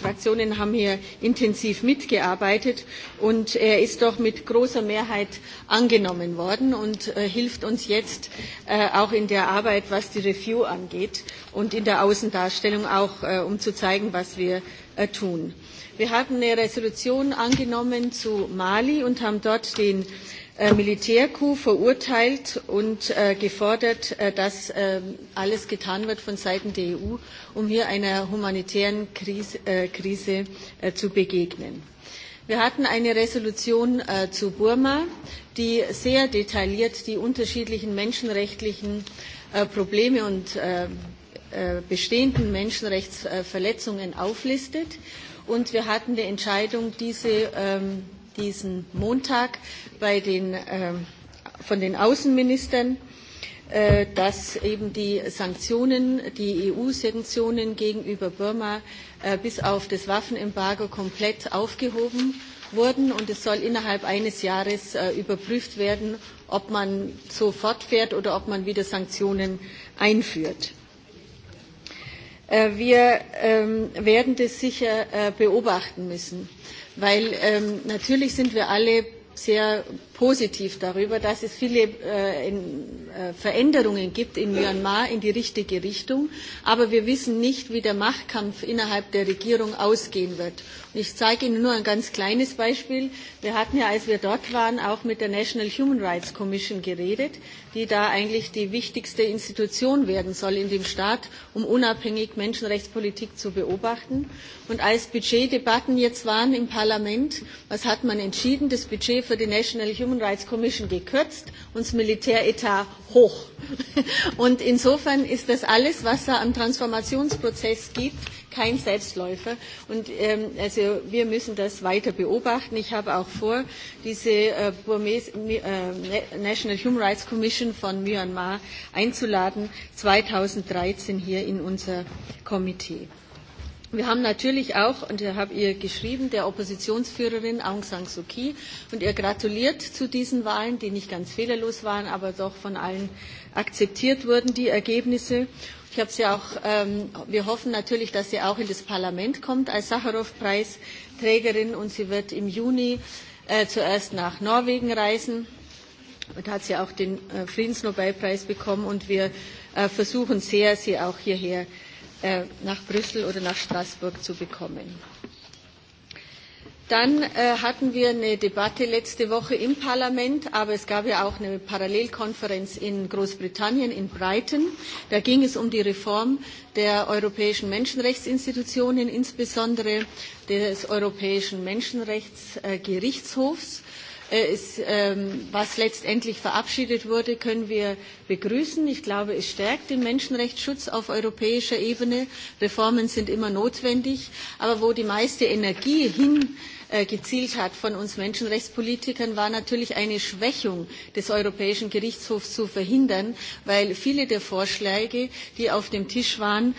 Fraktionen haben hier intensiv mitgearbeitet und er ist doch mit großer Mehrheit angenommen worden und hilft uns jetzt auch in der Arbeit, was die Review angeht und in der Außendarstellung auch, um zu zeigen, was wir tun. Wir haben eine Resolution angenommen zu Mali und haben dort den Militärcoup verurteilt und gefordert, dass alles getan wird von Seiten der EU, um hier einer humanitären Krise zu begegnen. Wir hatten eine Resolution zu Burma, die sehr detailliert die unterschiedlichen menschenrechtlichen Probleme und bestehenden Menschenrechtsverletzungen auflistet. Und wir hatten die Entscheidung, diese diesen Montag bei den, von den Außenministern, dass eben die Sanktionen, die EU-Sanktionen gegenüber Burma bis auf das Waffenembargo komplett aufgehoben wurden und es soll innerhalb eines Jahres überprüft werden, ob man so fortfährt oder ob man wieder Sanktionen einführt. Wir werden das sicher beobachten müssen. Weil ähm, natürlich sind wir alle sehr positiv darüber, dass es viele Veränderungen gibt in Myanmar in die richtige Richtung. Aber wir wissen nicht, wie der Machtkampf innerhalb der Regierung ausgehen wird. ich zeige Ihnen nur ein ganz kleines Beispiel. Wir hatten ja, als wir dort waren, auch mit der National Human Rights Commission geredet die da eigentlich die wichtigste Institution werden soll in dem Staat, um unabhängig Menschenrechtspolitik zu beobachten. Und als Budgetdebatten jetzt waren im Parlament, was hat man entschieden? Das Budget für die National Human Rights Commission gekürzt und das Militäretat hoch Und insofern ist das alles, was da am Transformationsprozess gibt, kein Selbstläufer. Und ähm, also wir müssen das weiter beobachten. Ich habe auch vor, diese äh, Burmese, äh, National Human Rights Commission von Myanmar einzuladen, 2013 hier in unser Komitee. Wir haben natürlich auch, und ich habe ihr geschrieben, der Oppositionsführerin Aung San Suu Kyi und ihr gratuliert zu diesen Wahlen, die nicht ganz fehlerlos waren, aber doch von allen äh, akzeptiert wurden, die Ergebnisse. Ich habe sie auch, ähm, wir hoffen natürlich, dass sie auch in das Parlament kommt als Sacharow-Preisträgerin und sie wird im Juni äh, zuerst nach Norwegen reisen. Und hat sie auch den äh, Friedensnobelpreis bekommen und wir äh, versuchen sehr, sie auch hierher äh, nach Brüssel oder nach Straßburg zu bekommen. Dann hatten wir eine Debatte letzte Woche im Parlament, aber es gab ja auch eine Parallelkonferenz in Großbritannien, in Brighton. Da ging es um die Reform der europäischen Menschenrechtsinstitutionen, insbesondere des Europäischen Menschenrechtsgerichtshofs was letztendlich verabschiedet wurde, können wir begrüßen. Ich glaube, es stärkt den Menschenrechtsschutz auf europäischer Ebene. Reformen sind immer notwendig. Aber wo die meiste Energie hin gezielt hat von uns Menschenrechtspolitikern, war natürlich eine Schwächung des Europäischen Gerichtshofs zu verhindern, weil viele der Vorschläge, die auf dem Tisch waren,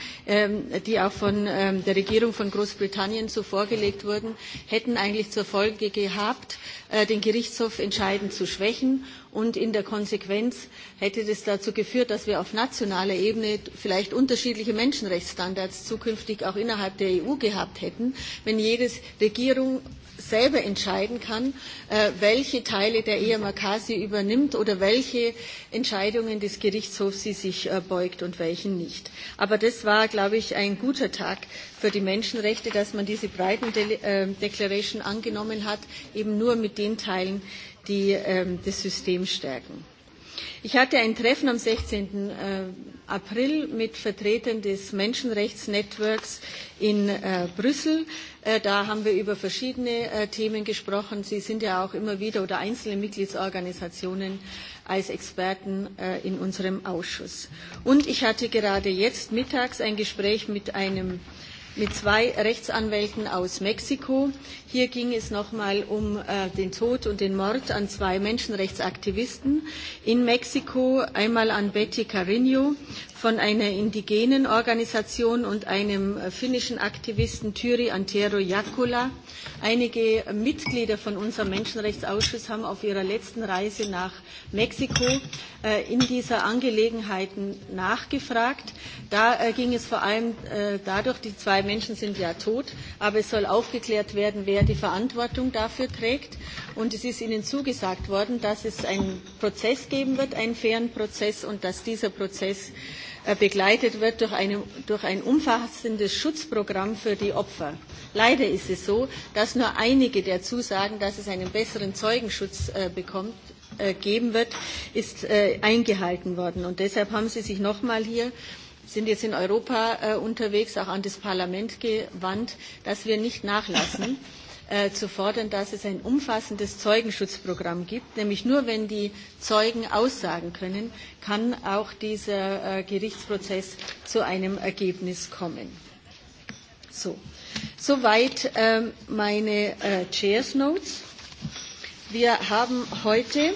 die auch von der Regierung von Großbritannien so vorgelegt wurden, hätten eigentlich zur Folge gehabt, den Gerichtshof entscheidend zu schwächen und in der Konsequenz hätte das dazu geführt, dass wir auf nationaler Ebene vielleicht unterschiedliche Menschenrechtsstandards zukünftig auch innerhalb der EU gehabt hätten, wenn jede Regierung selber entscheiden kann, welche Teile der EMRK sie übernimmt oder welche Entscheidungen des Gerichtshofs sie sich beugt und welchen nicht. Aber das war, glaube ich, ein guter Tag für die Menschenrechte, dass man diese breiten Declaration angenommen hat, eben nur mit den Teilen, die das System stärken. Ich hatte ein Treffen am 16. April mit Vertretern des Menschenrechtsnetzwerks in Brüssel. Da haben wir über verschiedene Themen gesprochen. Sie sind ja auch immer wieder oder einzelne Mitgliedsorganisationen als Experten in unserem Ausschuss. Und ich hatte gerade jetzt mittags ein Gespräch mit einem äh, mit zwei Rechtsanwälten aus Mexiko. Hier ging es nochmal um den Tod und den Mord an zwei Menschenrechtsaktivisten in Mexiko, einmal an Betty Carino von einer indigenen Organisation und einem finnischen Aktivisten Tyri Antero Jakula. Einige Mitglieder von unserem Menschenrechtsausschuss haben auf ihrer letzten Reise nach Mexiko in dieser Angelegenheit nachgefragt. Da ging es vor allem dadurch, die zwei Menschen sind ja tot, aber es soll aufgeklärt werden, wer die Verantwortung dafür trägt. Und es ist Ihnen zugesagt worden, dass es einen Prozess geben wird, einen fairen Prozess, und dass dieser Prozess begleitet wird durch, eine, durch ein umfassendes Schutzprogramm für die Opfer. Leider ist es so, dass nur einige der Zusagen, dass es einen besseren Zeugenschutz bekommt, geben wird, ist eingehalten worden. Und deshalb haben Sie sich nochmal hier sind jetzt in Europa unterwegs, auch an das Parlament gewandt, dass wir nicht nachlassen zu fordern, dass es ein umfassendes Zeugenschutzprogramm gibt. Nämlich nur wenn die Zeugen aussagen können, kann auch dieser Gerichtsprozess zu einem Ergebnis kommen. So. Soweit meine Chairs Notes. Wir haben heute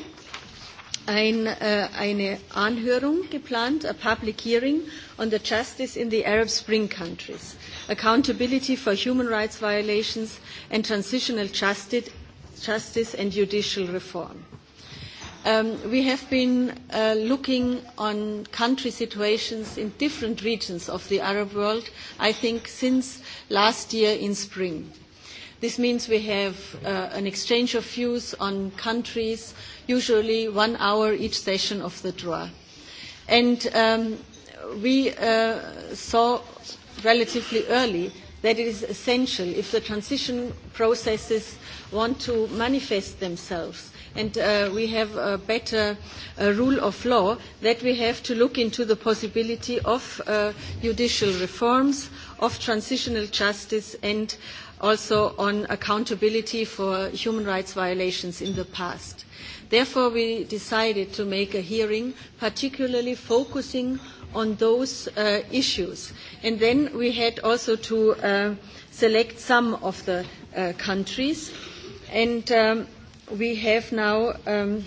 ein, äh, eine Anhörung geplant, a public hearing on the justice in the Arab Spring countries accountability for human rights violations, and transitional justice and judicial reform. we have been looking on country situations in different regions of the Arab world, I think, since last year in spring. This means we have an exchange of views on countries, usually one hour each session of the draw. And we saw relatively early that it is essential if the transition processes want to manifest themselves and uh, we have a better uh, rule of law that we have to look into the possibility of uh, judicial reforms, of transitional justice and also on accountability for human rights violations in the past. Therefore, we decided to make a hearing particularly focusing on those uh, issues. And then we had also to uh, select some of the uh, countries. And um, we have now um,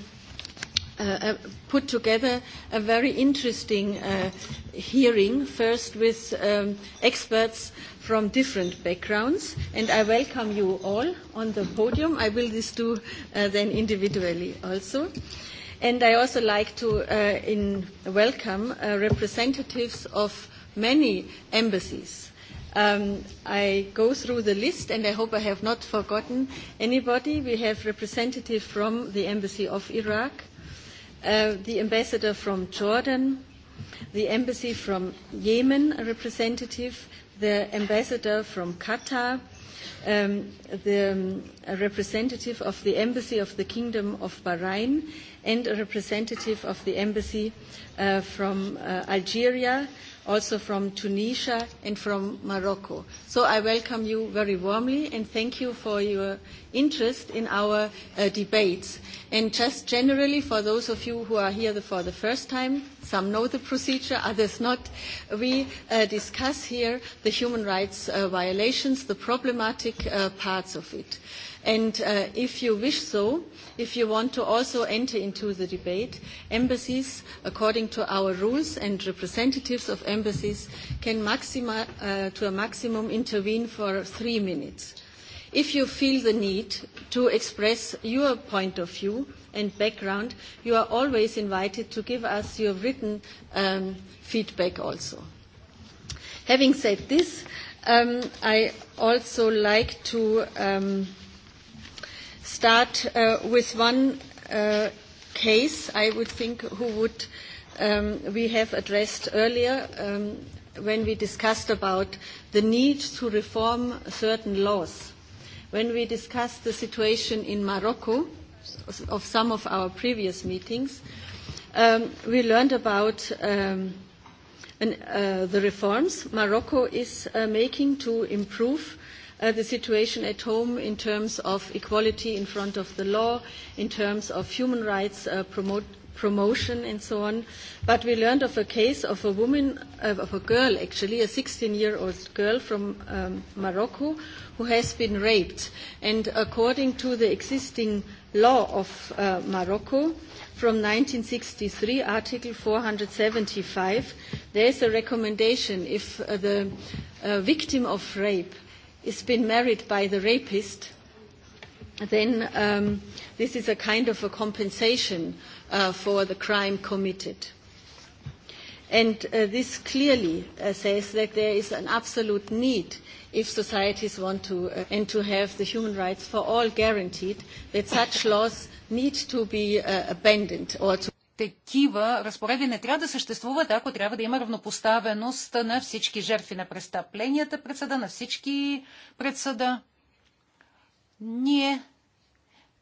uh, put together a very interesting uh, hearing, first with um, experts from different backgrounds, and I welcome you all on the podium. I will this do uh, then individually also. And I also like to uh, in welcome uh, representatives of many embassies. Um, I go through the list and I hope I have not forgotten anybody. We have representative from the embassy of Iraq, uh, the ambassador from Jordan, the embassy from Yemen, a representative, the ambassador from Qatar, um, the um, representative of the embassy of the Kingdom of Bahrain, and a representative of the embassy uh, from uh, Algeria, also from Tunisia and from Morocco. So I welcome you very warmly and thank you for your interest in our uh, debates. And just generally, for those of you who are here for the first time, some know the procedure, others not, we uh, discuss here the human rights uh, violations, the problematic uh, parts of it. And uh, if you wish so, if you want to also enter into the debate, embassies, according to our rules and representatives of embassies, can maxima, uh, to a maximum intervene for three minutes. If you feel the need to express your point of view and background, you are always invited to give us your written um, feedback also. Having said this, um, I also like to um, start uh, with one uh, case I would think who would um, we have addressed earlier um, when we discussed about the need to reform certain laws. When we discussed the situation in Morocco of some of our previous meetings, um, we learned about um, an, uh, the reforms Morocco is uh, making to improve the situation at home in terms of equality in front of the law, in terms of human rights promotion and so on. But we learned of a case of a woman, of a girl actually, a 16-year-old girl from Morocco who has been raped. And according to the existing law of Morocco, from 1963, Article 475, there is a recommendation if the victim of rape is been married by the rapist, then um, this is a kind of a compensation uh, for the crime committed. And uh, this clearly uh, says that there is an absolute need if societies want to uh, and to have the human rights for all guaranteed, that such laws need to be uh, abandoned or to такива разпореди не трябва да съществуват, ако трябва да има равнопоставеност на всички жертви на престъпленията пред съда, на всички пред съда. Ние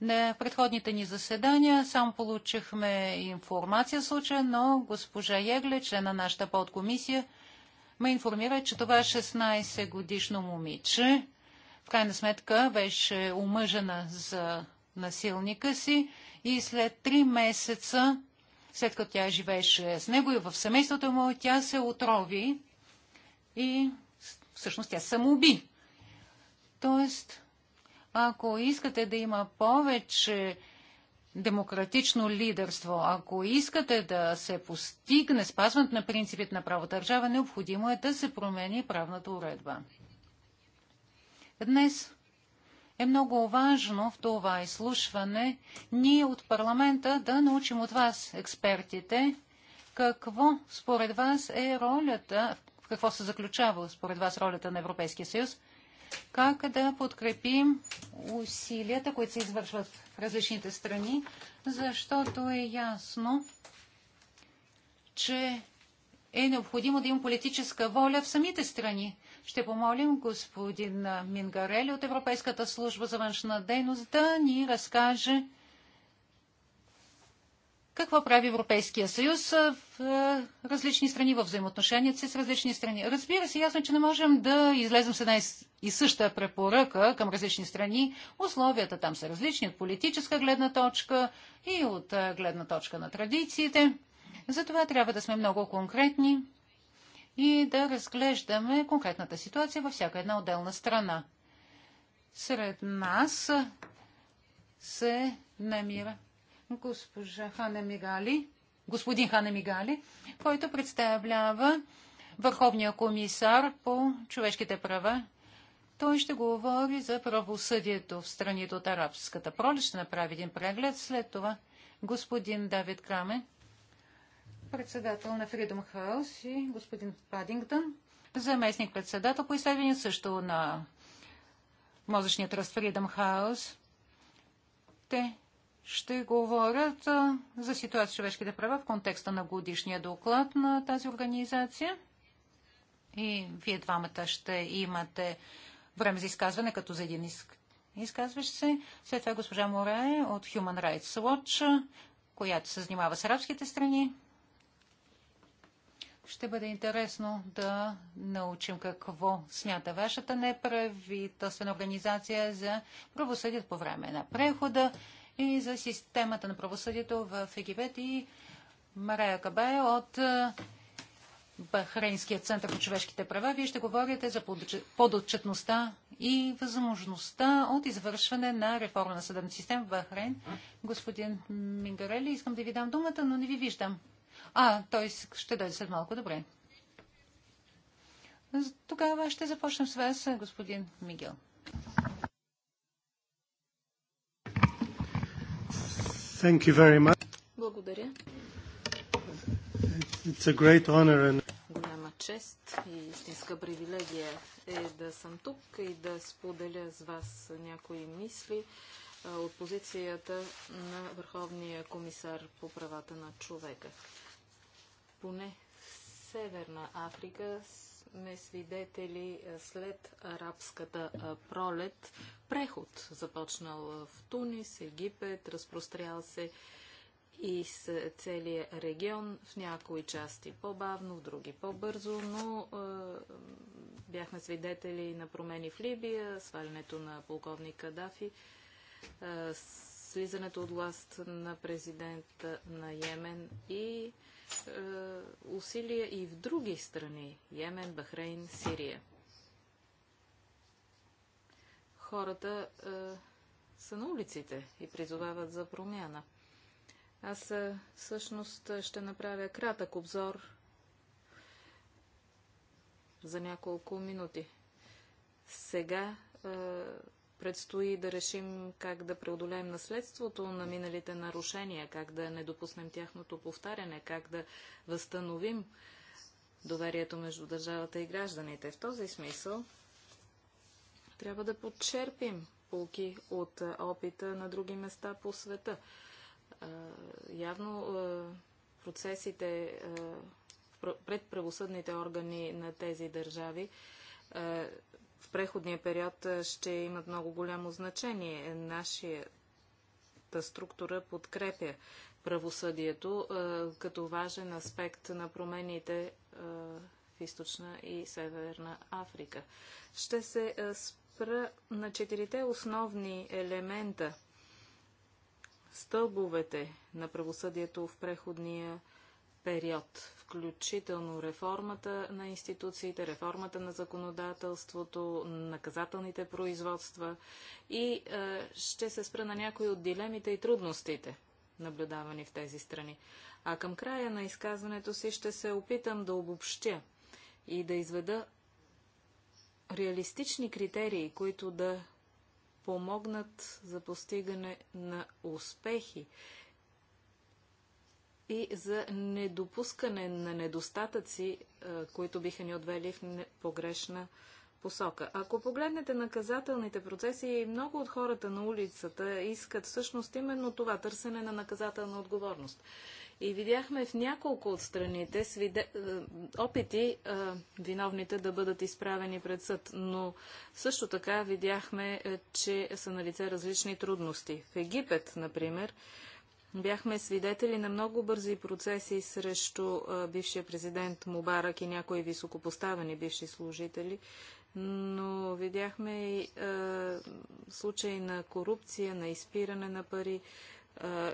на предходните ни заседания само получихме информация в случая, но госпожа Егле, член на нашата подкомисия, ме информира, че това 16-годишно момиче в крайна сметка беше омъжена за насилника си и след 3 месеца след като тя живееше с него и в семейството му, тя се отрови и всъщност тя самоуби. Тоест, ако искате да има повече демократично лидерство, ако искате да се постигне спазването на принципите на право държава, необходимо е да се промени правната уредба. Днес е много важно в това изслушване ние от парламента да научим от вас, експертите, какво според вас е ролята, какво се заключава според вас ролята на Европейския съюз, как да подкрепим усилията, които се извършват в различните страни, защото е ясно, че е необходимо да има политическа воля в самите страни. Ще помолим господин Мингарели от Европейската служба за външна дейност да ни разкаже какво прави Европейския съюз в е, различни страни, в взаимоотношенията си с различни страни. Разбира се, ясно, е, че не можем да излезем с една и съща препоръка към различни страни. Условията там са различни от политическа гледна точка и от е, гледна точка на традициите. Затова трябва да сме много конкретни и да разглеждаме конкретната ситуация във всяка една отделна страна. Сред нас се намира госпожа Хана Мигали, господин Хана Мигали, който представлява Върховния комисар по човешките права. Той ще говори за правосъдието в страните от арабската пролет. Ще направи един преглед. След това господин Давид Краме, председател на Freedom House и господин Падингтън, заместник-председател по изследване също на мозъчния тръст Freedom House. Те ще говорят за ситуация с човешките права в контекста на годишния доклад на тази организация. И вие двамата ще имате време за изказване, като за един изказващ се. След това госпожа Морае от Human Rights Watch, която се занимава с арабските страни. Ще бъде интересно да научим какво смята вашата неправителствена организация за правосъдието по време на прехода и за системата на правосъдието в Египет и Марая Кабая от Бахрейнския център по човешките права. Вие ще говорите за подотчетността и възможността от извършване на реформа на съдебната система в Бахрейн. Господин Мингарели, искам да ви дам думата, но не ви виждам. А, той ще дойде след малко, добре. Тогава ще започнем с вас, е, господин Мигел. Thank you very much. Благодаря. It's a great honor and... Голяма чест и истинска привилегия е да съм тук и да споделя с вас някои мисли от позицията на Върховния комисар по правата на човека. Поне в Северна Африка сме свидетели след арабската пролет преход, започнал в Тунис, Египет, разпрострял се и с целия регион, в някои части по-бавно, в други по-бързо, но е, бяхме свидетели на промени в Либия, свалянето на полковник Кадафи, е, слизането от власт на президента на Йемен и е, усилия и в други страни Йемен, Бахрейн, Сирия. Хората е, са на улиците и призовават за промяна. Аз е, всъщност ще направя кратък обзор за няколко минути. Сега е, Предстои да решим как да преодолеем наследството на миналите нарушения, как да не допуснем тяхното повтаряне, как да възстановим доверието между държавата и гражданите. В този смисъл трябва да подчерпим полки от опита на други места по света. Явно процесите пред правосъдните органи на тези държави в преходния период ще имат много голямо значение. Нашата структура подкрепя правосъдието като важен аспект на промените в източна и северна Африка. Ще се спра на четирите основни елемента, стълбовете на правосъдието в преходния период, включително реформата на институциите, реформата на законодателството, наказателните производства и е, ще се спра на някои от дилемите и трудностите, наблюдавани в тези страни. А към края на изказването си ще се опитам да обобщя и да изведа реалистични критерии, които да помогнат за постигане на успехи и за недопускане на недостатъци, е, които биха ни отвели в погрешна посока. Ако погледнете наказателните процеси, много от хората на улицата искат всъщност именно това търсене на наказателна отговорност. И видяхме в няколко от страните свиде... Е, опити а, е, виновните да бъдат изправени пред съд, но също така видяхме, че са на лице различни трудности. В Египет, например, Бяхме свидетели на много бързи процеси срещу бившия президент Мубарак и някои високопоставени бивши служители, но видяхме и случаи на корупция, на изпиране на пари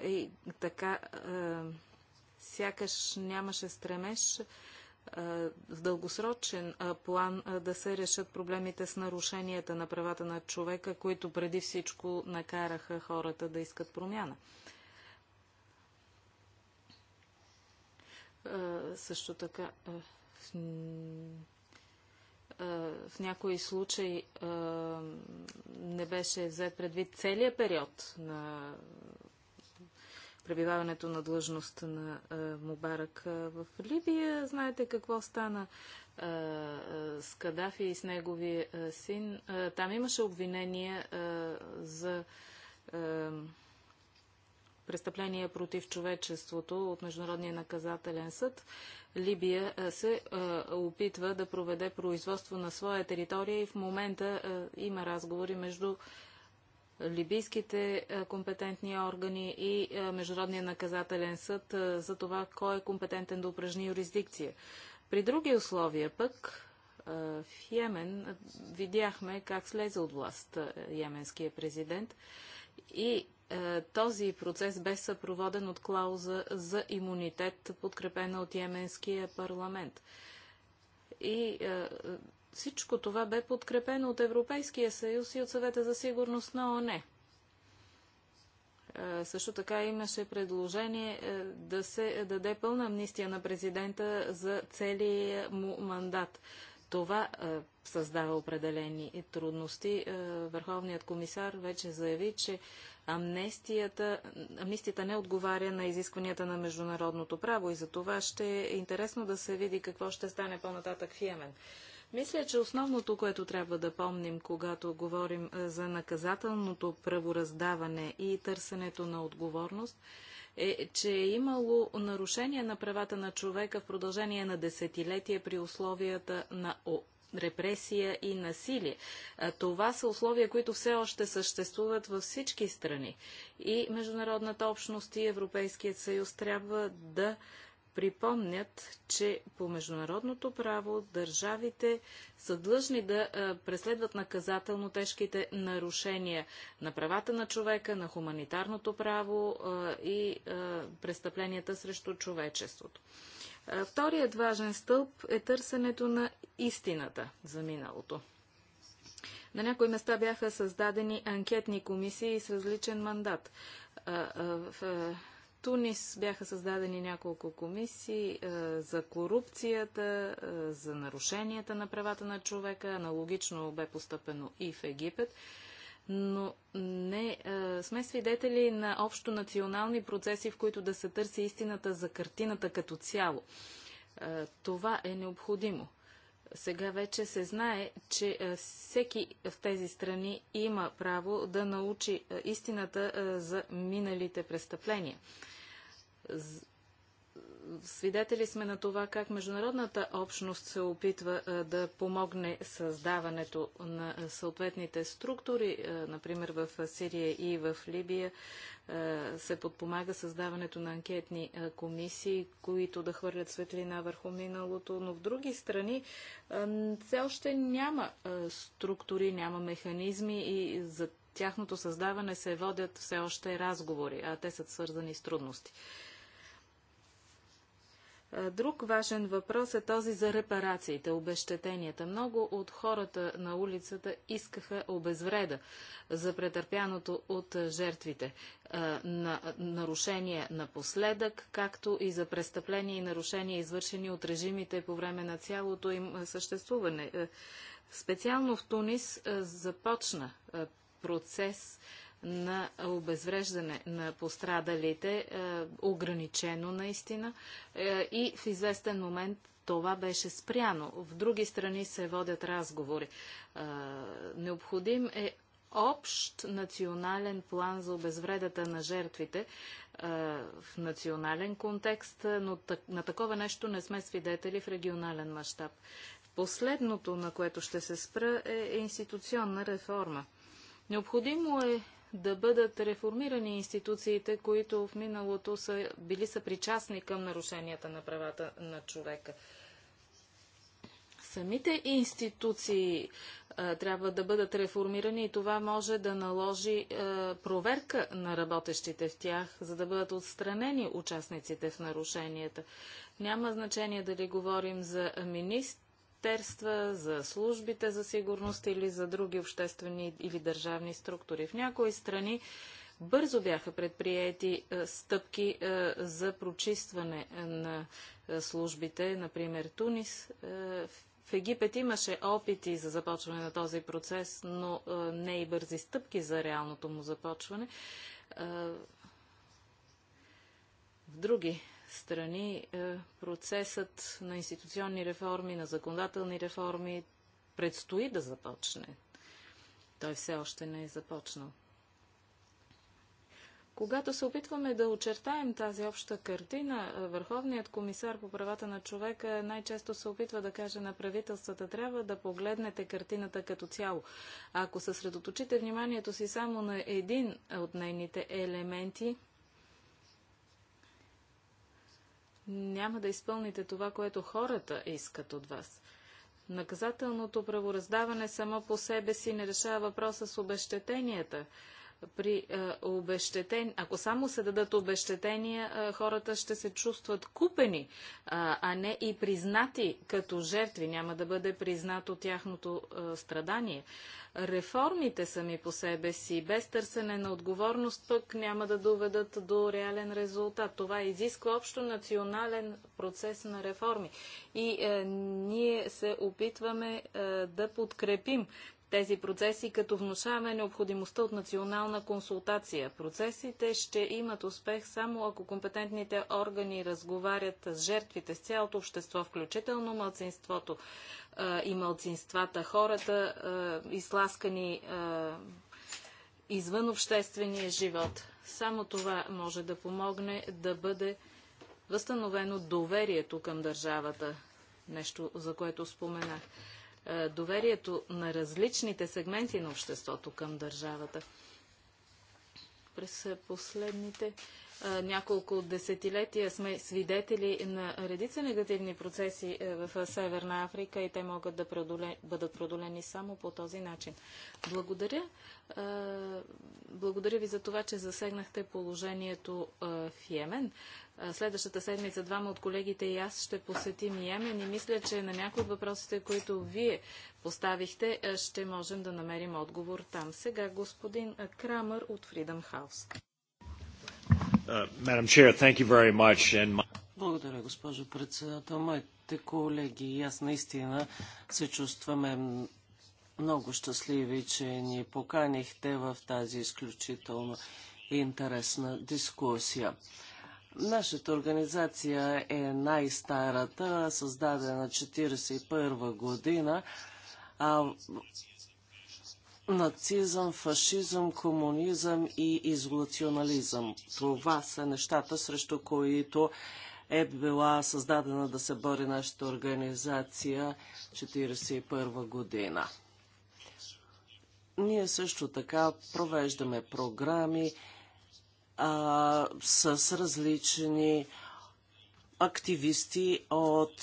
и така сякаш нямаше стремеж в дългосрочен план да се решат проблемите с нарушенията на правата на човека, които преди всичко накараха хората да искат промяна. Също така в някои случаи не беше взет предвид целият период на пребиваването на длъжност на Мубарак в Либия. Знаете какво стана с Кадафи и с неговия син. Там имаше обвинения за престъпления против човечеството от Международния наказателен съд, Либия се опитва да проведе производство на своя територия и в момента има разговори между либийските компетентни органи и Международния наказателен съд за това кой е компетентен да упражни юрисдикция. При други условия пък в Йемен видяхме как слезе от власт йеменския президент и е, този процес бе съпроводен от клауза за имунитет, подкрепена от Йеменския парламент. И е, всичко това бе подкрепено от Европейския съюз и от съвета за сигурност на ОНЕ. Е, също така имаше предложение е, да се даде пълна амнистия на президента за целия му мандат. Това е, създава определени трудности. Е, Върховният комисар вече заяви, че Амнестията, амнистията не отговаря на изискванията на международното право и за това ще е интересно да се види какво ще стане по-нататък в Йемен. Мисля, че основното, което трябва да помним, когато говорим е, за наказателното правораздаване и търсенето на отговорност, е, че е имало нарушение на правата на човека в продължение на десетилетия при условията на репресия и насилие. Това са условия, които все още съществуват във всички страни. И международната общност и Европейският съюз трябва да припомнят, че по международното право държавите са длъжни да преследват наказателно тежките нарушения на правата на човека, на хуманитарното право и престъпленията срещу човечеството. Вторият важен стълб е търсенето на истината за миналото. На някои места бяха създадени анкетни комисии с различен мандат. В Тунис бяха създадени няколко комисии за корупцията, за нарушенията на правата на човека. Аналогично бе постъпено и в Египет но не а, е, сме свидетели на общо национални процеси, в които да се търси истината за картината като цяло. А, е, това е необходимо. Сега вече се знае, че е, всеки в тези страни има право да научи истината за миналите престъпления Свидетели сме на това как международната общност се опитва да помогне създаването на съответните структури. например, в Сирия и в Либия се подпомага създаването на анкетни комисии, които да хвърлят светлина върху миналото, но в други страни все още няма структури, няма механизми и за тяхното създаване се водят все още разговори, а те са свързани с трудности. Друг важен въпрос е този за репарациите, обещетенията. Много от хората на улицата искаха обезвреда за претърпяното от жертвите на нарушения напоследък, както и за престъпления и нарушения, извършени от режимите по време на цялото им съществуване. Специално в Тунис започна процес на обезвреждане на пострадалите, е, ограничено наистина е, и в известен момент това беше спряно. В други страни се водят разговори. Е, необходим е общ национален план за обезвредата на жертвите в национален контекст, но на такова нещо не сме свидетели в регионален мащаб. Последното, на което ще се спра, е институционна реформа. Необходимо е да бъдат реформирани институциите, които в миналото са били съпричастни към нарушенията на правата на човека. Самите институции а, трябва да бъдат реформирани и това може да наложи а, проверка на работещите в тях, за да бъдат отстранени участниците в нарушенията. Няма значение дали говорим за министр министерства, за службите за сигурност или за други обществени или държавни структури. В някои страни бързо бяха предприяти е, стъпки е, за прочистване на е, службите, например Тунис. В Египет имаше опити за започване на този процес, но не и бързи стъпки за реалното му започване. В други страни е, процесът на институционни реформи, на законодателни реформи предстои да започне. Той все още не е започнал. Когато се опитваме да очертаем тази обща картина, е, Върховният комисар по правата на човека най-често се опитва да каже на правителствата, трябва да погледнете картината като цяло. Ако съсредоточите вниманието си само на един от нейните елементи, няма да изпълните това, което хората искат от вас. Наказателното правораздаване само по себе си не решава въпроса с обещетенията при е, обещетен... Ако само се дадат обещетения, е, хората ще се чувстват купени, е, а не и признати като жертви. Няма да бъде признато тяхното страдание. Реформите сами по себе си, без търсене на отговорност, пък няма да доведат до реален резултат. Това изисква общо национален процес на реформи. И е, ние се опитваме е, да подкрепим тези процеси, като внушаваме необходимостта от национална консултация. Процесите ще имат успех само ако компетентните органи разговарят с жертвите, с цялото общество, включително мълцинството а, и мълцинствата, хората, а, изласкани а, извън обществения живот. Само това може да помогне да бъде възстановено доверието към държавата. Нещо, за което споменах. Е, доверието на различните сегменти на обществото към държавата. През е, последните няколко десетилетия сме свидетели на редица негативни процеси е, в Северна Африка и те могат да продоле, бъдат продолени само по този начин. Благодаря. Благодаря ви за това, че засегнахте положението в Йемен. Следващата седмица двама от колегите и аз ще посетим Йемен и мисля, че на някои от въпросите, които вие поставихте, ще можем да намерим отговор там. Сега господин Крамър от Freedom House. Uh, Madam Chair, thank you very much. Благодаря, госпожо председател. Моите колеги и аз наистина се чувстваме много щастливи, че ни поканихте в тази изключително интересна дискусия. Нашата организация е най-старата, създадена 1941 година. А, нацизъм, фашизъм, комунизъм и изолационализъм. Това са нещата, срещу които е била създадена да се бори нашата организация 1941 година. Ние също така провеждаме програми а, с различни активисти от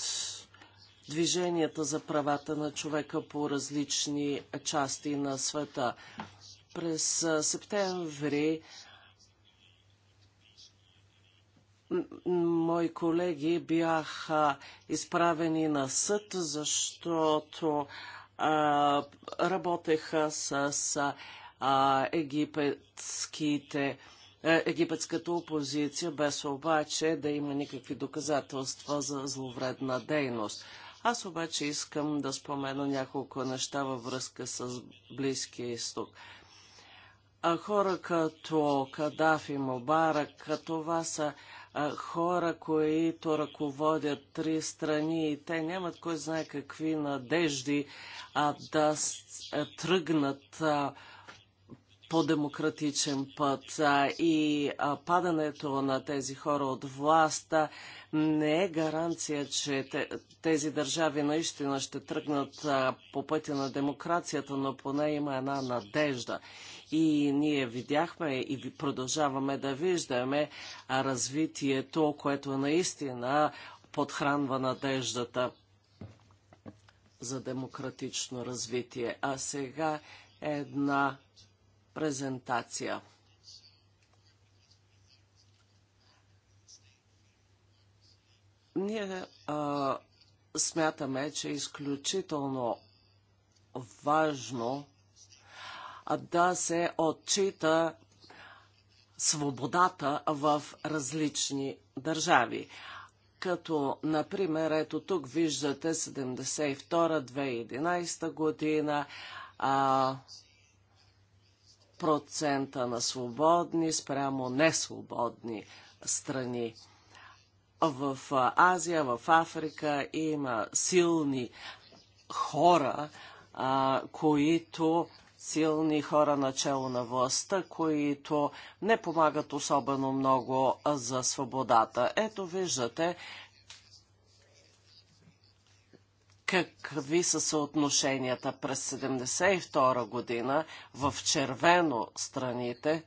движенията за правата на човека по различни части на света. През септември мои колеги бяха изправени на съд, защото а, работеха с а, египетските е, египетската опозиция, без обаче да има никакви доказателства за зловредна дейност. Аз обаче искам да спомена няколко неща във връзка с Близкия изток. А хора като Кадафи, Мубарак, това са а, хора, които ръководят три страни и те нямат кой знае какви надежди а, да а, тръгнат а, по-демократичен път и падането на тези хора от властта не е гаранция, че тези държави наистина ще тръгнат по пътя на демокрацията, но поне има една надежда. И ние видяхме и продължаваме да виждаме развитието, което наистина подхранва надеждата за демократично развитие. А сега една презентация. Ние а, смятаме, че е изключително важно да се отчита свободата в различни държави. Като, например, ето тук виждате 72-2011 година, а, процента на свободни спрямо несвободни страни. В Азия, в Африка има силни хора, а, които силни хора начало на властта, които не помагат особено много за свободата. Ето виждате какви са съотношенията през 1972 година в червено страните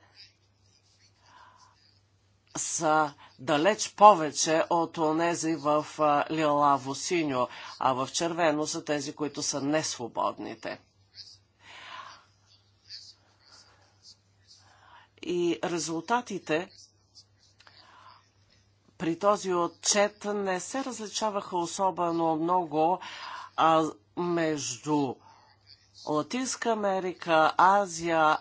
са далеч повече от онези в лилаво синьо, а в червено са тези, които са несвободните. И резултатите при този отчет не се различаваха особено много а, между Латинска Америка, Азия,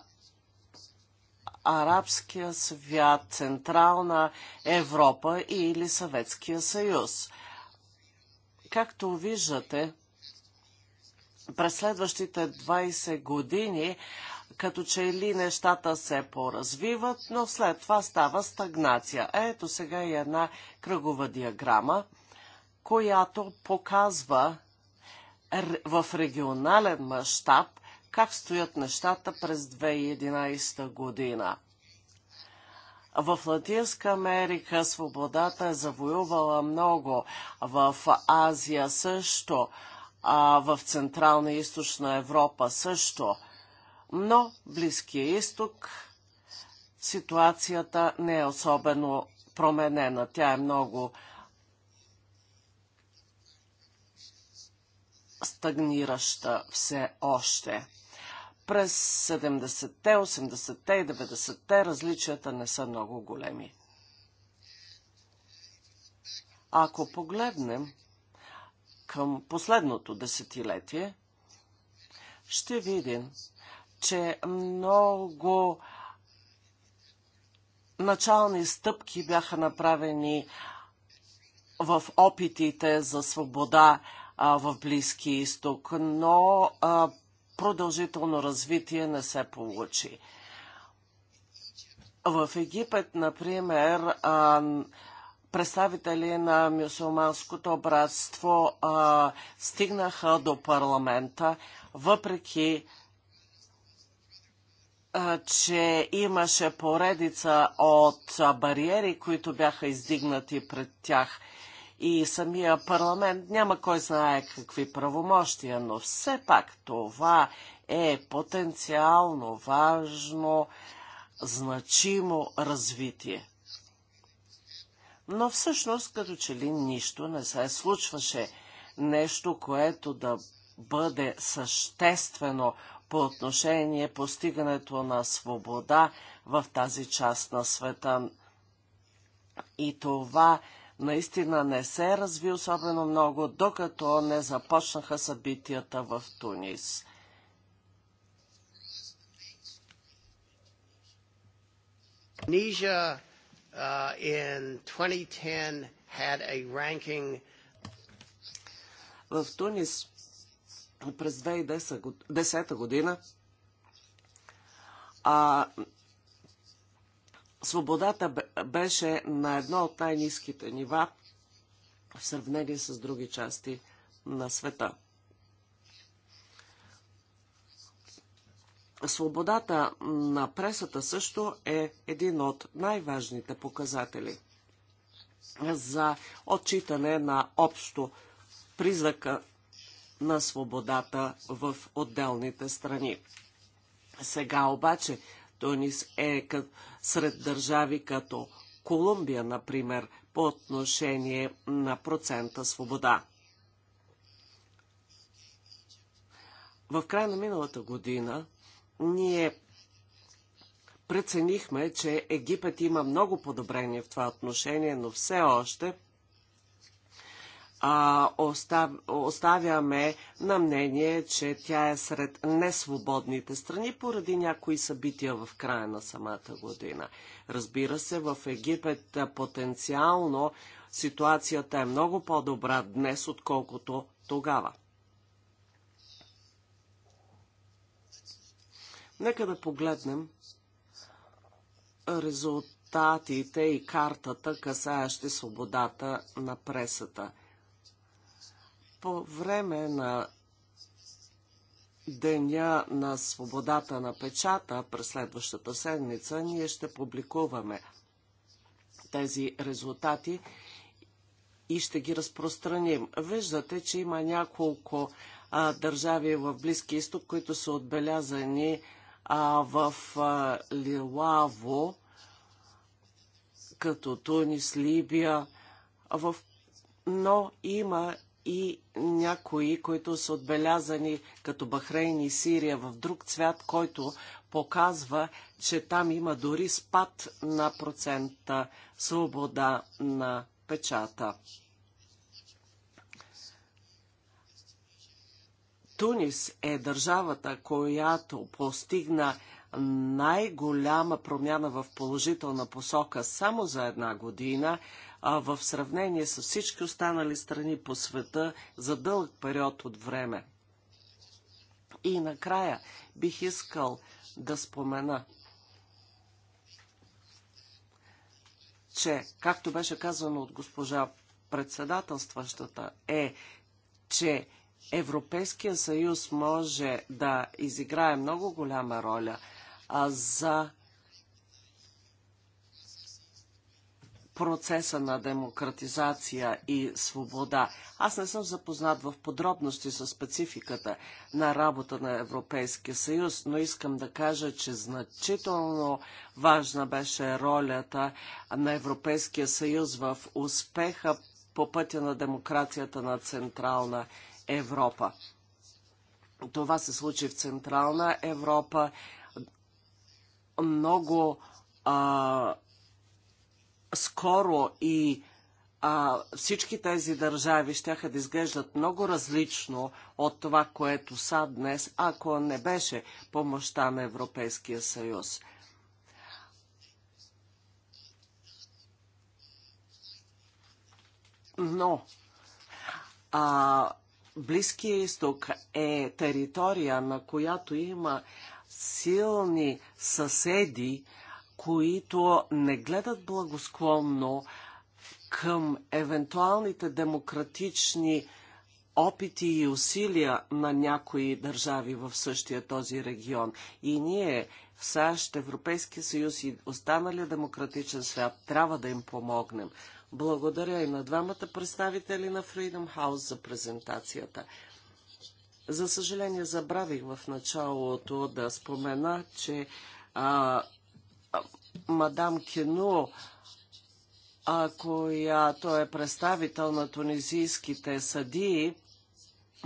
Арабския свят, Централна Европа или Съветския съюз. Както виждате, през следващите 20 години като че ли нещата се поразвиват, но след това става стагнация. Ето сега и е една кръгова диаграма, която показва в регионален мащаб как стоят нещата през 2011 година. В Латинска Америка свободата е завоювала много, в Азия също, а в Централна и Източна Европа също но Близкия изток ситуацията не е особено променена. Тя е много стагнираща все още. През 70-те, 80-те и 90-те различията не са много големи. Ако погледнем към последното десетилетие, ще видим, че много начални стъпки бяха направени в опитите за свобода а, в Близки изток, но а, продължително развитие не се получи. В Египет, например, а, представители на мюсулманското братство а, стигнаха до парламента, въпреки че имаше поредица от бариери, които бяха издигнати пред тях. И самия парламент няма кой знае какви правомощия, но все пак това е потенциално важно, значимо развитие. Но всъщност като че ли нищо не се случваше. Нещо, което да бъде съществено по отношение постигането на свобода в тази част на света. И това наистина не се разви особено много, докато не започнаха събитията в Тунис. Tunisia uh, in 2010 had a ranking. В Тунис през 2010 година а, свободата беше на едно от най-низките нива в сравнение с други части на света. Свободата на пресата също е един от най-важните показатели за отчитане на общо призрака на свободата в отделните страни. Сега обаче Тунис е сред държави като Колумбия, например, по отношение на процента свобода. В края на миналата година ние преценихме, че Египет има много подобрение в това отношение, но все още а, остав, оставяме на мнение, че тя е сред несвободните страни поради някои събития в края на самата година. Разбира се, в Египет потенциално ситуацията е много по-добра днес, отколкото тогава. Нека да погледнем резултатите и картата, касаещи свободата на пресата – по време на Деня на свободата на печата през следващата седмица ние ще публикуваме тези резултати и ще ги разпространим. Виждате, че има няколко а, държави в Близки изток, които са отбелязани а, в а, Лилаво, като Тунис, Либия, в... но има и някои, които са отбелязани като Бахрейн и Сирия в друг цвят, който показва, че там има дори спад на процента свобода на печата. Тунис е държавата, която постигна най-голяма промяна в положителна посока само за една година – а в сравнение с всички останали страни по света за дълъг период от време. И накрая бих искал да спомена, че, както беше казано от госпожа председателстващата, е, че Европейския съюз може да изиграе много голяма роля а за процеса на демократизация и свобода. Аз не съм запознат в подробности с спецификата на работа на Европейския съюз, но искам да кажа, че значително важна беше ролята на Европейския съюз в успеха по пътя на демокрацията на Централна Европа. Това се случи в Централна Европа много а, скоро и а, всички тези държави ще да изглеждат много различно от това, което са днес, ако не беше помощта на Европейския съюз. Но а, Близкия изток е територия, на която има силни съседи, които не гледат благосклонно към евентуалните демократични опити и усилия на някои държави в същия този регион. И ние, САЩ, Европейския съюз и останалия демократичен свят, трябва да им помогнем. Благодаря и на двамата представители на Freedom House за презентацията. За съжаление, забравих в началото да спомена, че а, мадам Кену, която е представител на тунизийските съдии,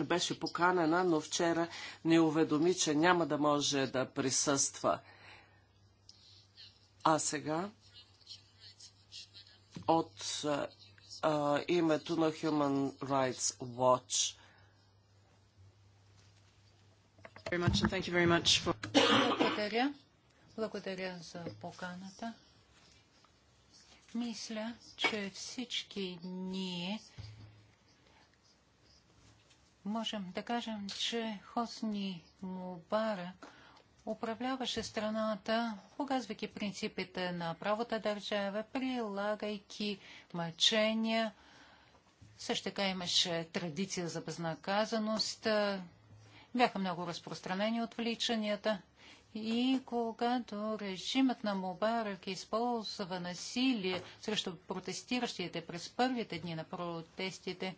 беше поканена, но вчера не уведоми, че няма да може да присъства. А сега от а, името на Human Rights Watch. Благодаря. Благодаря за поканата. Мисля, че всички ние можем да кажем, че Хосни Мубара управляваше страната, погазвайки принципите на правота държава, прилагайки мъчения. Също така имаше традиция за безнаказаност. Бяха много разпространени отвличанията. И когато режимът на Мубарак използва насилие срещу протестиращите през първите дни на протестите,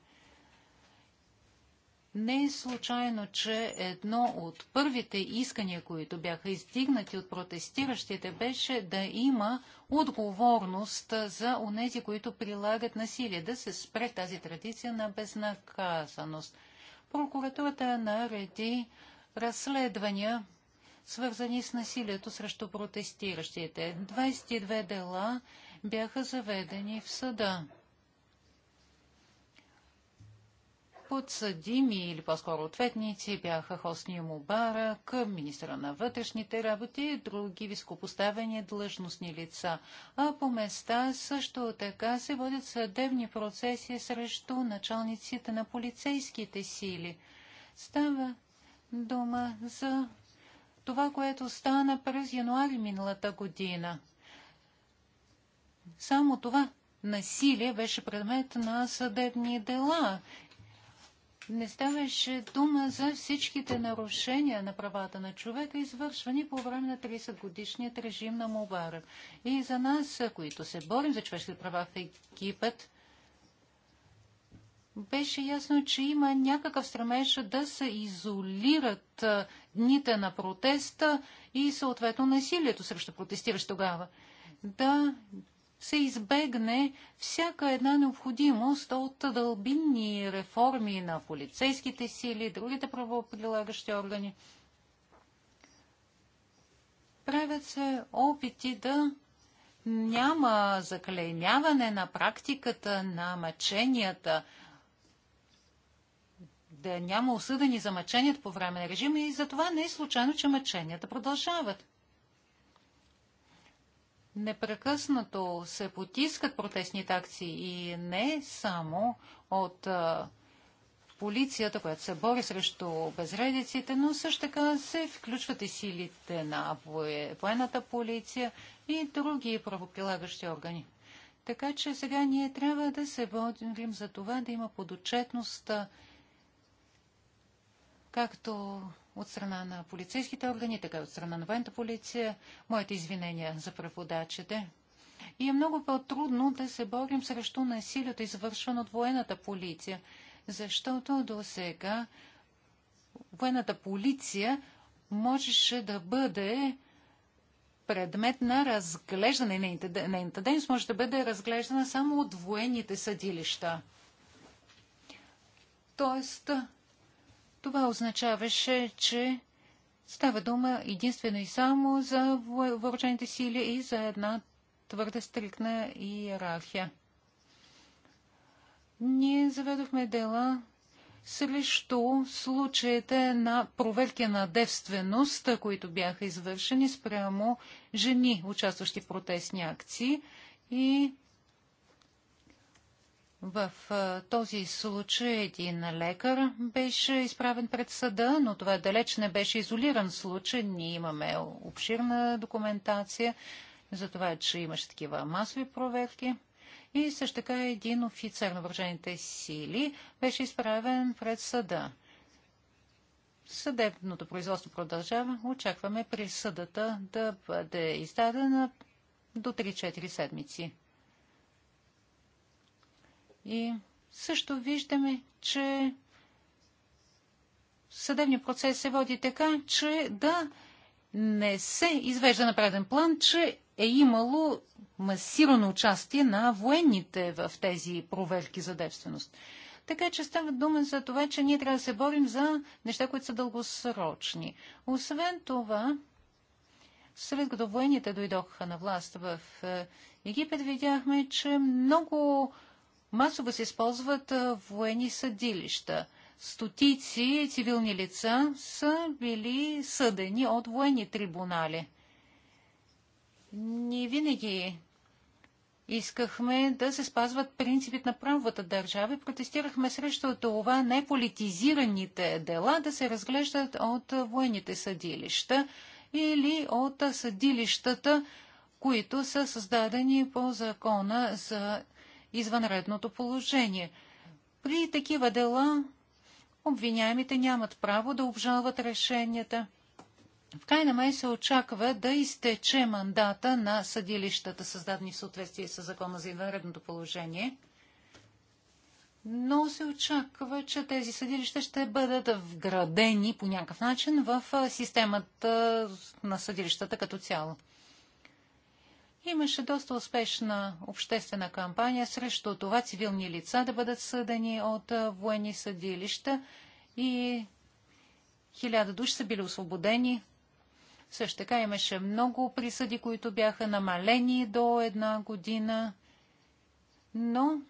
не е случайно, че едно от първите искания, които бяха издигнати от протестиращите, беше да има отговорност за онези, които прилагат насилие, да се спре тази традиция на безнаказаност. Прокуратурата нареди разследвания свързани с насилието срещу протестиращите. 22 дела бяха заведени в съда. подсъдими или по-скоро ответници бяха Хосни към министра на вътрешните работи и други високопоставени длъжностни лица. А по места също така се водят съдебни процеси срещу началниците на полицейските сили. Става дума за това, което стана през януари миналата година. Само това насилие беше предмет на съдебни дела. Не ставаше дума за всичките нарушения на правата на човека, извършвани по време на 30-годишният режим на Мубарак. И за нас, които се борим за човешките права в Египет, беше ясно, че има някакъв стремеж да се изолират дните на протеста и съответно насилието срещу протестиращ тогава. Да се избегне всяка една необходимост от дълбинни реформи на полицейските сили и другите правоприлагащи органи. Правят се опити да няма заклейняване на практиката на мъченията – да няма осъдени за мъченият по време на режима и затова не е случайно, че мъченията продължават. Непрекъснато се потискат протестните акции и не само от а, полицията, която се бори срещу безредиците, но също така се включват и силите на военната полиция и други правоприлагащи органи. Така че сега ние трябва да се водим за това да има подотчетност както от страна на полицейските органи, така и от страна на военната полиция. Моите извинения за преводачите. И е много по-трудно да се борим срещу насилието, извършвано от военната полиция, защото до сега военната полиция можеше да бъде предмет на разглеждане. на нейната дейност може да бъде разглеждана само от военните съдилища. Тоест, това означаваше, че става дума единствено и само за въоръжените сили и за една твърде стрикна иерархия. Ние заведохме дела срещу случаите на проверки на девственост, които бяха извършени спрямо жени, участващи в протестни акции и в този случай един лекар беше изправен пред съда, но това далеч не беше изолиран случай. Ние имаме обширна документация за това, че имаше такива масови проверки. И също така един офицер на въоръжените сили беше изправен пред съда. Съдебното производство продължава. Очакваме присъдата да бъде издадена до 3-4 седмици. И също виждаме, че съдебният процес се води така, че да не се извежда на преден план, че е имало масирано участие на военните в тези проверки за девственост. Така че става дума за това, че ние трябва да се борим за неща, които са дългосрочни. Освен това, след като военните дойдоха на власт в е, Египет, видяхме, че много масово се използват военни съдилища. Стотици цивилни лица са били съдени от военни трибунали. Ние винаги искахме да се спазват принципите на правовата държава и протестирахме срещу това неполитизираните дела да се разглеждат от военните съдилища или от съдилищата, които са създадени по закона за извънредното положение. При такива дела обвиняемите нямат право да обжалват решенията. В крайна май се очаква да изтече мандата на съдилищата, създадени в съответствие с закона за извънредното положение. Но се очаква, че тези съдилища ще бъдат вградени по някакъв начин в системата на съдилищата като цяло. Имаше доста успешна обществена кампания срещу това цивилни лица да бъдат съдени от военни съдилища и хиляда души са били освободени. Също така имаше много присъди, които бяха намалени до една година, но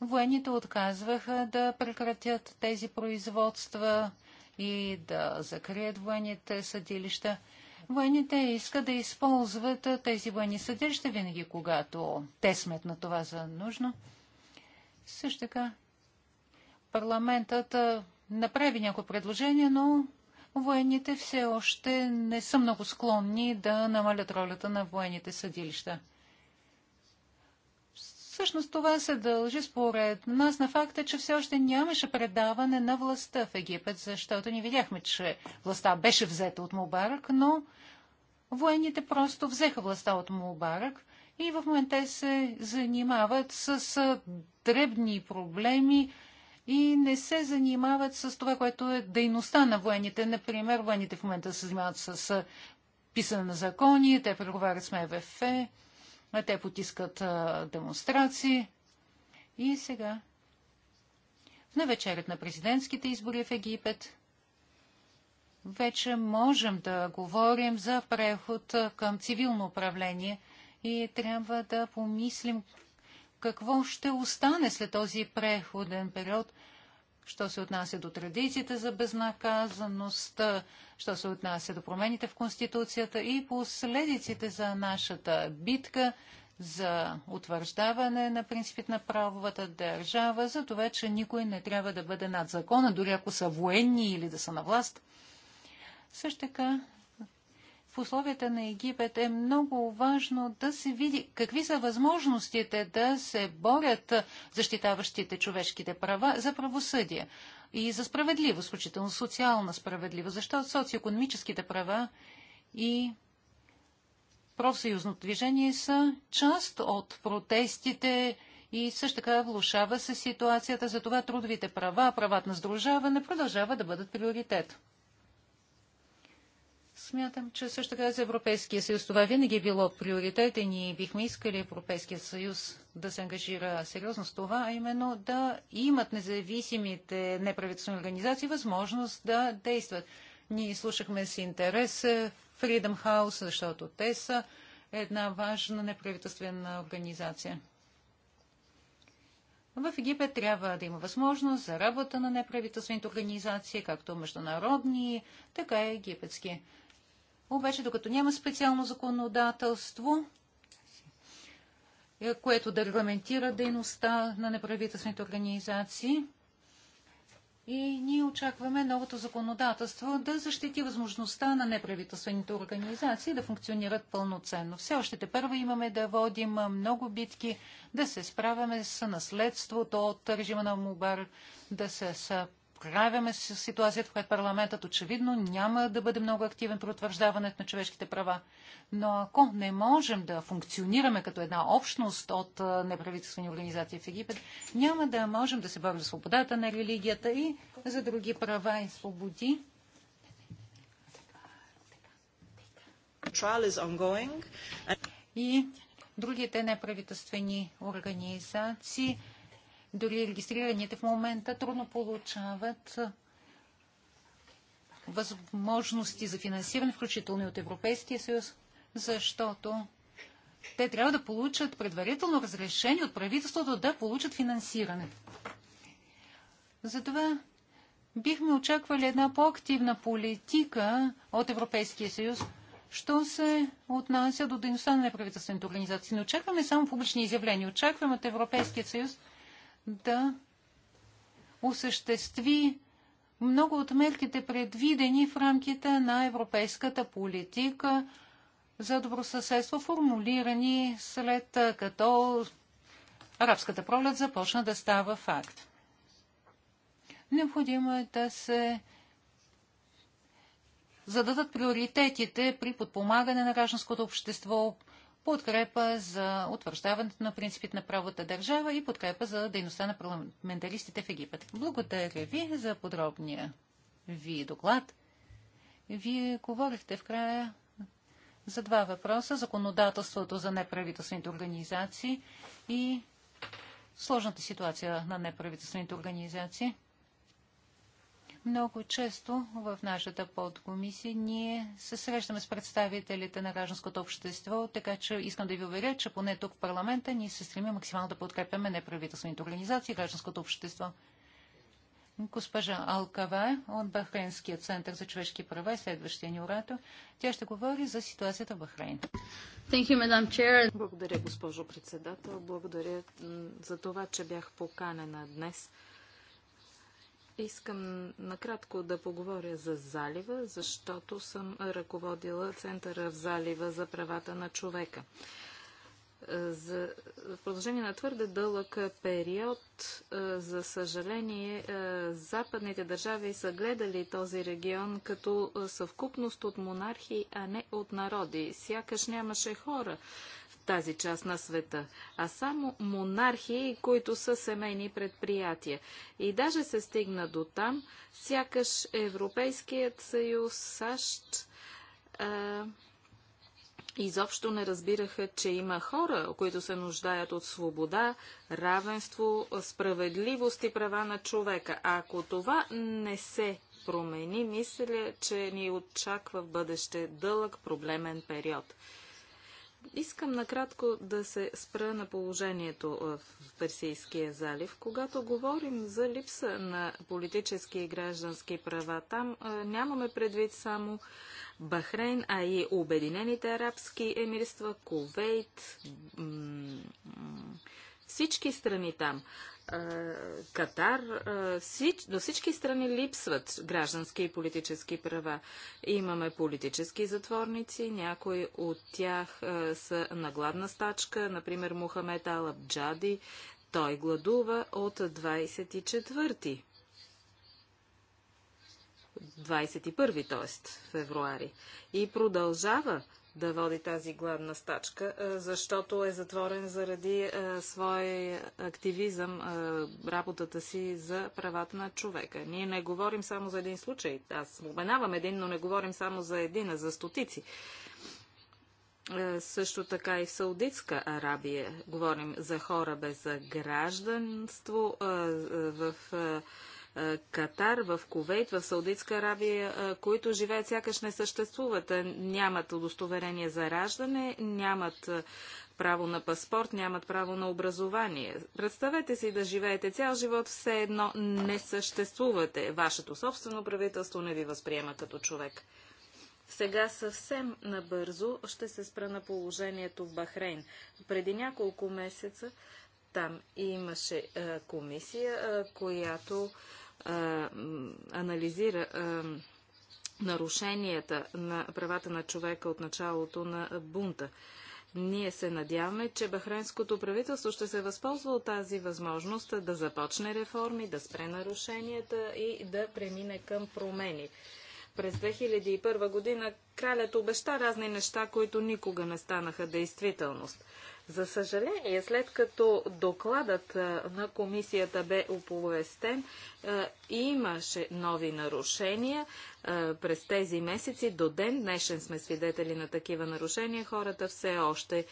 военните отказваха да прекратят тези производства и да закрият военните съдилища. Военните искат да използват тези военни съдилища винаги, когато те смет на това за нужно. Също така, парламентът направи някои предложения, но военните все още не са много склонни да намалят ролята на военните съдилища. Всъщност това се дължи според нас на факта, че все още нямаше предаване на властта в Египет, защото ни видяхме, че властта беше взета от Мубарак, но военните просто взеха властта от Мубарак и в момента се занимават с дребни проблеми и не се занимават с това, което е дейността на военните. Например, военните в момента се занимават с писане на закони, те преговарят с МВФ, те потискат демонстрации. И сега, на вечерят на президентските избори в Египет, вече можем да говорим за преход към цивилно управление и трябва да помислим какво ще остане след този преходен период, що се отнася до традициите за безнаказаност, що се отнася до промените в Конституцията и последиците за нашата битка за утвърждаване на принципите на правовата държава, за това, че никой не трябва да бъде над закона, дори ако са военни или да са на власт. Също така в условията на Египет е много важно да се види какви са възможностите да се борят защитаващите човешките права за правосъдие и за справедливост, включително социална справедливост, защото социоекономическите права и профсъюзното движение са част от протестите и също така влушава се ситуацията, затова трудовите права, правата на сдружаване продължава да бъдат приоритет. Смятам, че също така за Европейския съюз това винаги е било приоритет и ние бихме искали Европейския съюз да се ангажира сериозно с това, а именно да имат независимите неправителствени организации възможност да действат. Ние слушахме с интерес Freedom House, защото те са една важна неправителствена организация. В Египет трябва да има възможност за работа на неправителствените организации, както международни, така и египетски. Обаче, докато няма специално законодателство, е, което да регламентира дейността на неправителствените организации, и ние очакваме новото законодателство да защити възможността на неправителствените организации да функционират пълноценно. Все още те първо имаме да водим много битки, да се справяме с наследството от режима на Мубар, да се справяме с ситуацията, в която парламентът очевидно няма да бъде много активен при утвърждаването на човешките права. Но ако не можем да функционираме като една общност от неправителствени организации в Египет, няма да можем да се борим за свободата на религията и за други права и свободи. И другите неправителствени организации дори регистрираните в момента трудно получават възможности за финансиране, включително и от Европейския съюз, защото те трябва да получат предварително разрешение от правителството да получат финансиране. Затова бихме очаквали една по-активна политика от Европейския съюз, що се отнася до дейността на неправителствените организации. Не очакваме само публични изявления, очакваме от Европейския съюз да осъществи много от мерките предвидени в рамките на европейската политика за добросъседство, формулирани след като арабската пролет започна да става факт. Необходимо е да се зададат приоритетите при подпомагане на гражданското общество, подкрепа за утвърждаването на принципите на правата държава и подкрепа за дейността на парламентаристите в Египет. Благодаря ви за подробния ви доклад. Вие говорихте в края за два въпроса. Законодателството за неправителствените организации и сложната ситуация на неправителствените организации. Много често в нашата подкомисия ние се срещаме с представителите на гражданското общество, така че искам да ви уверя, че поне тук в парламента ние се стремим максимално да подкрепяме неправителствените организации и гражданското общество. Госпожа Алкава от Бахрейнския център за човешки права е следващия ни оратор. Тя ще говори за ситуацията в Бахрейн. Благодаря, госпожо председател. Благодаря за това, че бях поканена днес. Искам накратко да поговоря за залива, защото съм ръководила Центъра в залива за правата на човека. Е, за, в продължение на твърде дълъг период, е, за съжаление, е, западните държави са гледали този регион като съвкупност от монархи, а не от народи. Сякаш нямаше хора тази част на света, а само монархии, които са семейни предприятия. И даже се стигна до там, сякаш Европейският съюз, САЩ, а, изобщо не разбираха, че има хора, които се нуждаят от свобода, равенство, справедливост и права на човека. А ако това не се промени, мисля, че ни очаква в бъдеще дълъг проблемен период. Искам накратко да се спра на положението в Персийския залив. Когато говорим за липса на политически и граждански права, там нямаме предвид само Бахрейн, а и Обединените арабски емирства, Кувейт, всички страни там. Катар, всич, до всички страни липсват граждански и политически права. Имаме политически затворници, някои от тях са на гладна стачка, например Мухамед Алабджади. Той гладува от 24 21 т.е. февруари и продължава да води тази гладна стачка, защото е затворен заради своя активизъм, работата си за правата на човека. Ние не говорим само за един случай. Аз споменавам един, но не говорим само за един, а за стотици. Също така и в Саудитска Арабия говорим за хора без гражданство в Катар, в Ковейт, в Саудитска Аравия, които живеят сякаш не съществуват. Нямат удостоверение за раждане, нямат право на паспорт, нямат право на образование. Представете си да живеете цял живот, все едно не съществувате. Вашето собствено правителство не ви възприема като човек. Сега съвсем набързо ще се спра на положението в Бахрейн. Преди няколко месеца там имаше а, комисия, а, която а, анализира нарушенията на правата на човека от началото на бунта. Ние се надяваме, че бахренското правителство ще се възползва от тази възможност да започне реформи, да спре нарушенията и да премине към промени. През 2001 година кралят обеща разни неща, които никога не станаха действителност. За съжаление, след като докладът на комисията бе оповестен, имаше нови нарушения през тези месеци. До ден днешен сме свидетели на такива нарушения. Хората все още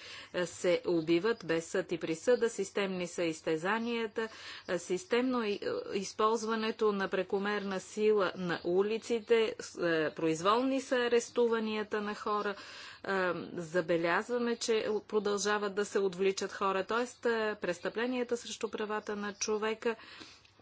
се убиват без съд и присъда. Системни са изтезанията. Системно използването на прекомерна сила на улиците. Произволни са арестуванията на хора забелязваме, че продължават да се отвличат хора. Тоест, престъпленията срещу правата на човека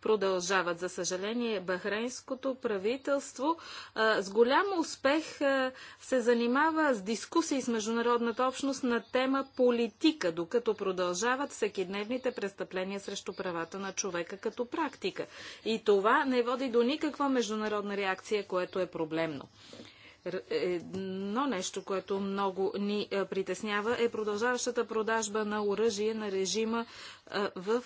продължават. За съжаление, бахрейнското правителство а, с голям успех а, се занимава с дискусии с международната общност на тема политика, докато продължават всекидневните престъпления срещу правата на човека като практика. И това не води до никаква международна реакция, което е проблемно. Едно нещо, което много ни притеснява е продължаващата продажба на оръжие на режима в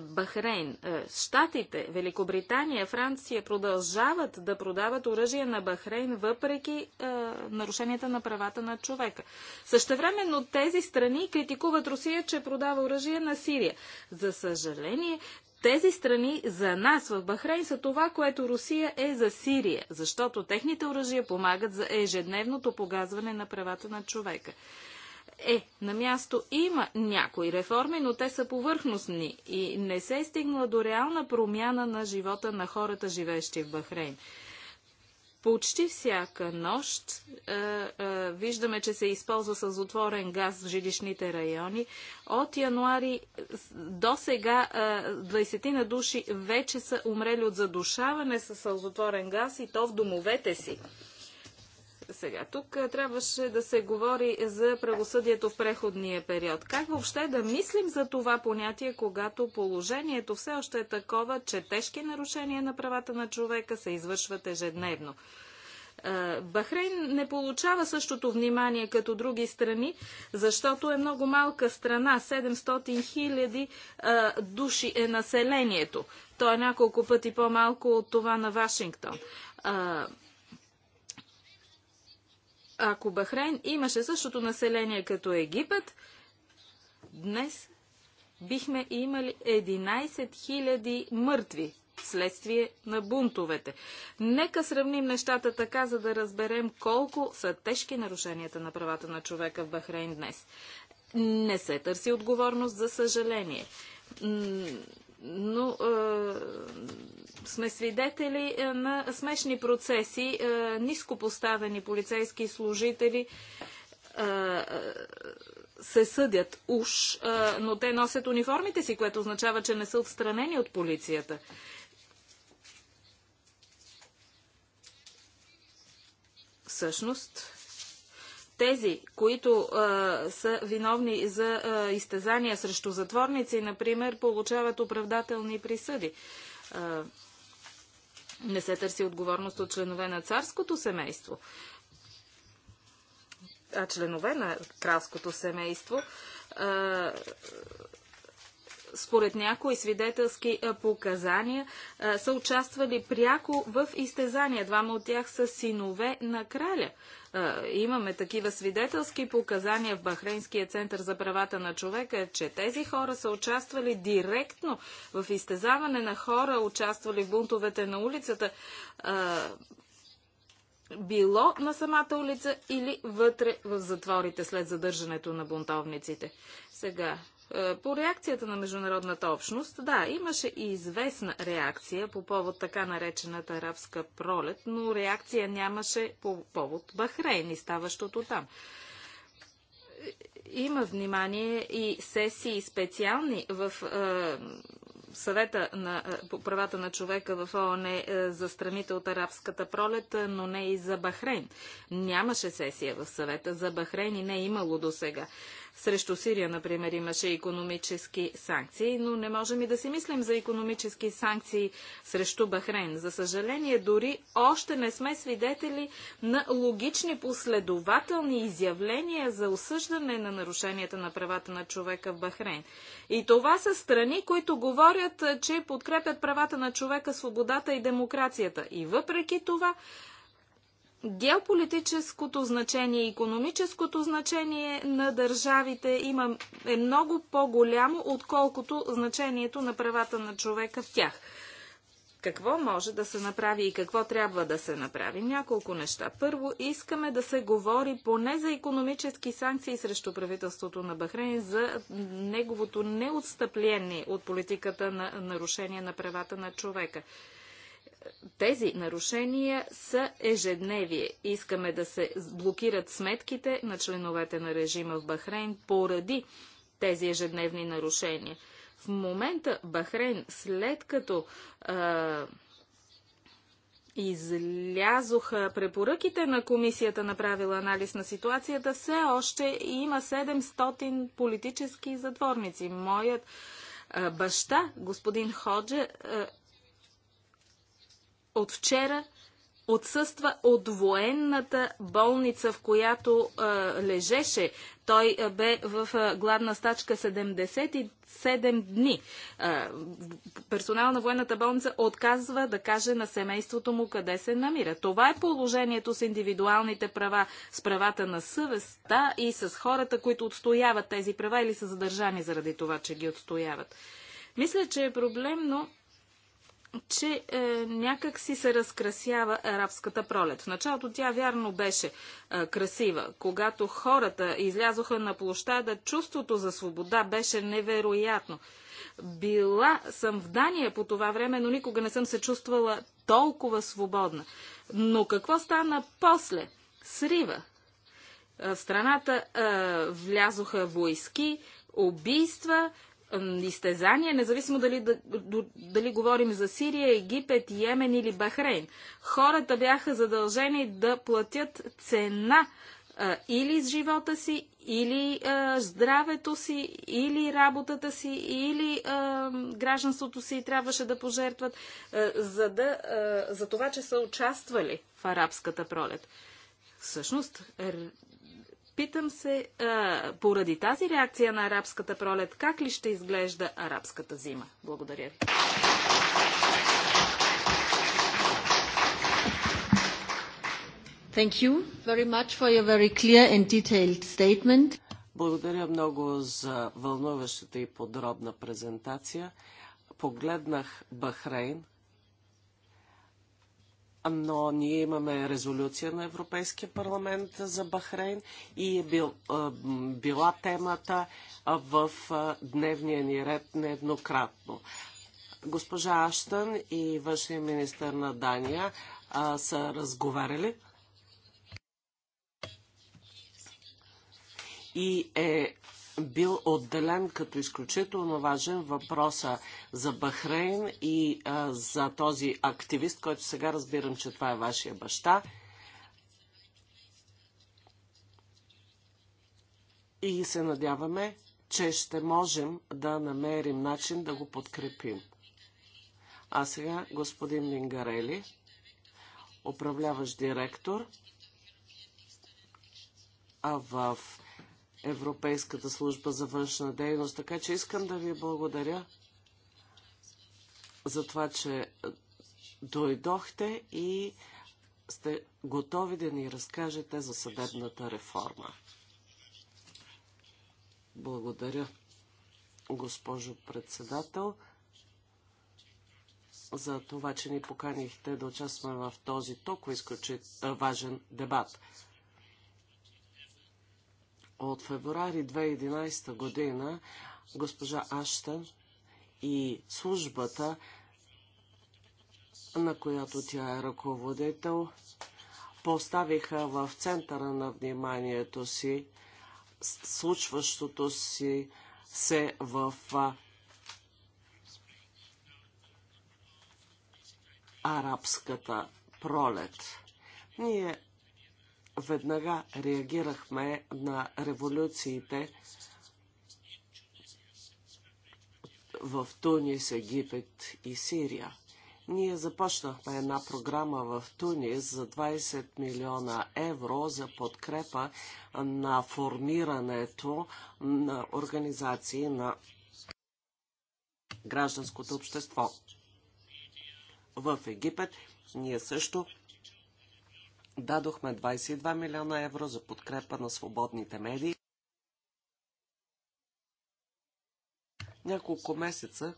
Бахрейн, е, Штатите, Великобритания, Франция продължават да продават оръжие на Бахрейн въпреки е, нарушенията на правата на човека. Същевременно тези страни критикуват Русия, че продава оръжие на Сирия. За съжаление, тези страни за нас в Бахрейн са това, което Русия е за Сирия, защото техните оръжия помагат за ежедневното погазване на правата на човека. Е, на място има някои реформи, но те са повърхностни и не се е стигнала до реална промяна на живота на хората, живеещи в Бахрейн. Почти всяка нощ е, е, виждаме, че се използва с отворен газ в жилищните райони. От януари до сега е, 20 на души вече са умрели от задушаване с сълзотворен газ и то в домовете си. Сега, тук трябваше да се говори за правосъдието в преходния период. Как въобще да мислим за това понятие, когато положението все още е такова, че тежки нарушения на правата на човека се извършват ежедневно? Бахрейн не получава същото внимание като други страни, защото е много малка страна. 700 хиляди души е населението. То е няколко пъти по-малко от това на Вашингтон. Ако Бахрейн имаше същото население като Египет, днес бихме имали 11 000 мъртви вследствие на бунтовете. Нека сравним нещата така, за да разберем колко са тежки нарушенията на правата на човека в Бахрейн днес. Не се търси отговорност, за съжаление но е, сме свидетели е, на смешни процеси, е, ниско поставени полицейски служители е, е, се съдят уж, е, но те носят униформите си, което означава, че не са отстранени от полицията. Всъщност, тези, които а, са виновни за а, изтезания срещу затворници, например, получават оправдателни присъди. А, не се търси отговорност от членове на царското семейство. А членове на кралското семейство а, според някои свидетелски показания, са участвали пряко в изтезания. Двама от тях са синове на краля. Имаме такива свидетелски показания в Бахрейнския център за правата на човека, че тези хора са участвали директно в изтезаване на хора, участвали в бунтовете на улицата било на самата улица или вътре в затворите след задържането на бунтовниците. Сега, е, по реакцията на международната общност, да, имаше и известна реакция по повод така наречената арабска пролет, но реакция нямаше по повод Бахрейн и ставащото там. Има внимание и сесии специални в е, съвета на, е, по правата на човека в ООН е за страните от арабската пролет, но не и за Бахрейн. Нямаше сесия в съвета за Бахрейн и не е имало до сега. Срещу Сирия, например, имаше економически санкции, но не можем и да си мислим за економически санкции срещу Бахрейн. За съжаление, дори още не сме свидетели на логични последователни изявления за осъждане на нарушенията на правата на човека в Бахрейн. И това са страни, които говорят, че подкрепят правата на човека, свободата и демокрацията. И въпреки това, Геополитическото значение и економическото значение на държавите има, е много по-голямо, отколкото значението на правата на човека в тях. Какво може да се направи и какво трябва да се направи? Няколко неща. Първо, искаме да се говори поне за економически санкции срещу правителството на Бахрейн за неговото неотстъпление от политиката на нарушение на правата на човека тези нарушения са ежедневие. Искаме да се блокират сметките на членовете на режима в Бахрейн поради тези ежедневни нарушения. В момента Бахрейн, след като а, излязоха препоръките на комисията, направила анализ на ситуацията, все още има 700 политически затворници. Моят баща, господин Ходжа, от вчера отсъства от военната болница, в която а, лежеше. Той а, бе в а, гладна стачка 77 дни. А, персонал на военната болница отказва да каже на семейството му къде се намира. Това е положението с индивидуалните права, с правата на съвестта и с хората, които отстояват тези права или са задържани заради това, че ги отстояват. Мисля, че е проблемно че е, някак си се разкрасява арабската пролет. В началото тя вярно беше е, красива. Когато хората излязоха на площада, чувството за свобода беше невероятно. Била съм в Дания по това време, но никога не съм се чувствала толкова свободна. Но какво стана после? Срива. Е, в страната е, влязоха войски, убийства, изтезания, независимо дали, дали говорим за Сирия, Египет, Йемен или Бахрейн. Хората бяха задължени да платят цена или с живота си, или а, здравето си, или работата си, или а, гражданството си трябваше да пожертват, а, за, да, а, за това, че са участвали в арабската пролет. Всъщност, Питам се, а, поради тази реакция на арабската пролет, как ли ще изглежда арабската зима? Благодаря ви. Thank you very much for your very clear and detailed statement. Благодаря много за вълнуващата и подробна презентация. Погледнах Бахрейн, но ние имаме резолюция на Европейския парламент за Бахрейн и е бил, а, е, била темата в а, е, дневния ни ред нееднократно. Госпожа Аштън и външния министр на Дания а, са разговаряли и е бил отделен като изключително важен въпроса за Бахрейн и а, за този активист, който сега разбирам, че това е вашия баща. И се надяваме, че ще можем да намерим начин да го подкрепим. А сега господин Мингарели, управляващ директор а в Европейската служба за външна дейност. Така че искам да ви благодаря за това, че дойдохте и сте готови да ни разкажете за съдебната реформа. Благодаря, госпожо председател, за това, че ни поканихте да участваме в този толкова изключително важен дебат. От февруари 2011 година госпожа Аштън и службата, на която тя е ръководител, поставиха в центъра на вниманието си случващото си се в арабската пролет. Ние веднага реагирахме на революциите в Тунис, Египет и Сирия. Ние започнахме една програма в Тунис за 20 милиона евро за подкрепа на формирането на организации на гражданското общество. В Египет ние също дадохме 22 милиона евро за подкрепа на свободните медии. Няколко месеца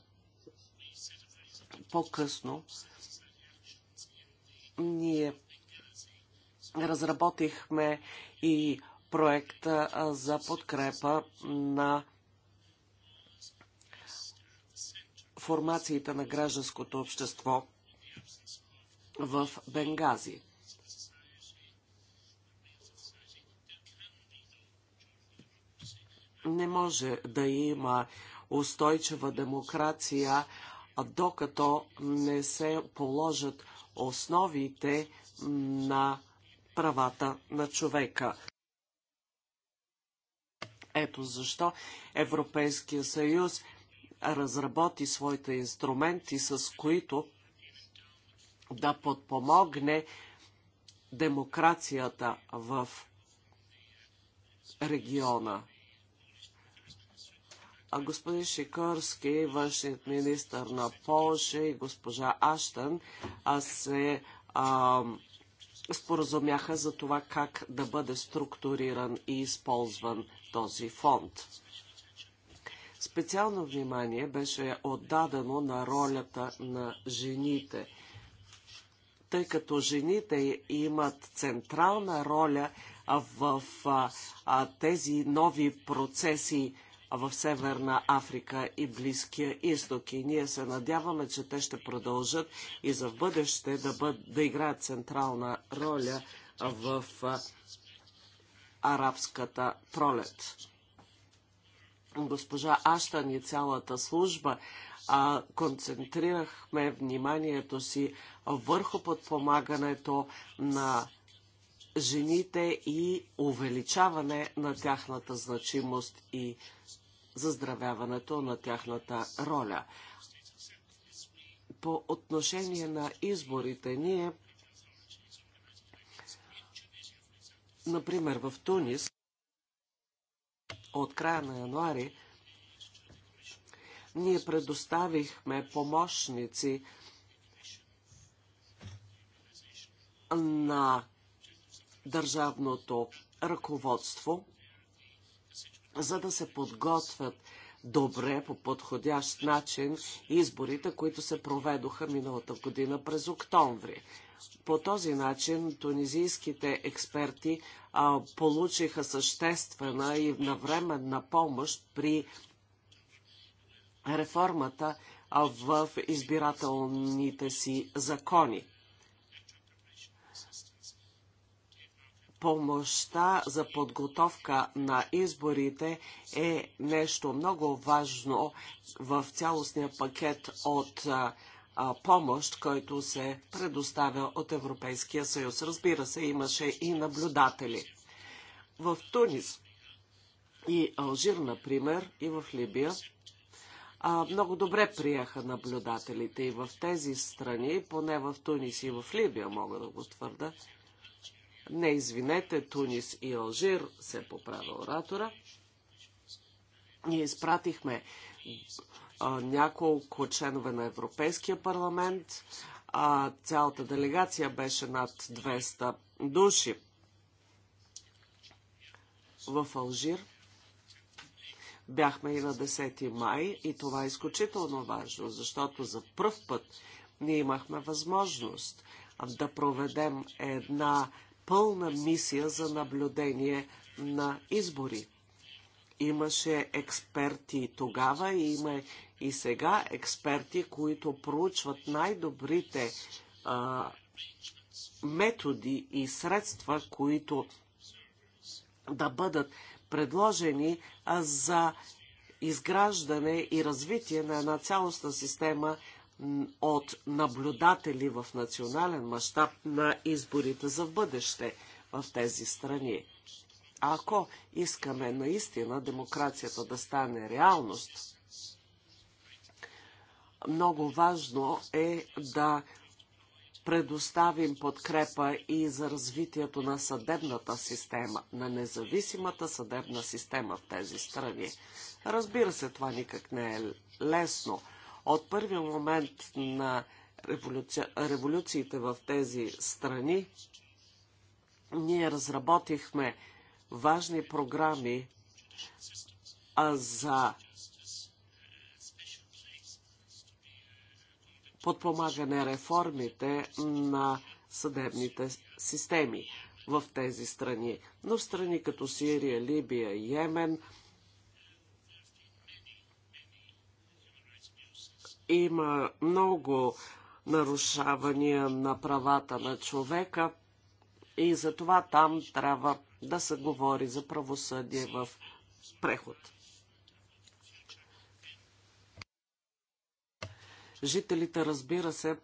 по-късно ние разработихме и проекта за подкрепа на формациите на гражданското общество в Бенгази. Не може да има устойчива демокрация, докато не се положат основите на правата на човека. Ето защо Европейския съюз разработи своите инструменти, с които да подпомогне демокрацията в региона а господин Шикорски, външният министр на Польша и госпожа Аштън а се а, споразумяха за това как да бъде структуриран и използван този фонд. Специално внимание беше отдадено на ролята на жените, тъй като жените имат централна роля в а, тези нови процеси, в Северна Африка и Близкия изток. И ние се надяваме, че те ще продължат и за в бъдеще да, бъд, да играят централна роля в арабската пролет. Госпожа Аштан и цялата служба а, концентрирахме вниманието си върху подпомагането на жените и увеличаване на тяхната значимост и заздравяването на тяхната роля. По отношение на изборите, ние, например, в Тунис, от края на януари, ние предоставихме помощници на държавното ръководство – за да се подготвят добре по подходящ начин изборите, които се проведоха миналата година през октомври. По този начин тунизийските експерти а, получиха съществена и навременна помощ при реформата а, в избирателните си закони. помощта за подготовка на изборите е нещо много важно в цялостния пакет от помощ, който се предоставя от Европейския съюз. Разбира се, имаше и наблюдатели. В Тунис и Алжир, например, и в Либия, много добре приеха наблюдателите и в тези страни, поне в Тунис и в Либия, мога да го твърда, не, извинете, Тунис и Алжир, се е поправя оратора. Ние изпратихме а, няколко членове на Европейския парламент. А, цялата делегация беше над 200 души в Алжир. Бяхме и на 10 май и това е изключително важно, защото за пръв път ние имахме възможност да проведем една пълна мисия за наблюдение на избори. Имаше експерти тогава и има и сега експерти, които проучват най-добрите методи и средства, които да бъдат предложени за изграждане и развитие на една цялостна система от наблюдатели в национален мащаб на изборите за бъдеще в тези страни. А ако искаме наистина демокрацията да стане реалност, много важно е да предоставим подкрепа и за развитието на съдебната система, на независимата съдебна система в тези страни. Разбира се, това никак не е лесно – от първия момент на революци... революциите в тези страни, ние разработихме важни програми а за подпомагане реформите на съдебните системи в тези страни. Но в страни като Сирия, Либия, Йемен – има много нарушавания на правата на човека и затова там трябва да се говори за правосъдие в преход. Жителите, разбира се,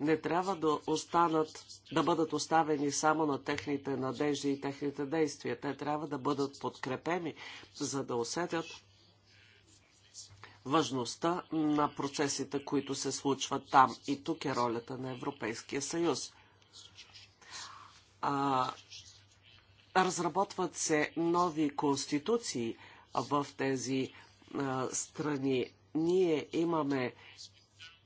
не трябва да останат, да бъдат оставени само на техните надежди и техните действия. Те трябва да бъдат подкрепени, за да усетят, важността на процесите, които се случват там. И тук е ролята на Европейския съюз. А, разработват се нови конституции в тези а, страни. Ние имаме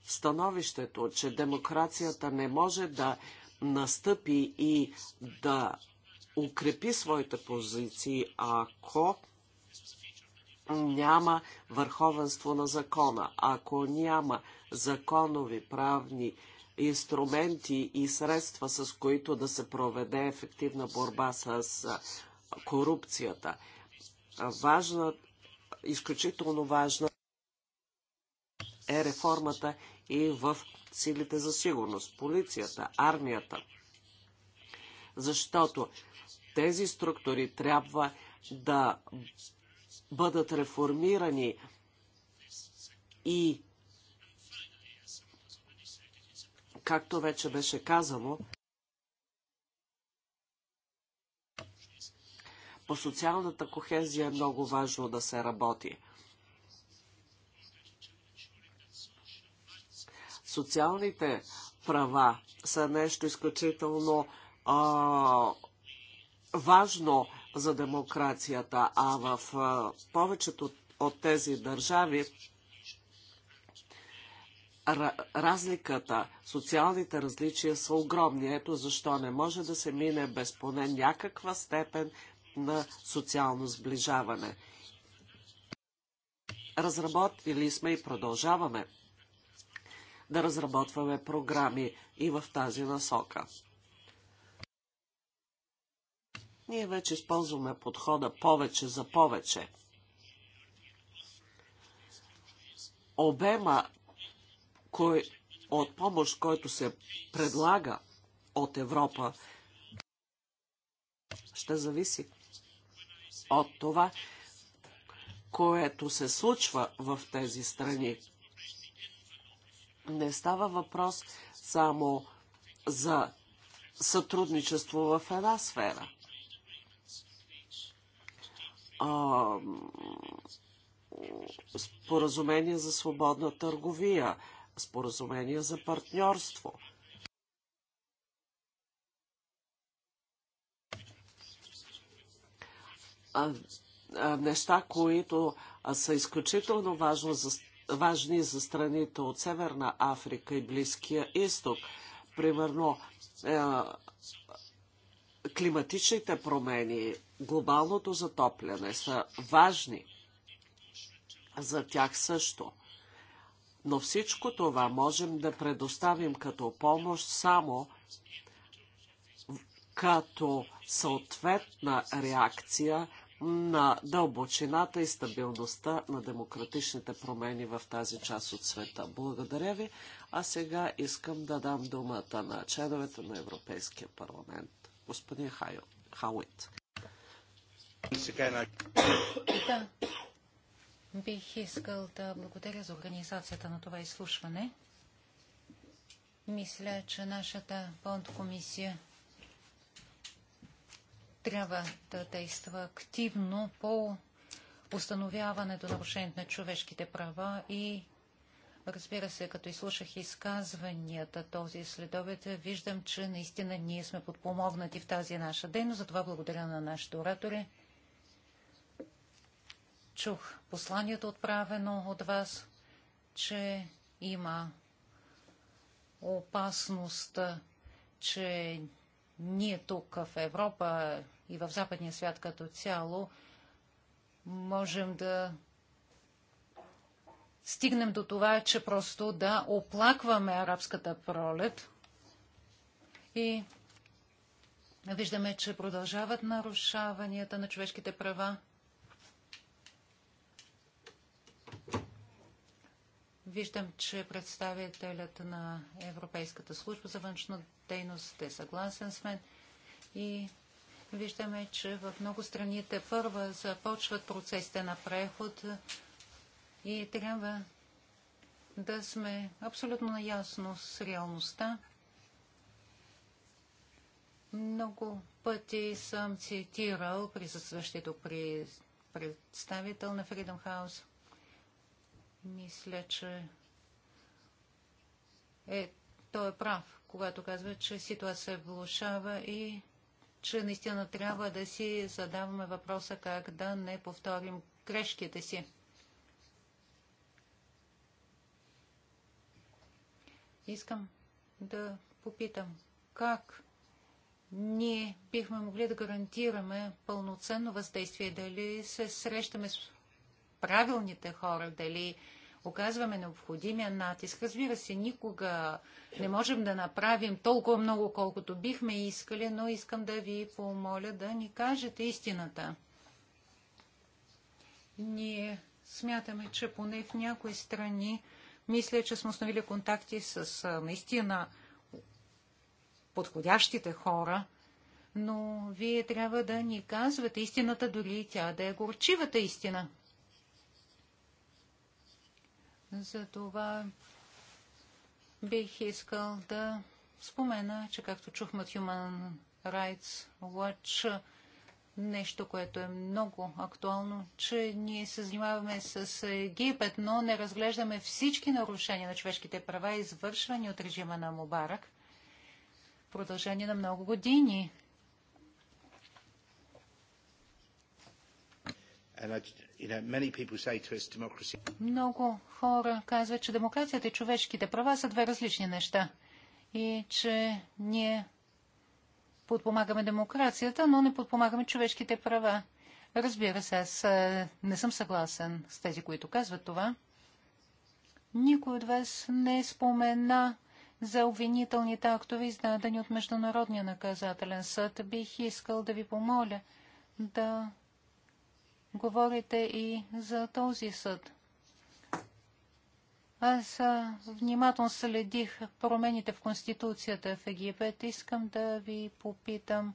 становището, че демокрацията не може да настъпи и да укрепи своите позиции, ако няма върховенство на закона, ако няма законови правни инструменти и средства, с които да се проведе ефективна борба с корупцията. Важна, изключително важна е реформата и в силите за сигурност, полицията, армията. Защото тези структури трябва да бъдат реформирани и както вече беше казано, по социалната кохезия е много важно да се работи. Социалните права са нещо изключително а, важно за демокрацията, а в повечето от тези държави разликата, социалните различия са огромни. Ето защо не може да се мине без поне някаква степен на социално сближаване. Разработили сме и продължаваме да разработваме програми и в тази насока. Ние вече използваме подхода повече за повече. Обема кой, от помощ, който се предлага от Европа, ще зависи от това, което се случва в тези страни. Не става въпрос само за сътрудничество в една сфера а, споразумение за свободна търговия, споразумение за партньорство. А, а, неща, които а, са изключително важно за, важни за страните от Северна Африка и Близкия изток. Примерно, е, климатичните промени, глобалното затопляне са важни за тях също. Но всичко това можем да предоставим като помощ само като съответна реакция на дълбочината и стабилността на демократичните промени в тази част от света. Благодаря ви, а сега искам да дам думата на членовете на Европейския парламент господин Хайо, Хауит. Да. Бих искал да благодаря за организацията на това изслушване. Мисля, че нашата комисия трябва да действа активно по установяването на нарушението на човешките права и Разбира се, като изслушах изказванията този следобед, виждам, че наистина ние сме подпомогнати в тази наша дейност. Затова благодаря на нашите оратори. Чух посланието отправено от вас, че има опасност, че ние тук в Европа и в западния свят като цяло можем да стигнем до това, че просто да оплакваме арабската пролет и виждаме, че продължават нарушаванията на човешките права. Виждам, че представителят на Европейската служба за външна дейност е съгласен с мен и виждаме, че в много страните първа започват процесите на преход, и трябва да сме абсолютно наясно с реалността. Много пъти съм цитирал присъстващето при представител на Freedom House. Мисля, че е, той е прав, когато казва, че ситуация влушава и че наистина трябва да си задаваме въпроса как да не повторим грешките си. Искам да попитам как ние бихме могли да гарантираме пълноценно въздействие, дали се срещаме с правилните хора, дали оказваме необходимия натиск. Разбира се, никога не можем да направим толкова много, колкото бихме искали, но искам да ви помоля да ни кажете истината. Ние смятаме, че поне в някои страни мисля, че сме установили контакти с наистина подходящите хора, но вие трябва да ни казвате истината, дори тя да е горчивата истина. Затова бих искал да спомена, че както чухме от Human Rights Watch, нещо, което е много актуално, че ние се занимаваме с Египет, но не разглеждаме всички нарушения на човешките права, извършвани от режима на Мубарак в продължение на много години. Много хора казват, че демокрацията и човешките права са две различни неща и че ние подпомагаме демокрацията, но не подпомагаме човешките права. Разбира се, аз не съм съгласен с тези, които казват това. Никой от вас не спомена за обвинителните актове, издадени от Международния наказателен съд. Бих искал да ви помоля да говорите и за този съд. Аз внимателно следих промените в Конституцията в Египет. Искам да ви попитам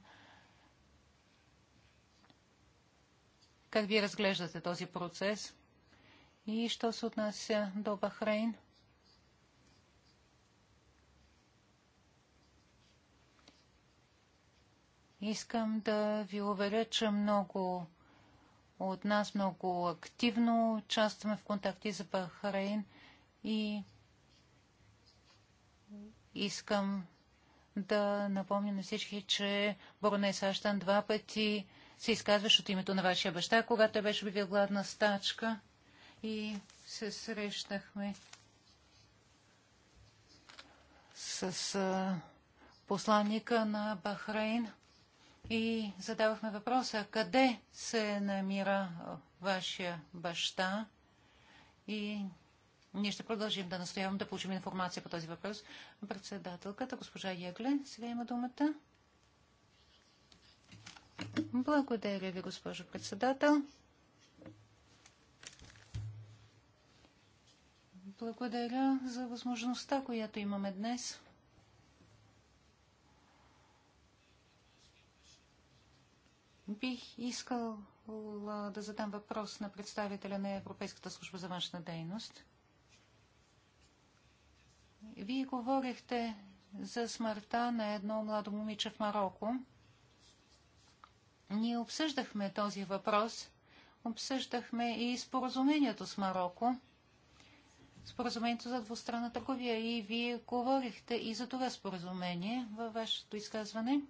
как ви разглеждате този процес и що се отнася до Бахрейн. Искам да ви уверя, че много от нас много активно участваме в контакти за Бахрейн – и искам да напомня на всички, че Борнес Аштан два пъти се изказваш от името на вашия баща, когато той беше бил гладна стачка и се срещнахме с а, посланника на Бахрейн и задавахме въпроса къде се намира вашия баща и ние ще продължим да настоявам да получим информация по този въпрос. Председателката, госпожа Ягле, сега има думата. Благодаря ви, госпожо председател. Благодаря за възможността, която имаме днес. Бих искал да задам въпрос на представителя на Европейската служба за външна дейност. Вие говорихте за смъртта на едно младо момиче в Марокко. Ние обсъждахме този въпрос. Обсъждахме и споразумението с Марокко. Споразумението за двустранна търговия. И вие говорихте и за това споразумение във вашето изказване.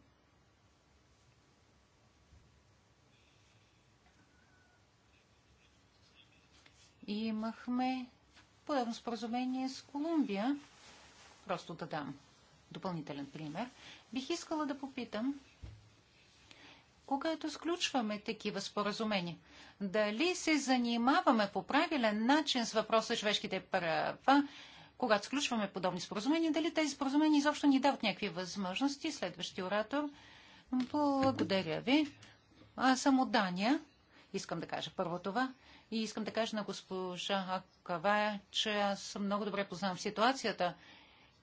И имахме подобно споразумение с Колумбия просто да дам допълнителен пример, бих искала да попитам, когато сключваме такива споразумения, дали се занимаваме по правилен начин с въпроса човешките права, когато сключваме подобни споразумения, дали тези споразумения изобщо ни дават някакви възможности. Следващи оратор. Благодаря ви. Аз съм от Дания. Искам да кажа първо това. И искам да кажа на госпожа Акавая, че аз много добре познавам ситуацията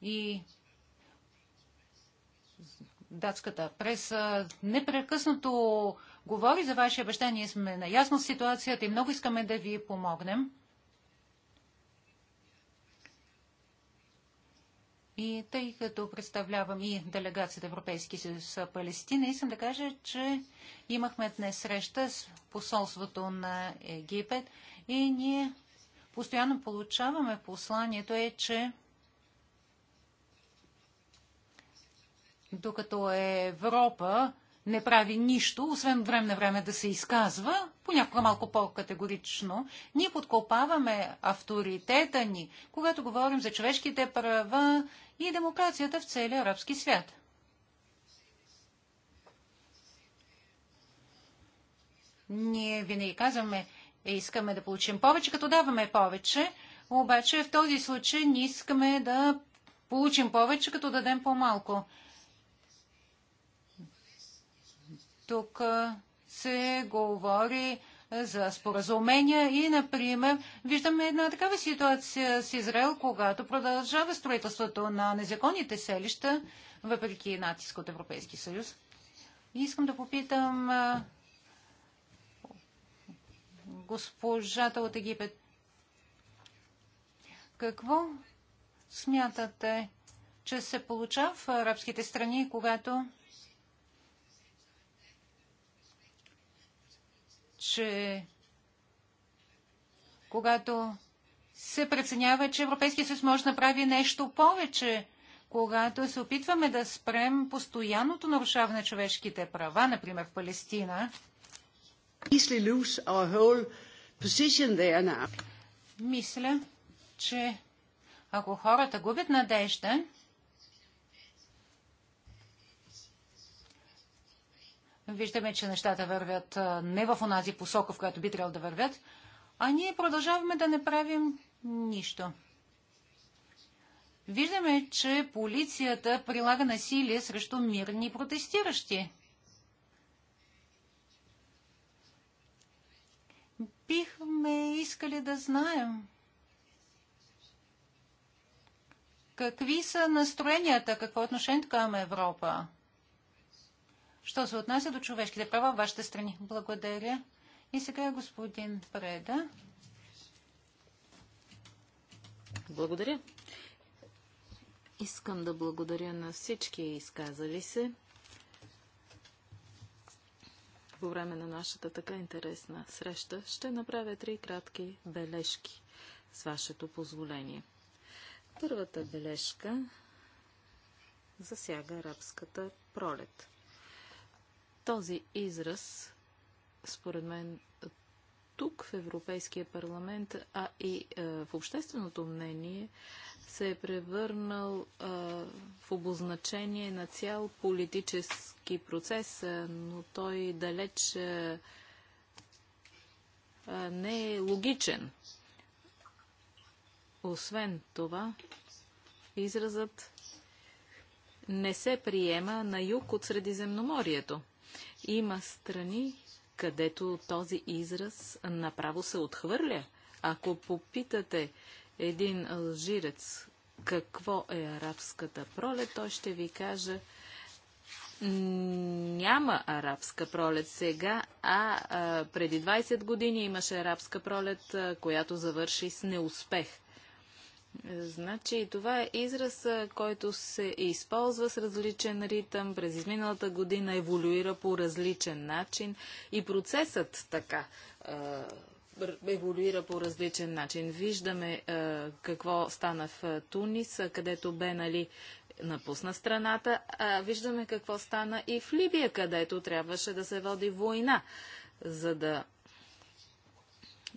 и датската преса непрекъснато говори за вашия баща. Ние сме наясно с ситуацията и много искаме да ви помогнем. И тъй като представлявам и делегацията Европейски съюз Палестина, искам да кажа, че имахме днес среща с посолството на Египет и ние постоянно получаваме посланието е, че докато е Европа не прави нищо, освен време на време да се изказва, понякога малко по-категорично, ние подкопаваме авторитета ни, когато говорим за човешките права и демокрацията в целия арабски свят. Ние винаги казваме, «Е, искаме да получим повече, като даваме повече, обаче в този случай ние искаме да получим повече, като дадем по-малко. Тук се говори за споразумения и, например, виждаме една такава ситуация с Израел, когато продължава строителството на незаконните селища, въпреки натиск от Европейски съюз. И искам да попитам госпожата от Египет. Какво смятате, че се получава в арабските страни, когато че когато се преценява, че Европейския съюз може да направи нещо повече, когато се опитваме да спрем постоянното нарушаване на човешките права, например в Палестина, мисля, че ако хората губят надежда, Виждаме, че нещата вървят не в онази посока, в която би трябвало да вървят, а ние продължаваме да не правим нищо. Виждаме, че полицията прилага насилие срещу мирни протестиращи. Бихме искали да знаем какви са настроенията, какво е отношението към Европа що се отнася до човешките права в вашите страни. Благодаря. И сега господин Преда. Благодаря. Искам да благодаря на всички изказали се по време на нашата така интересна среща. Ще направя три кратки бележки с вашето позволение. Първата бележка засяга арабската пролет – този израз, според мен, тук в Европейския парламент, а и е, в общественото мнение, се е превърнал е, в обозначение на цял политически процес, е, но той далеч е, е, не е логичен. Освен това, изразът не се приема на юг от Средиземноморието. Има страни, където този израз направо се отхвърля. Ако попитате един лъжирец какво е арабската пролет, той ще ви каже няма арабска пролет сега, а, а преди 20 години имаше арабска пролет, а, която завърши с неуспех. Значи това е израз, който се използва с различен ритъм, през изминалата година еволюира по различен начин и процесът така еволюира по различен начин. Виждаме какво стана в Тунис, където бе нали, напусна страната, а виждаме какво стана и в Либия, където трябваше да се води война, за да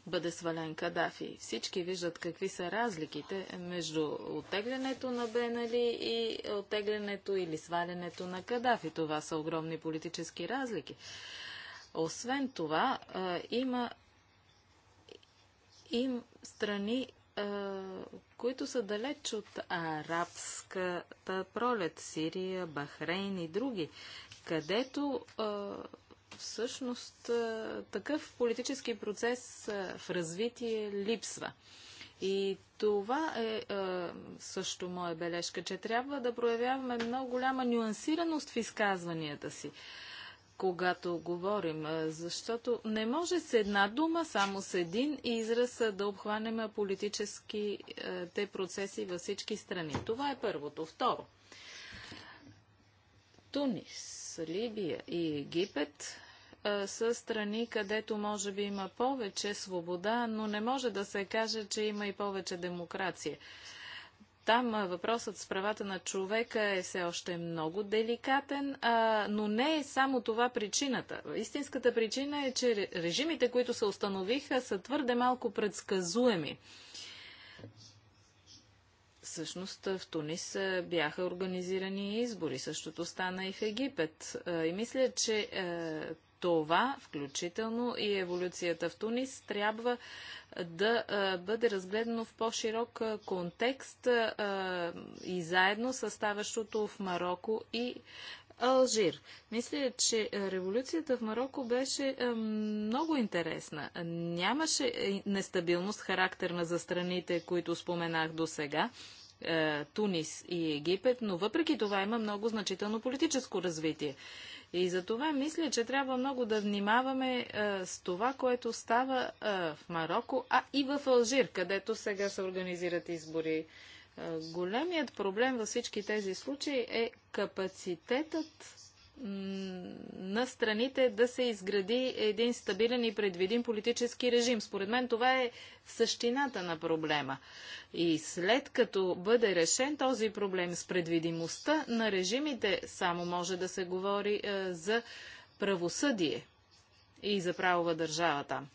бъде свален Кадафи. Всички виждат какви са разликите между отеглянето на Бенали и отеглянето или свалянето на Кадафи. Това са огромни политически разлики. Освен това, има им страни, които са далеч от арабската пролет, Сирия, Бахрейн и други, където всъщност такъв политически процес в развитие липсва. И това е, също моя бележка, че трябва да проявяваме много голяма нюансираност в изказванията си, когато говорим, защото не може с една дума, само с един израз да обхванем политическите процеси във всички страни. Това е първото. Второ. Тунис Либия и Египет са страни, където може би има повече свобода, но не може да се каже, че има и повече демокрация. Там въпросът с правата на човека е все още много деликатен, но не е само това причината. Истинската причина е, че режимите, които се установиха, са твърде малко предсказуеми. Всъщност в Тунис бяха организирани избори. Същото стана и в Египет. И мисля, че това, включително и еволюцията в Тунис, трябва да бъде разгледано в по-широк контекст и заедно с ставащото в Марокко и Алжир. Мисля, че е, революцията в Марокко беше е, много интересна. Нямаше е, нестабилност, характерна за страните, които споменах до сега. Тунис и Египет, но въпреки това има много значително политическо развитие. И за това мисля, че трябва много да внимаваме с това, което става в Марокко, а и в Алжир, където сега се организират избори е, големият проблем във всички тези случаи е капацитетът на страните да се изгради един стабилен и предвидим политически режим. Според мен това е същината на проблема. И след като бъде решен този проблем с предвидимостта на режимите, само може да се говори е, за правосъдие и за правова държава там.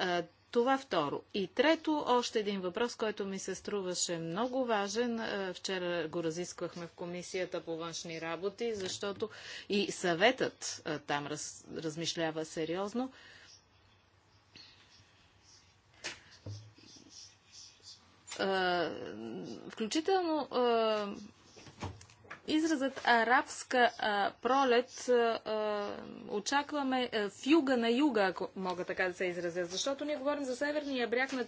Е, това второ. И трето, още един въпрос, който ми се струваше много важен. Е, вчера го разисквахме в Комисията по външни работи, защото и съветът е, там раз, размишлява сериозно. Е, включително Изразът арабска а, пролет а, очакваме а, в юга на юга, ако мога така да се изразя, защото ние говорим за северния бряг на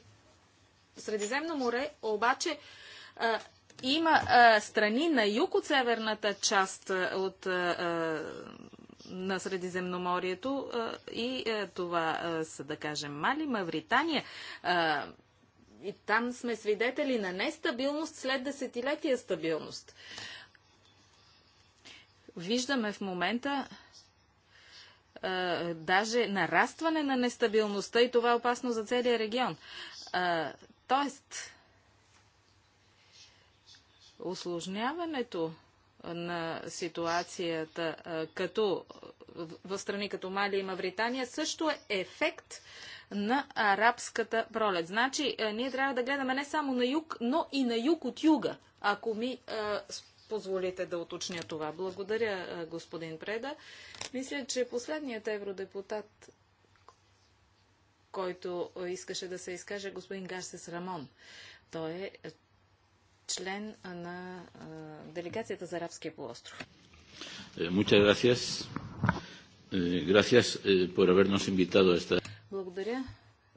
Средиземно море, обаче а, има а, страни на юг от северната част от а, на Средиземноморието и това са, да кажем, Мали, Мавритания. И там сме свидетели на нестабилност след десетилетия стабилност. Виждаме в момента а, даже нарастване на нестабилността и това е опасно за целия регион. А, тоест, осложняването на ситуацията като в страни като Мали и Мавритания също е ефект на арабската пролет. Значи, ние трябва да гледаме не само на юг, но и на юг от юга, ако ми позволите да уточня това. Благодаря, господин Преда. Мисля, че последният евродепутат, който искаше да се изкаже, е господин Гарсес Рамон. Той е член на делегацията за Арабския полуостров. Muchas gracias. Gracias por habernos invitado a esta... Благодаря,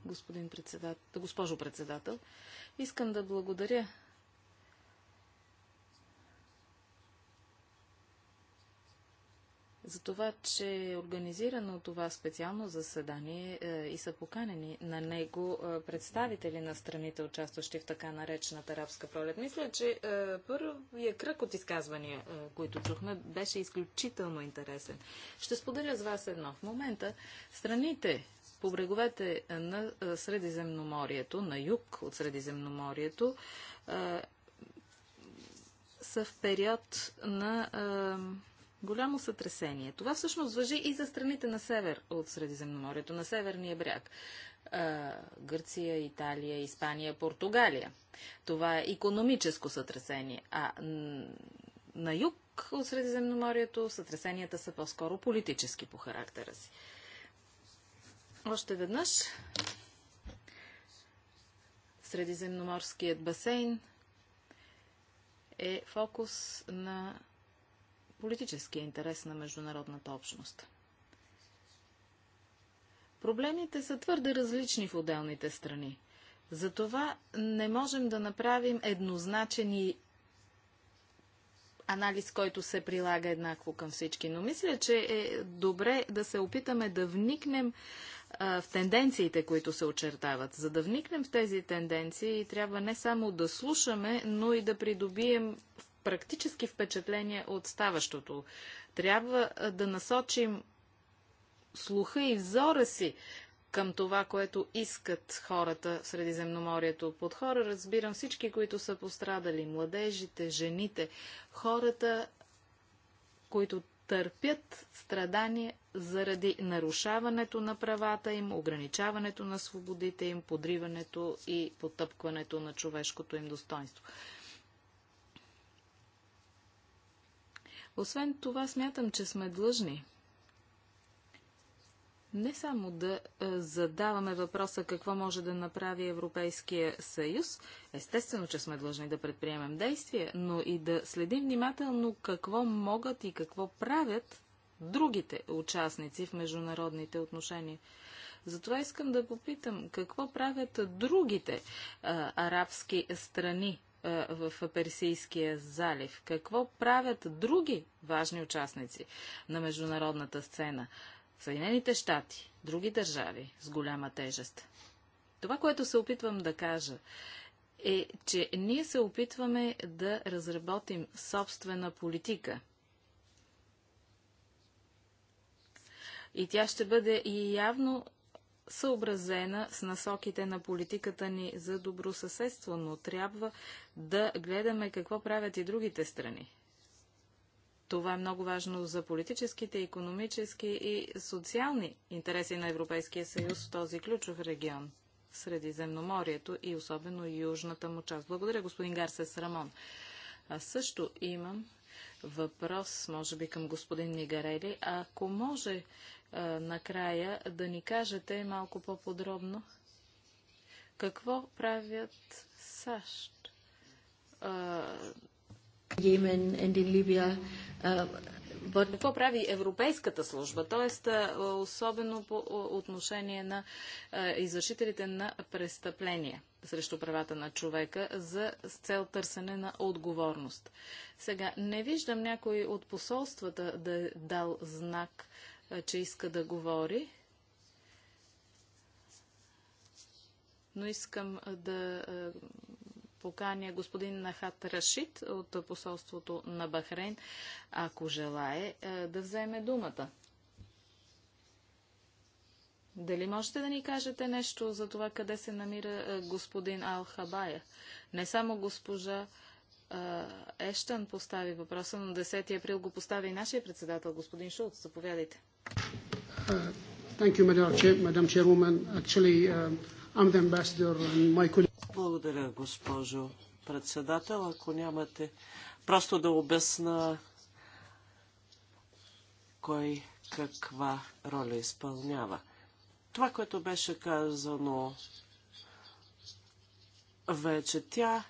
господин председател, госпожо председател. Искам да благодаря за това, че е организирано това специално заседание е, и са поканени на него е, представители на страните, участващи в така наречената арабска пролет. Мисля, че е, първият кръг от изказвания, които чухме, беше изключително интересен. Ще споделя с вас едно. В момента страните по бреговете на Средиземноморието, на юг от Средиземноморието, са в период на голямо сътресение. Това всъщност въжи и за страните на север от Средиземноморието, на северния бряг. Гърция, Италия, Испания, Португалия. Това е економическо сътресение. А на юг от Средиземноморието сътресенията са по-скоро политически по характера си. Още веднъж Средиземноморският басейн е фокус на политическия интерес на международната общност. Проблемите са твърде различни в отделните страни. Затова не можем да направим еднозначен и анализ, който се прилага еднакво към всички. Но мисля, че е добре да се опитаме да вникнем в тенденциите, които се очертават. За да вникнем в тези тенденции, трябва не само да слушаме, но и да придобием практически впечатления от ставащото. Трябва да насочим слуха и взора си към това, което искат хората в Средиземноморието. Под хора разбирам всички, които са пострадали. Младежите, жените, хората, които търпят страдания заради нарушаването на правата им, ограничаването на свободите им, подриването и потъпкването на човешкото им достоинство. Освен това, смятам, че сме длъжни не само да е, задаваме въпроса какво може да направи Европейския съюз, естествено, че сме длъжни да предприемем действия, но и да следим внимателно какво могат и какво правят другите участници в международните отношения. Затова искам да попитам какво правят другите а, е, арабски страни в Персийския залив? Какво правят други важни участници на международната сцена? Съединените щати, други държави с голяма тежест. Това, което се опитвам да кажа, е, че ние се опитваме да разработим собствена политика. И тя ще бъде и явно съобразена с насоките на политиката ни за добросъседство, но трябва да гледаме какво правят и другите страни. Това е много важно за политическите, економически и социални интереси на Европейския съюз в този ключов регион. Средиземноморието и особено южната му част. Благодаря, господин Гарсес Рамон. А също имам въпрос, може би към господин Нигарели. Ако може а, накрая да ни кажете малко по-подробно какво правят САЩ. А... Йемен и Либия. Uh, какво прави Европейската служба, т.е. особено по отношение на извършителите на престъпления срещу правата на човека за цел търсене на отговорност? Сега, не виждам някой от посолствата да е дал знак, че иска да говори. но искам да поканя господин Нахат Рашид от посолството на Бахрейн, ако желае е, да вземе думата. Дали можете да ни кажете нещо за това къде се намира е, господин Ал-Хабая? Не само госпожа Ещън постави въпроса, но 10 април го постави и нашия председател, господин Шулц. Заповядайте. Uh, благодаря, госпожо председател. Ако нямате, просто да обясна кой каква роля изпълнява. Това, което беше казано вече тя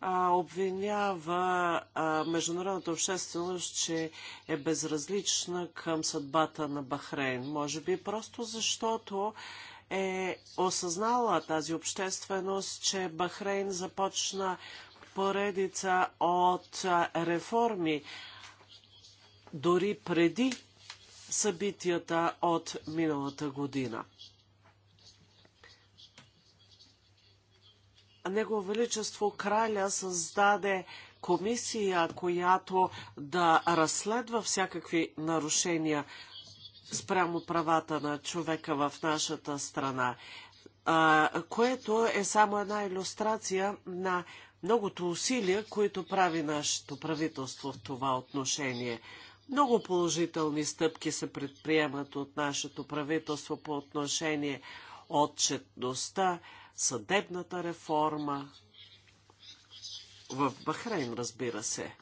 а, обвинява а, международната общественост, че е безразлична към съдбата на Бахрейн. Може би просто защото е осъзнала тази общественост, че Бахрейн започна поредица от реформи дори преди събитията от миналата година. Него Величество Краля създаде комисия, която да разследва всякакви нарушения спрямо правата на човека в нашата страна, което е само една иллюстрация на многото усилия, които прави нашето правителство в това отношение. Много положителни стъпки се предприемат от нашето правителство по отношение отчетността, съдебната реформа. В Бахрейн, разбира се.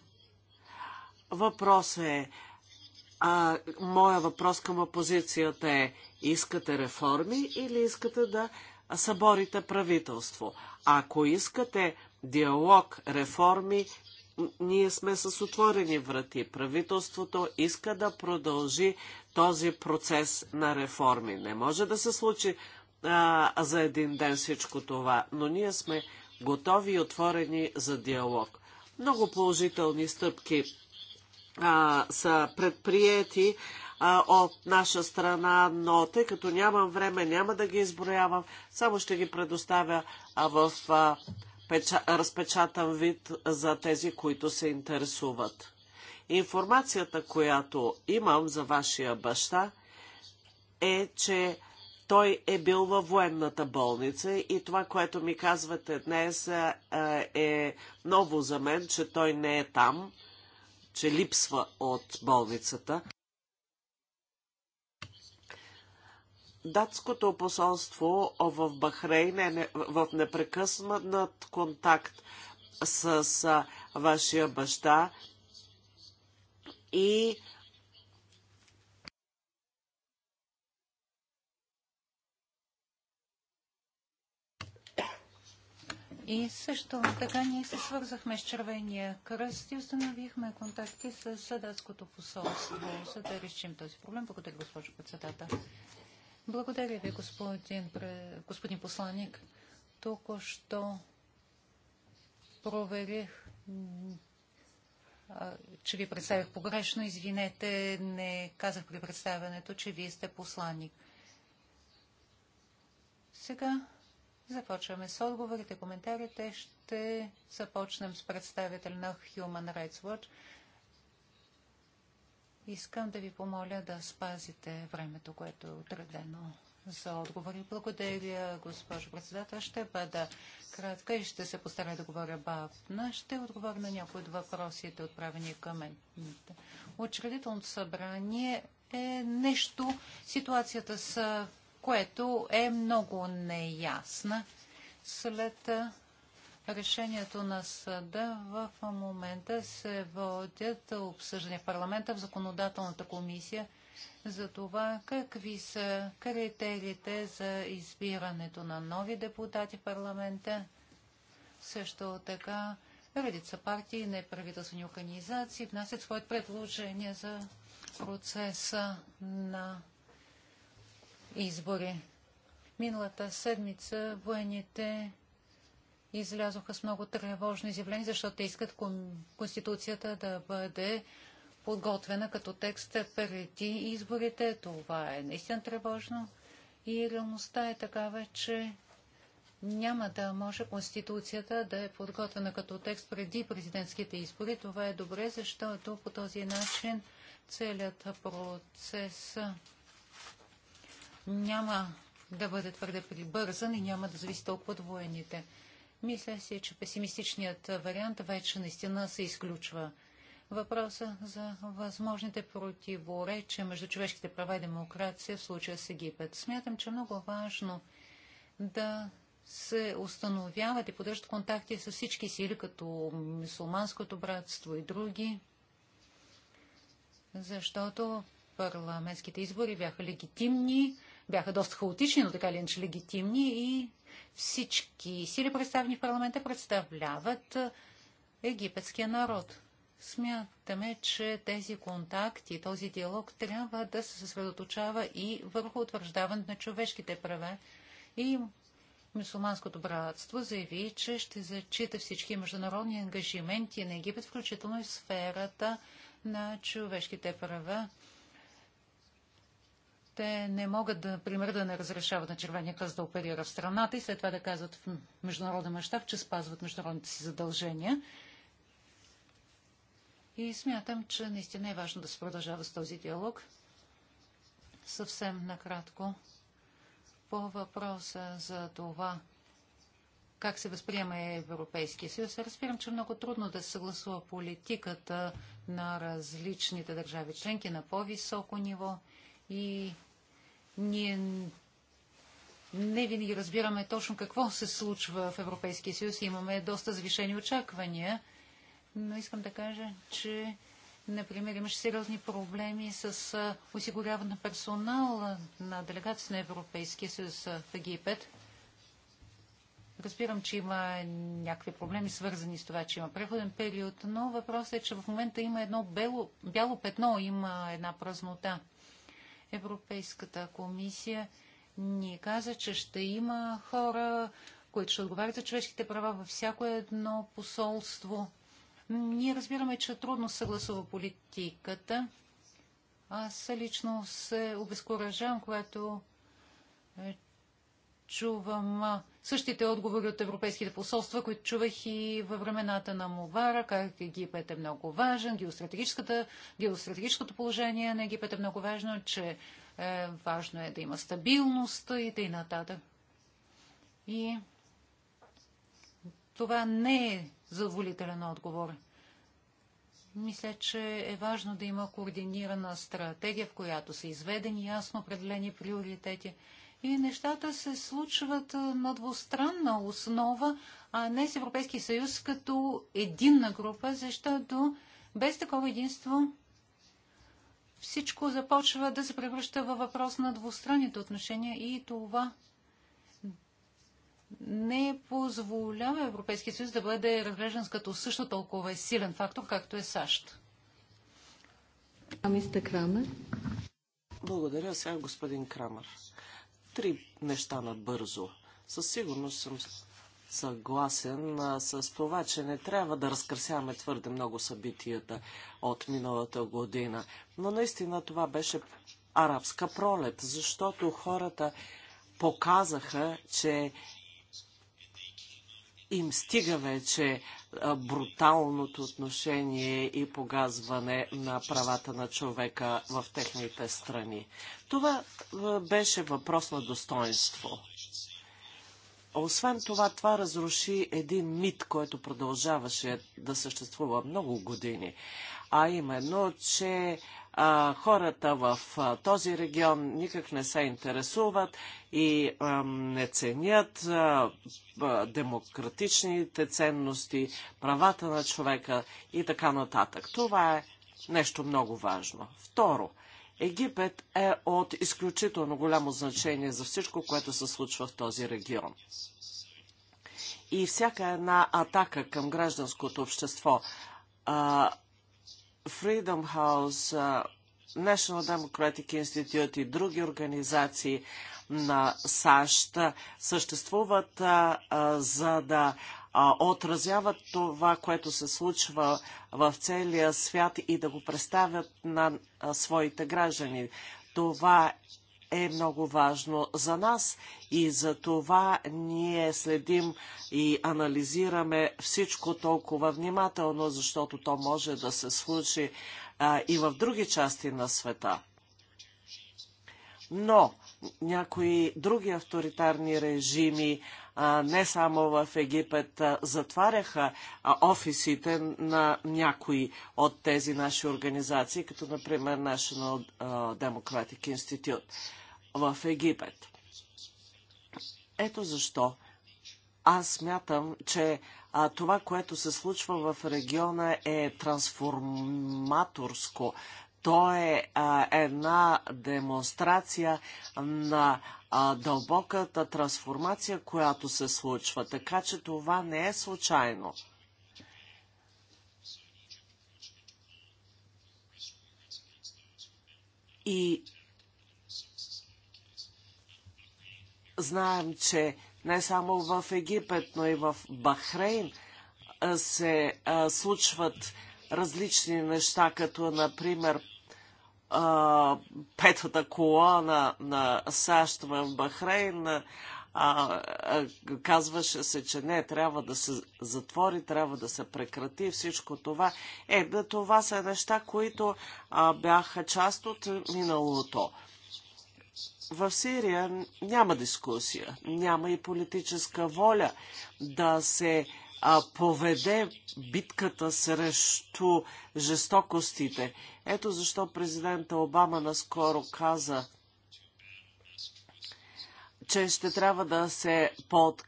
Въпросът е а, моя въпрос към опозицията е, искате реформи или искате да съборите правителство? Ако искате диалог, реформи, ние сме с отворени врати. Правителството иска да продължи този процес на реформи. Не може да се случи а, за един ден всичко това, но ние сме готови и отворени за диалог. Много положителни стъпки са предприяти от наша страна, но тъй като нямам време, няма да ги изброявам, само ще ги предоставя в разпечатан вид за тези, които се интересуват. Информацията, която имам за вашия баща, е, че той е бил във военната болница и това, което ми казвате днес е ново за мен, че той не е там че липсва от болницата. Датското посолство в Бахрейн е в непрекъснат контакт с вашия баща и И също така ние се свързахме с Червения кръст и установихме контакти с Съдатското посолство, за да решим този проблем. Благодаря, госпожо председател. Благодаря ви, господин, господин посланник. Току-що проверих, че ви представях погрешно. Извинете, не казах при представянето, че вие сте посланник. Сега Започваме с отговорите, коментарите. Ще започнем с представител на Human Rights Watch. Искам да ви помоля да спазите времето, което е отредено за отговори. Благодаря, госпожо председател. Ще бъда кратка и ще се постара да говоря бавно. Ще отговоря на някои от въпросите, отправени към мен. Учредителното събрание е нещо, ситуацията с което е много неясна след решението на съда в момента се водят обсъждания в парламента, в законодателната комисия за това какви са критериите за избирането на нови депутати в парламента. Също така редица партии и неправителствени организации внасят своят предложение за процеса на избори. Миналата седмица военните излязоха с много тревожни изявления, защото те искат Конституцията да бъде подготвена като текст преди изборите. Това е наистина тревожно. И реалността е такава, че няма да може Конституцията да е подготвена като текст преди президентските избори. Това е добре, защото по този начин целият процес няма да бъде твърде прибързан и няма да зависи толкова от военните. Мисля си, че песимистичният вариант вече наистина се изключва. Въпроса за възможните противоречия между човешките права и демокрация в случая с Египет. Смятам, че е много важно да се установяват и поддържат контакти с всички сили, като мусулманското братство и други, защото парламентските избори бяха легитимни, бяха доста хаотични, но така ли иначе легитимни и всички сили представени в парламента представляват египетския народ. Смятаме, че тези контакти, този диалог трябва да се съсредоточава и върху утвърждаването на човешките права. И мусулманското братство заяви, че ще зачита всички международни ангажименти на Египет, включително и сферата на човешките права те не могат, да, пример, да не разрешават на червения кръст да оперира в страната и след това да казват в международен мащаб, че спазват международните си задължения. И смятам, че наистина е важно да се продължава с този диалог. Съвсем накратко по въпроса за това, как се възприема Европейския съюз. Разбирам, че е много трудно да се съгласува политиката на различните държави членки на по-високо ниво и ние не винаги разбираме точно какво се случва в Европейския съюз. Имаме доста завишени очаквания, но искам да кажа, че Например, имаше сериозни проблеми с осигуряване на персонал на делегация на Европейския съюз в Египет. Разбирам, че има някакви проблеми, свързани с това, че има преходен период, но въпросът е, че в момента има едно бело, бяло петно, има една празнота. Европейската комисия ни каза, че ще има хора, които ще отговарят за човешките права във всяко едно посолство. Ние разбираме, че трудно съгласува политиката. Аз лично се обезкуражавам, когато е, чувам същите отговори от европейските посолства, които чувах и във времената на Мувара, как Египет е много важен, геостратегическата, геостратегическото положение на Египет е много важно, че е, важно е да има стабилност и т.н. и И това не е задоволителен отговор. Мисля, че е важно да има координирана стратегия, в която са изведени ясно определени приоритети – и нещата се случват на двустранна основа, а не с Европейския съюз като единна група, защото без такова единство всичко започва да се превръща във въпрос на двустранните отношения и това не позволява Европейския съюз да бъде разглеждан като също толкова силен фактор, както е САЩ. Крамер. Благодаря сега господин Крамър. Три неща набързо. Със сигурност съм съгласен а, с това, че не трябва да разкрасяваме твърде много събитията от миналата година. Но наистина това беше арабска пролет, защото хората показаха, че им стига вече бруталното отношение и погазване на правата на човека в техните страни. Това беше въпрос на достоинство. Освен това, това разруши един мит, който продължаваше да съществува много години, а именно, че хората в този регион никак не се интересуват и не ценят демократичните ценности, правата на човека и така нататък. Това е нещо много важно. Второ, Египет е от изключително голямо значение за всичко, което се случва в този регион. И всяка една атака към гражданското общество, а, Freedom House, National Democratic Institute и други организации на САЩ съществуват за да отразяват това, което се случва в целия свят и да го представят на своите граждани. Това е много важно за нас и за това ние следим и анализираме всичко толкова внимателно, защото то може да се случи а, и в други части на света. Но някои други авторитарни режими, а, не само в Египет, а, затваряха а, офисите на някои от тези наши организации, като например National Democratic Institute в Египет. Ето защо аз смятам, че а, това, което се случва в региона е трансформаторско. То е а, една демонстрация на а, дълбоката трансформация, която се случва. Така че това не е случайно. И Знаем, че не само в Египет, но и в Бахрейн се случват различни неща, като например петата колона на САЩ в Бахрейн казваше се, че не, трябва да се затвори, трябва да се прекрати всичко това. Е, да, това са неща, които бяха част от миналото. В Сирия няма дискусия, няма и политическа воля да се а, поведе битката срещу жестокостите. Ето защо президента Обама наскоро каза, че ще трябва да се под,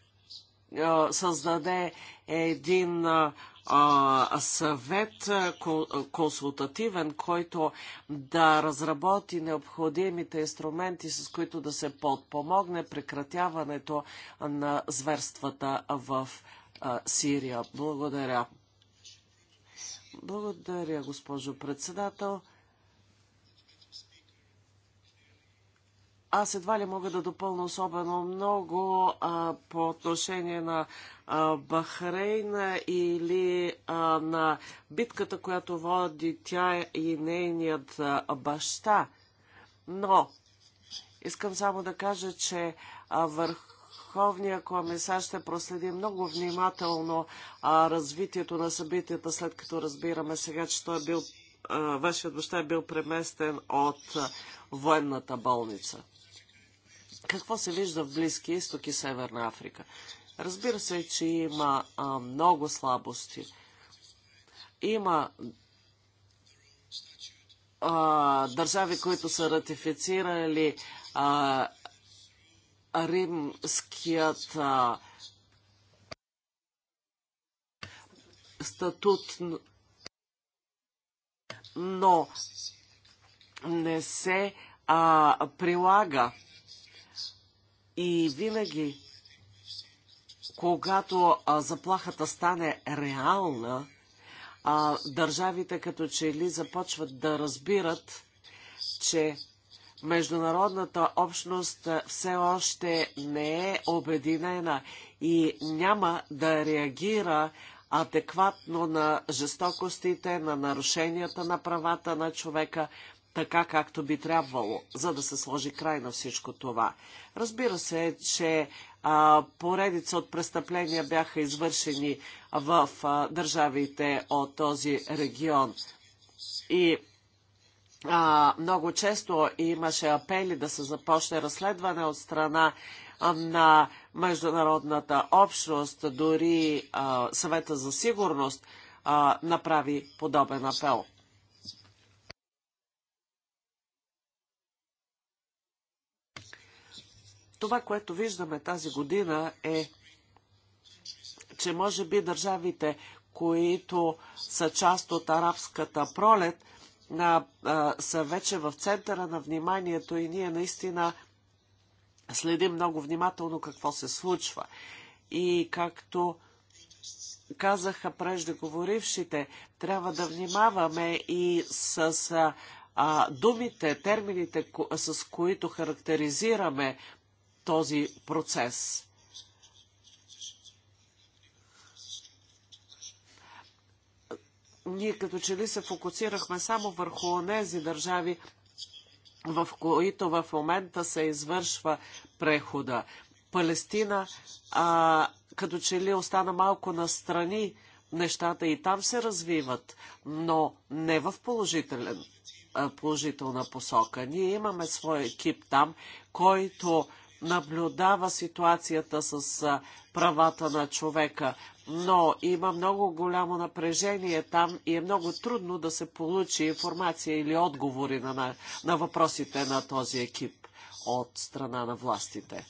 а, създаде един а, съвет консултативен, който да разработи необходимите инструменти, с които да се подпомогне прекратяването на зверствата в Сирия. Благодаря. Благодаря, госпожо председател. Аз едва ли мога да допълна особено много а, по отношение на а, Бахрейна или а, на битката, която води тя и нейният а, баща. Но искам само да кажа, че а, върховния комисар ще проследи много внимателно а, развитието на събитията, след като разбираме сега, че той е бил вашият баща е бил преместен от военната болница какво се вижда в Близки изток и Северна Африка. Разбира се, че има а, много слабости. Има а, държави, които са ратифицирали а, римският а, статут, но не се а, прилага и винаги, когато а, заплахата стане реална, а, държавите като че ли започват да разбират, че международната общност все още не е обединена и няма да реагира адекватно на жестокостите, на нарушенията на правата на човека, така, както би трябвало, за да се сложи край на всичко това. Разбира се, че а, поредица от престъпления бяха извършени в а, държавите от този регион. И а, много често имаше апели да се започне разследване от страна на международната общност, дори а, съвета за сигурност а, направи подобен апел. Това, което виждаме тази година е, че може би държавите, които са част от арабската пролет, на, а, са вече в центъра на вниманието и ние наистина следим много внимателно какво се случва. И както казаха преждеговорившите, трябва да внимаваме и с а, думите, термините, с които характеризираме този процес. Ние като че ли се фокусирахме само върху тези държави, в които в момента се извършва прехода. Палестина а, като че ли остана малко настрани, нещата и там се развиват, но не в положителен, положителна посока. Ние имаме свой екип там, който наблюдава ситуацията с правата на човека, но има много голямо напрежение там и е много трудно да се получи информация или отговори на, на, на въпросите на този екип от страна на властите.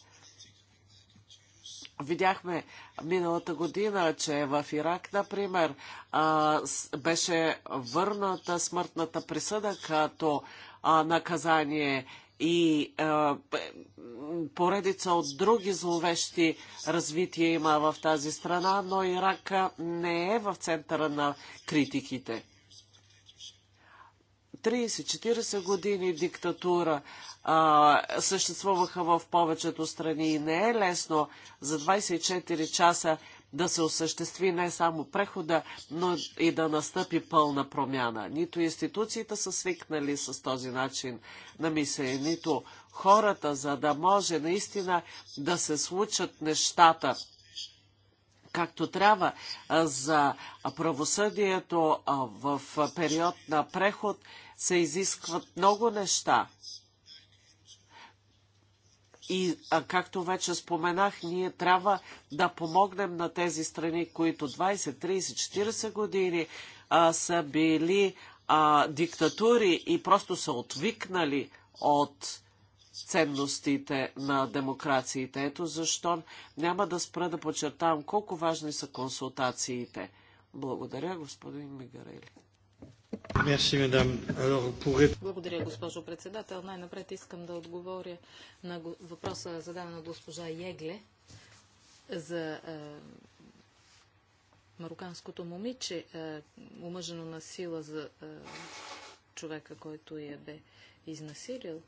Видяхме миналата година, че в Ирак, например, а, беше върната смъртната присъда като а, наказание и а, поредица от други зловещи развития има в тази страна, но Ирак не е в центъра на критиките. 30-40 години диктатура а, съществуваха в повечето страни и не е лесно за 24 часа да се осъществи не само прехода, но и да настъпи пълна промяна. Нито институциите са свикнали с този начин на мислене, нито хората, за да може наистина да се случат нещата както трябва за правосъдието в период на преход се изискват много неща. И а, както вече споменах, ние трябва да помогнем на тези страни, които 20, 30, 40 години а, са били а, диктатури и просто са отвикнали от ценностите на демокрациите. Ето защо няма да спра да подчертавам колко важни са консултациите. Благодаря, господин Мигарели. Благодаря, госпожо председател. Най-напред искам да отговоря на въпроса, зададен от госпожа Егле за е, мароканското момиче, е, омъжено на сила за е, човека, който я бе изнасилил.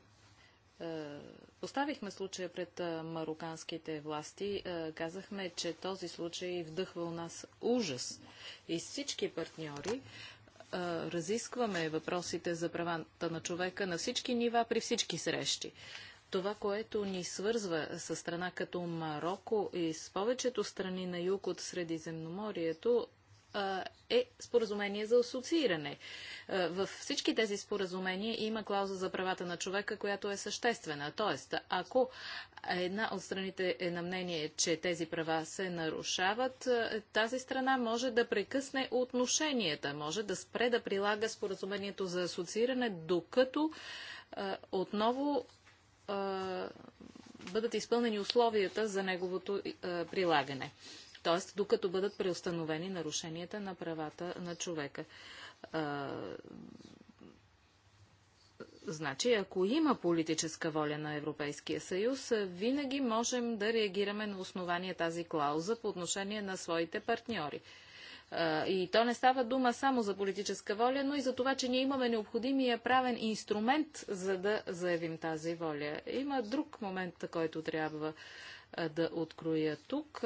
Поставихме случая пред мароканските власти. Казахме, че този случай вдъхва у нас ужас. И всички партньори разискваме въпросите за правата на човека на всички нива, при всички срещи. Това, което ни свързва с страна като Марокко и с повечето страни на юг от Средиземноморието, е споразумение за асоцииране. Във всички тези споразумения има клауза за правата на човека, която е съществена. Тоест, ако една от страните е на мнение, че тези права се нарушават, тази страна може да прекъсне отношенията, може да спре да прилага споразумението за асоцииране, докато отново бъдат изпълнени условията за неговото прилагане т.е. докато бъдат преустановени нарушенията на правата на човека. Значи, ако има политическа воля на Европейския съюз, винаги можем да реагираме на основание тази клауза по отношение на своите партньори. И то не става дума само за политическа воля, но и за това, че ние имаме необходимия правен инструмент, за да заявим тази воля. Има друг момент, който трябва да откроя тук.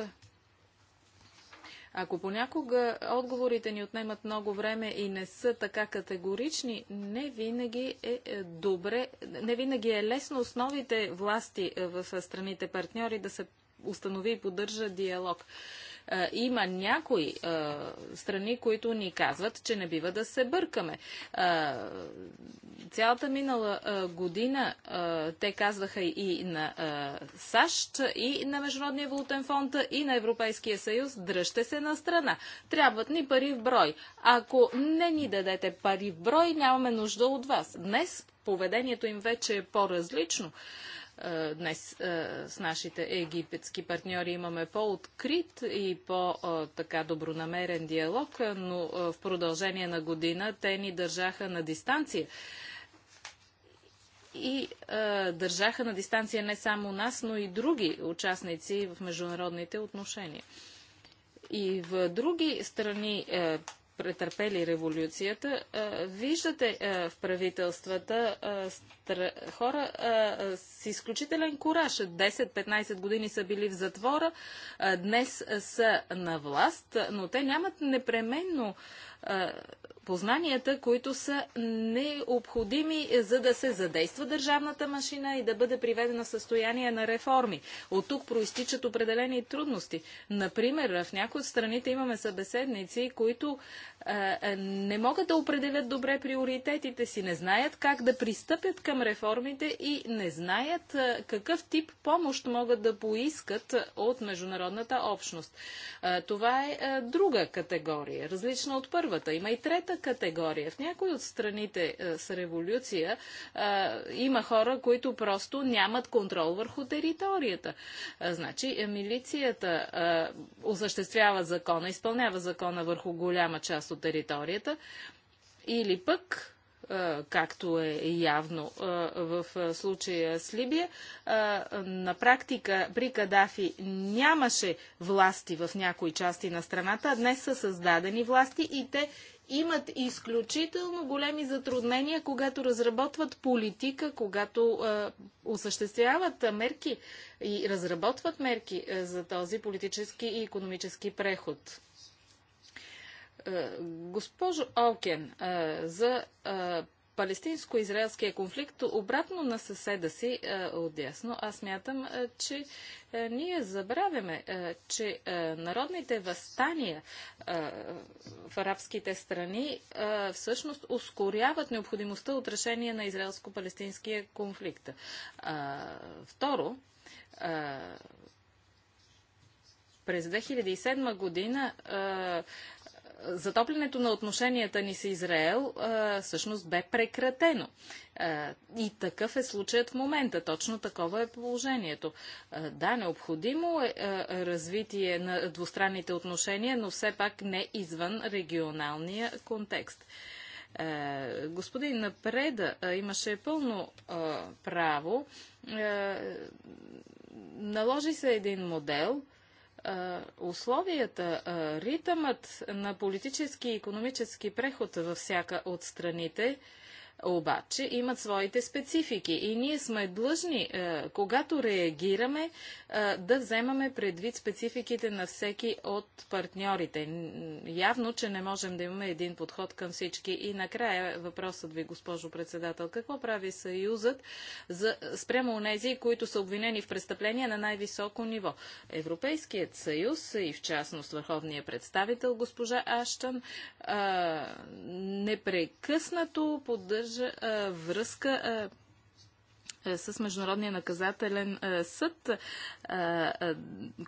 Ако понякога отговорите ни отнемат много време и не са така категорични, не винаги е, е добре, не винаги е лесно основите власти е, в е, страните партньори да се установи и поддържа диалог. Е, има някои е, страни, които ни казват, че не бива да се бъркаме. Е, цялата минала година те казваха и на САЩ, и на Международния валутен фонд, и на Европейския съюз, дръжте се на страна. Трябват ни пари в брой. Ако не ни дадете пари в брой, нямаме нужда от вас. Днес поведението им вече е по-различно. Е, днес е, с нашите египетски партньори имаме по-открит и по-така е, добронамерен диалог, но в продължение на година те ни държаха на дистанция и а, държаха на дистанция не само нас, но и други участници в международните отношения. И в други страни е, претърпели революцията, виждате в правителствата хора с изключителен кураж. 10-15 години са били в затвора, днес са на власт, но те нямат непременно познанията, които са необходими е, за да се задейства държавната машина и да бъде приведена в състояние на реформи. От тук проистичат определени трудности. Например, в някои от страните имаме събеседници, които е, не могат да определят добре приоритетите си, не знаят как да пристъпят към реформите и не знаят е, какъв тип помощ могат да поискат от международната общност. Е, това е друга категория, различна от първата. Има и трета категория. В някои от страните е, с революция е, има хора, които просто нямат контрол върху територията. Е, значи милицията осъществява закона, изпълнява закона върху голяма част от територията или пък както е явно в случая с Либия. На практика при Кадафи нямаше власти в някои части на страната, а днес са създадени власти и те имат изключително големи затруднения, когато разработват политика, когато е, осъществяват мерки и разработват мерки е, за този политически и економически преход. Е, госпожо Олкен, за палестинско-израелския конфликт обратно на съседа си е, отясно, аз мятам, е, че е, ние забравяме, че народните възстания в арабските страни всъщност ускоряват необходимостта от решение на израелско-палестинския конфликт. Второ, през 2007 година затоплянето на отношенията ни с Израел а, всъщност бе прекратено. А, и такъв е случаят в момента. Точно такова е положението. А, да, необходимо е развитие на двустранните отношения, но все пак не извън регионалния контекст. Господин Напреда имаше пълно право. Наложи се един модел – условията, ритъмът на политически и економически преход във всяка от страните обаче имат своите специфики и ние сме длъжни, е, когато реагираме, е, да вземаме предвид спецификите на всеки от партньорите. Явно, че не можем да имаме един подход към всички. И накрая въпросът ви, госпожо председател, какво прави Съюзът за, спрямо нези, които са обвинени в престъпления на най-високо ниво? Европейският съюз и в частност върховният представител госпожа Аштън е, непрекъснато поддържа поддържа а, връзка а, е, с Международния наказателен съд.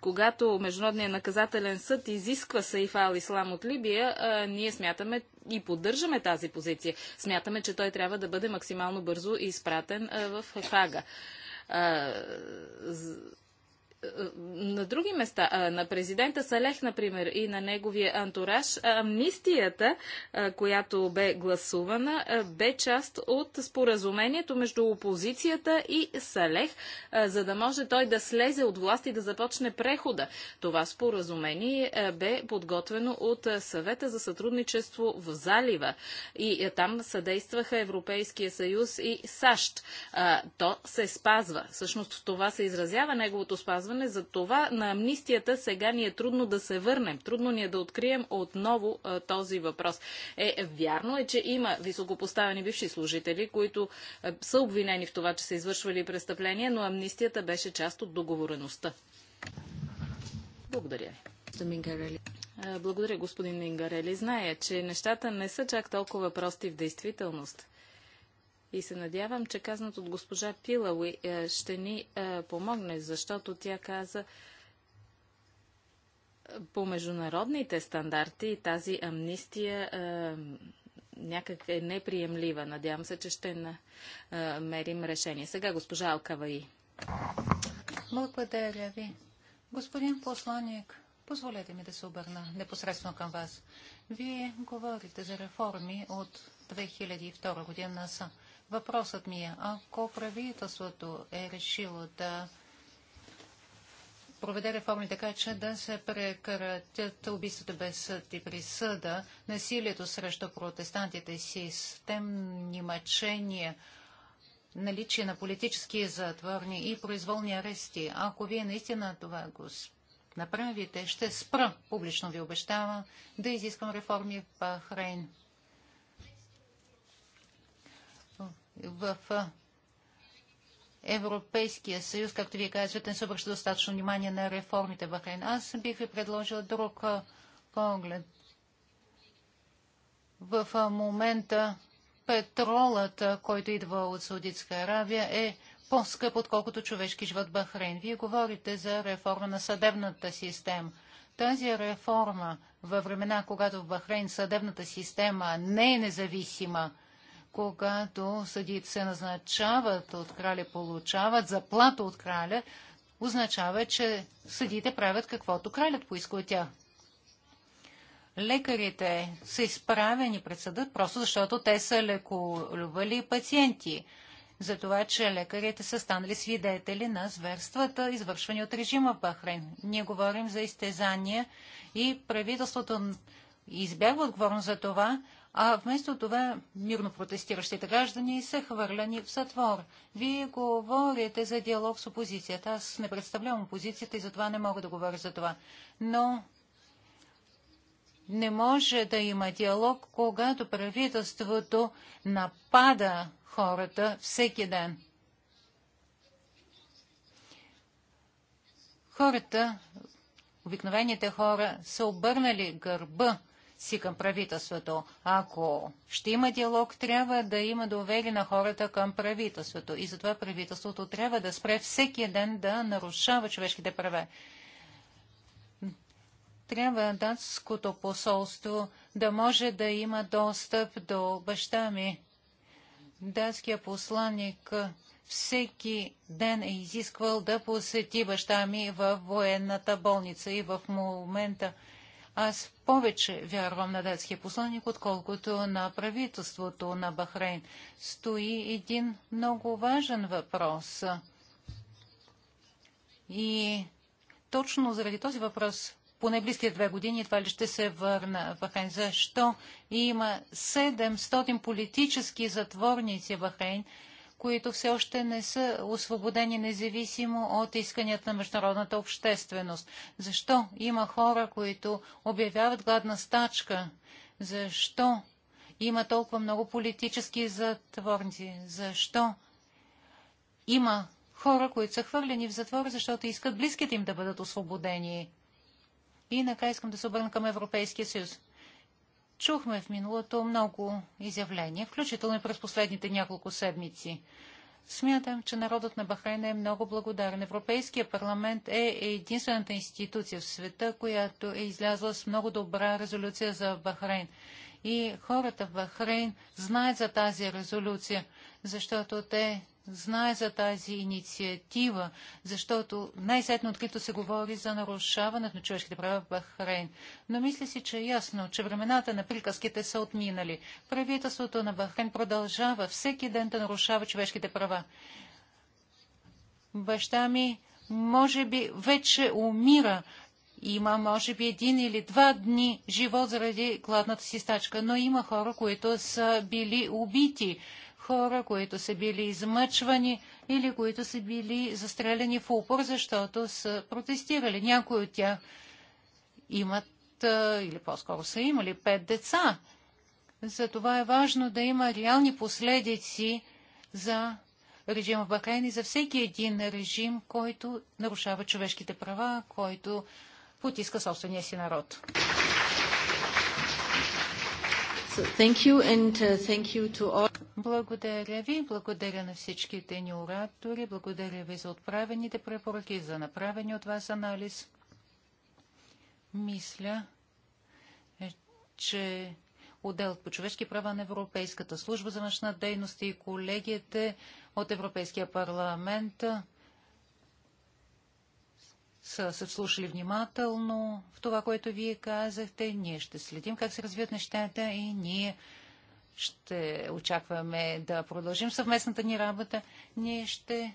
Когато международния наказателен съд изисква Саиф Ислам от Либия, ние смятаме и поддържаме тази позиция. Смятаме, че той трябва да бъде максимално бързо изпратен в Хага на други места, на президента Салех, например, и на неговия антураж, амнистията, която бе гласувана, бе част от споразумението между опозицията и Салех, за да може той да слезе от власт и да започне прехода. Това споразумение бе подготвено от съвета за сътрудничество в залива и там съдействаха Европейския съюз и САЩ. То се спазва. Всъщност това се изразява неговото спазване изказване. За това на амнистията сега ни е трудно да се върнем. Трудно ни е да открием отново а, този въпрос. Е, вярно е, че има високопоставени бивши служители, които а, са обвинени в това, че са извършвали престъпления, но амнистията беше част от договореността. Благодаря ви. Благодаря, господин Мингарели. Зная, че нещата не са чак толкова прости в действителност. И се надявам, че казнат от госпожа Пилауи е, ще ни е, помогне, защото тя каза по международните стандарти тази амнистия е, някак е неприемлива. Надявам се, че ще намерим решение. Сега госпожа Алкаваи. Благодаря ви. Господин посланник, позволете ми да се обърна непосредствено към вас. Вие говорите за реформи от 2002 година насам. Въпросът ми е, ако правителството е решило да проведе реформи така, че да се прекратят убийствата без съд и присъда, насилието срещу протестантите, системни мъчения, наличие на политически затворни и произволни арести. Ако вие наистина това го направите, ще спра, публично ви обещавам, да изискам реформи в Бахрейн. в Европейския съюз, както вие казвате, не се обръща достатъчно внимание на реформите в Бахрейн. Аз бих ви предложил друг поглед. В момента петролът, който идва от Саудитска Аравия, е по-скъп, отколкото човешки живот в Бахрейн. Вие говорите за реформа на съдебната система. Тази реформа във времена, когато в Бахрейн съдебната система не е независима, когато съдиите се назначават от краля, получават заплата от краля, означава, че съдиите правят каквото кралят поиска от тях. Лекарите са изправени пред съда, просто защото те са лекували пациенти. За това, че лекарите са станали свидетели на зверствата, извършвани от режима в Бахрейн. Ние говорим за изтезания и правителството избягва отговорно за това, а вместо това мирно протестиращите граждани са хвърляни в затвор. Вие говорите за диалог с опозицията. Аз не представлявам опозицията и затова не мога да говоря за това. Но не може да има диалог, когато правителството напада хората всеки ден. Хората, обикновените хора, са обърнали гърба си към правителството. Ако ще има диалог, трябва да има доверие на хората към правителството. И затова правителството трябва да спре всеки ден да нарушава човешките права. Трябва датското посолство да може да има достъп до баща ми. Датския посланник всеки ден е изисквал да посети баща ми в военната болница и в момента аз повече вярвам на детския посланник, отколкото на правителството на Бахрейн. Стои един много важен въпрос. И точно заради този въпрос поне близки две години това ли ще се върна в Бахрейн. Защо има 700 политически затворници в Бахрейн, които все още не са освободени независимо от исканията на международната общественост. Защо има хора, които обявяват гладна стачка? Защо има толкова много политически затворници? Защо има хора, които са хвърлени в затвор, защото искат близките им да бъдат освободени? И накрая искам да се обърна към Европейския съюз. Чухме в миналото много изявления, включително и през последните няколко седмици. Смятам, че народът на Бахрейна е много благодарен. Европейския парламент е единствената институция в света, която е излязла с много добра резолюция за Бахрейн. И хората в Бахрейн знаят за тази резолюция, защото те знае за тази инициатива, защото най-сетно открито се говори за нарушаването на човешките права в Бахрейн. Но мисля си, че е ясно, че времената на приказките са отминали. Правителството на Бахрейн продължава всеки ден да нарушава човешките права. Баща ми, може би, вече умира. Има, може би, един или два дни живот заради гладната си стачка, но има хора, които са били убити хора, които са били измъчвани или които са били застреляни в упор, защото са протестирали. Някои от тях имат или по-скоро са имали пет деца. Затова е важно да има реални последици за режима в Бахрейн и за всеки един режим, който нарушава човешките права, който потиска собствения си народ. Uh, благодаря ви, благодаря на всичките ни оратори, благодаря ви за отправените препоръки, за направени от вас анализ. Мисля, че отдел по човешки права на Европейската служба за външна дейност и колегите от Европейския парламент са се вслушали внимателно в това, което вие казахте. Ние ще следим как се развият нещата и ние ще очакваме да продължим съвместната ни работа. Ние ще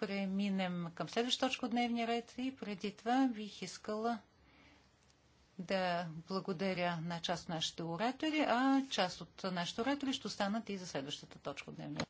преминем към следваща точка от дневния ред и преди това бих искала да благодаря на част от нашите оратори, а част от нашите оратори ще останат и за следващата точка от дневния ред.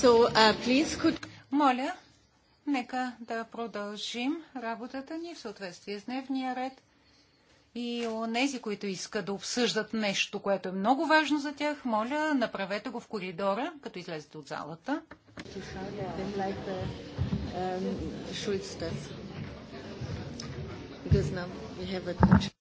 Uh, моля, нека да продължим работата ни в съответствие с дневния ред. И онези, които искат да обсъждат нещо, което е много важно за тях, моля, направете го в коридора, като излезете от залата. Um, Because now we have a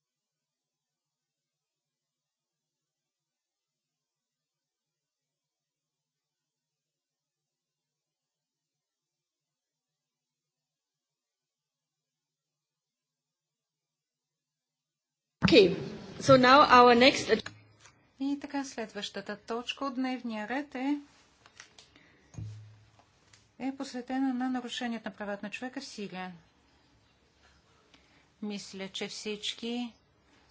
Okay. So now our next... И така следващата точка от дневния ред е е посветена на нарушението на правата на човека в Сирия. Мисля, че всички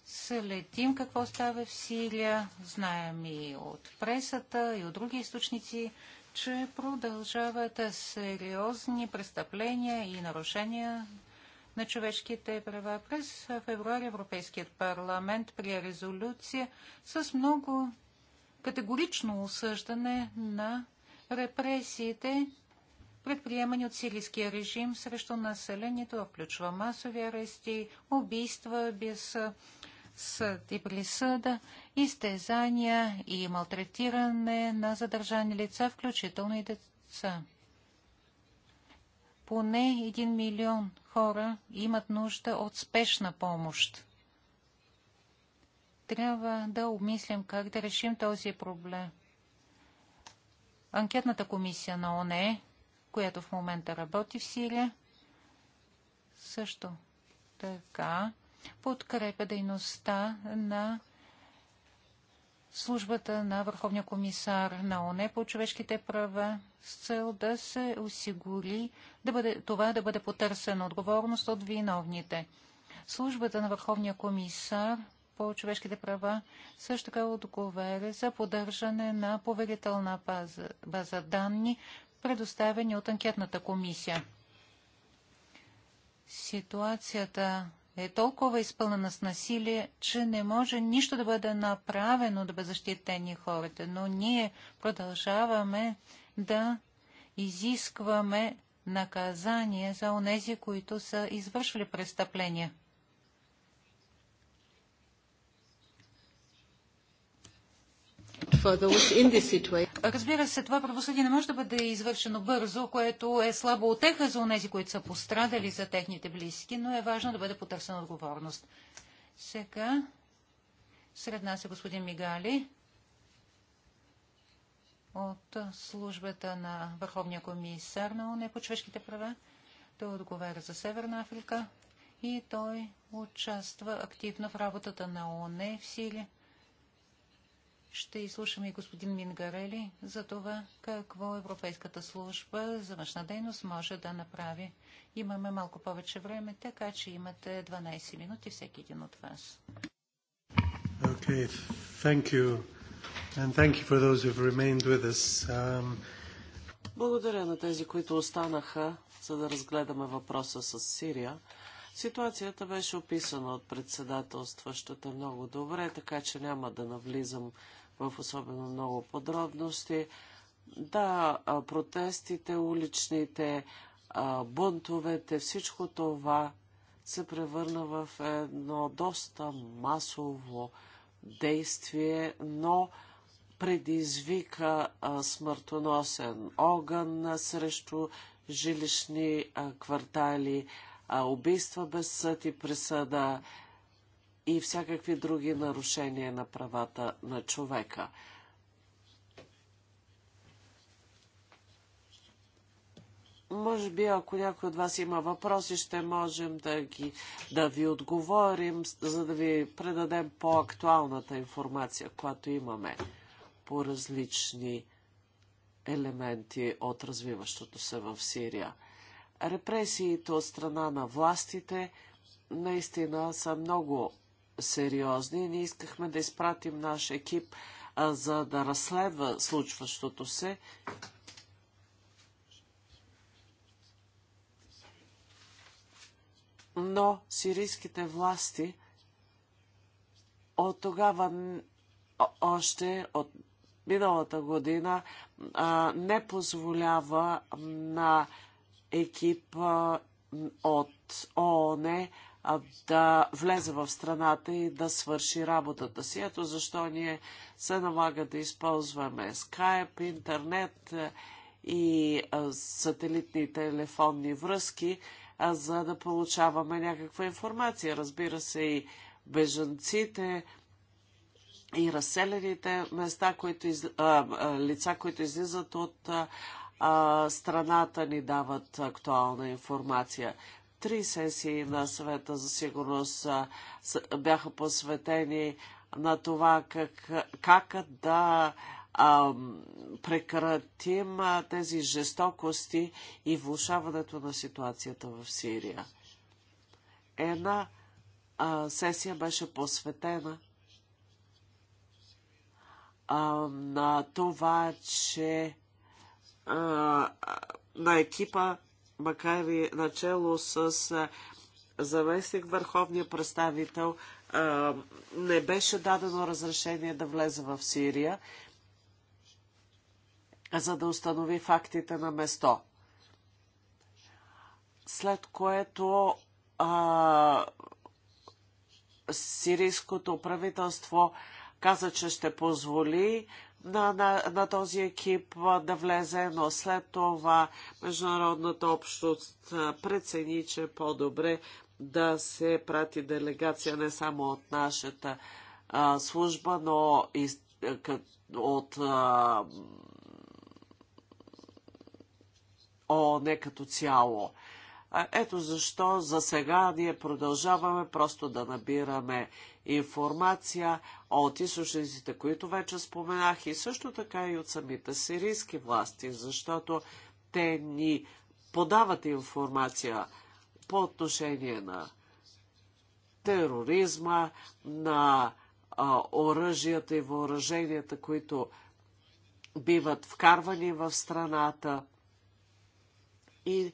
следим какво става в Сирия. Знаем и от пресата, и от други източници, че продължават сериозни престъпления и нарушения на човешките права. През февруари Европейският парламент прие резолюция с много категорично осъждане на репресиите, предприемани от сирийския режим срещу населението, включва масови арести, убийства без съд и присъда, изтезания и малтретиране на задържани лица, включително и деца. Поне един милион хора имат нужда от спешна помощ. Трябва да обмислим как да решим този проблем. Анкетната комисия на ОНЕ, която в момента работи в Сирия, също така подкрепя дейността на службата на Върховния комисар на ОНЕ по човешките права с цел да се осигури да бъде, това да бъде потърсена отговорност от виновните. Службата на Върховния комисар по човешките права също така отговаря за поддържане на поверителна база, база данни, предоставени от анкетната комисия. Ситуацията е толкова изпълнена с насилие, че не може нищо да бъде направено да бъде защитени хората. Но ние продължаваме да изискваме наказание за онези, които са извършили престъпления. Разбира се, това правосъдие не може да бъде извършено бързо, което е слабо отеха за тези, които са пострадали за техните близки, но е важно да бъде потърсена отговорност. Сега сред нас е господин Мигали от службата на Върховния комисар на ОНЕ по човешките права. Той отговаря за Северна Африка и той участва активно в работата на ОНЕ в Сирия ще изслушаме и господин Мингарели за това какво Европейската служба за външна дейност може да направи. Имаме малко повече време, така че имате 12 минути всеки един от вас. Okay, thank you. And thank you for those who've remained with us. Um... Благодаря на тези, които останаха, за да разгледаме въпроса с Сирия. Ситуацията беше описана от председателстващата много добре, така че няма да навлизам в особено много подробности. Да, протестите, уличните бунтовете, всичко това се превърна в едно доста масово действие, но предизвика смъртоносен огън срещу жилищни квартали, убийства без съд и присъда, и всякакви други нарушения на правата на човека. Може би, ако някой от вас има въпроси, ще можем да, ги, да ви отговорим, за да ви предадем по-актуалната информация, която имаме по различни елементи от развиващото се в Сирия. Репресиите от страна на властите наистина са много сериозни. Ние искахме да изпратим наш екип, а, за да разследва случващото се. Но сирийските власти от тогава още от миналата година а, не позволява на екип от ООН да влезе в страната и да свърши работата си. Ето защо ние се налага да използваме Skype, интернет и сателитни телефонни връзки, за да получаваме някаква информация. Разбира се и бежанците, и разселените места, които из... лица, които излизат от страната, ни дават актуална информация. Три сесии на съвета за сигурност бяха посветени на това как, как да а, прекратим а, тези жестокости и влушаването на ситуацията в Сирия. Една а, сесия беше посветена а, на това, че а, на екипа макар и начало с заместник върховния представител, не беше дадено разрешение да влезе в Сирия, за да установи фактите на место. След което а, сирийското правителство каза, че ще позволи на, на, на този екип да влезе, но след това международната общност прецени, че е по-добре да се прати делегация не само от нашата а, служба, но и от а, е като цяло. Ето защо за сега ние продължаваме просто да набираме информация от източниците, които вече споменах и също така и от самите сирийски власти, защото те ни подават информация по отношение на тероризма, на оръжията и въоръженията, които биват вкарвани в страната и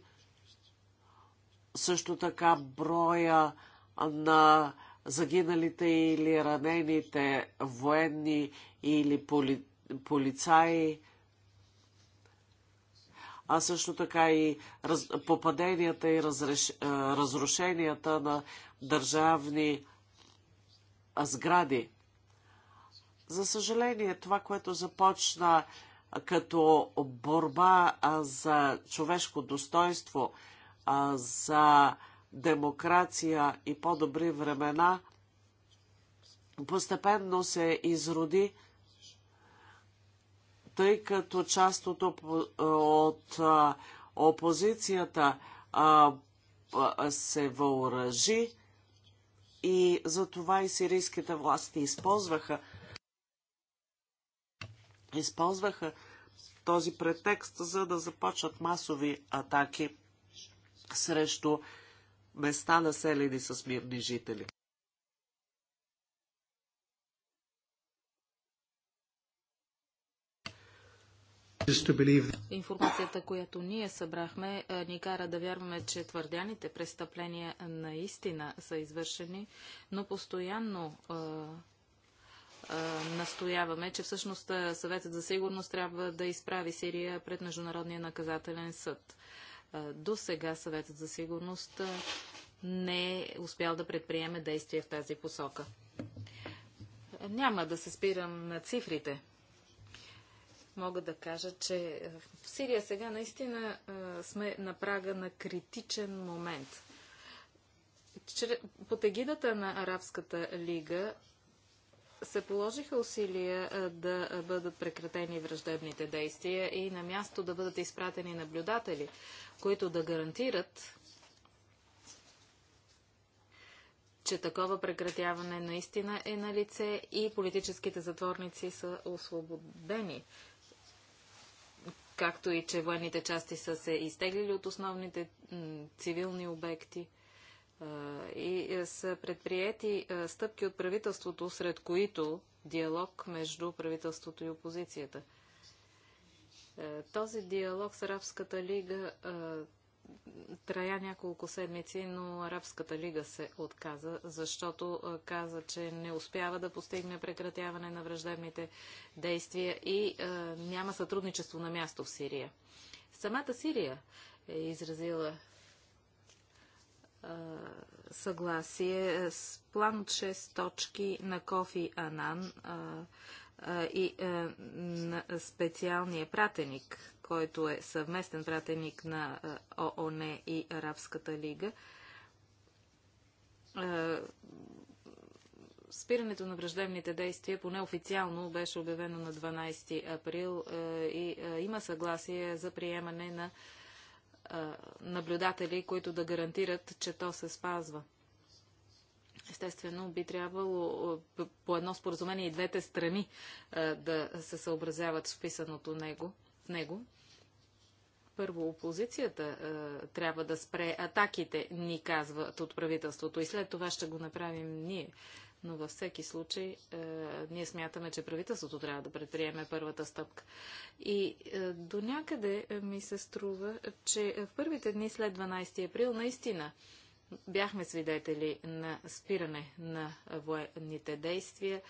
също така броя на загиналите или ранените военни или поли, полицаи, а също така и раз, попаденията и разреш, разрушенията на държавни сгради. За съжаление, това, което започна като борба за човешко достоинство, за демокрация и по-добри времена, постепенно се изроди, тъй като част от, от опозицията а, се въоръжи и затова и сирийските власти използваха използваха този претекст, за да започнат масови атаки срещу места населени с мирни жители. Информацията, която ние събрахме, е, ни кара да вярваме, че твърдяните престъпления наистина са извършени, но постоянно а, е, е, настояваме, че всъщност Съветът за сигурност трябва да изправи Сирия пред Международния наказателен съд. До сега съветът за сигурност не е успял да предприеме действия в тази посока. Няма да се спирам на цифрите. Мога да кажа, че в Сирия сега наистина сме на прага на критичен момент. Под егидата на Арабската лига се положиха усилия да бъдат прекратени враждебните действия и на място да бъдат изпратени наблюдатели, които да гарантират, че такова прекратяване наистина е на лице и политическите затворници са освободени както и че военните части са се изтеглили от основните цивилни обекти – и е, са предприяти стъпки от правителството, сред които диалог между правителството и опозицията. Е, този диалог с Арабската лига е, трая няколко седмици, но Арабската лига се отказа, защото каза, че не успява да постигне прекратяване на враждебните действия и няма сътрудничество на място в Сирия. Самата Сирия е изразила съгласие е, с план от 6 точки на Кофи Анан и е, специалния пратеник, който е съвместен пратеник на е, ООН и Арабската лига. Спирането на враждебните действия, поне официално, беше обявено на 12 април и има съгласие за приемане на наблюдатели, които да гарантират, че то се спазва. Естествено, би трябвало по едно споразумение и двете страни да се съобразяват с писаното него, в него. Първо, опозицията трябва да спре атаките, ни казват от правителството, и след това ще го направим ние но във всеки случай е, ние смятаме, че правителството трябва да предприеме първата стъпка. И е, до някъде е, ми се струва, че е, в първите дни след 12 април наистина бяхме свидетели на спиране на военните действия.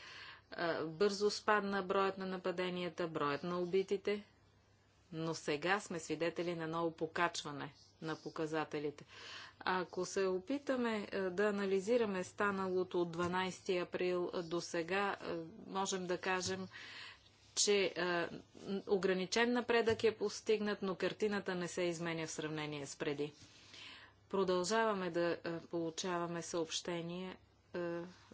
Е, бързо спадна броят на нападенията, броят на убитите, но сега сме свидетели на ново покачване на показателите. Ако се опитаме е, да анализираме станалото от 12 април е, до сега, е, можем да кажем, че ограничен напредък е постигнат, но картината не се изменя в сравнение с преди. Продължаваме да получаваме съобщения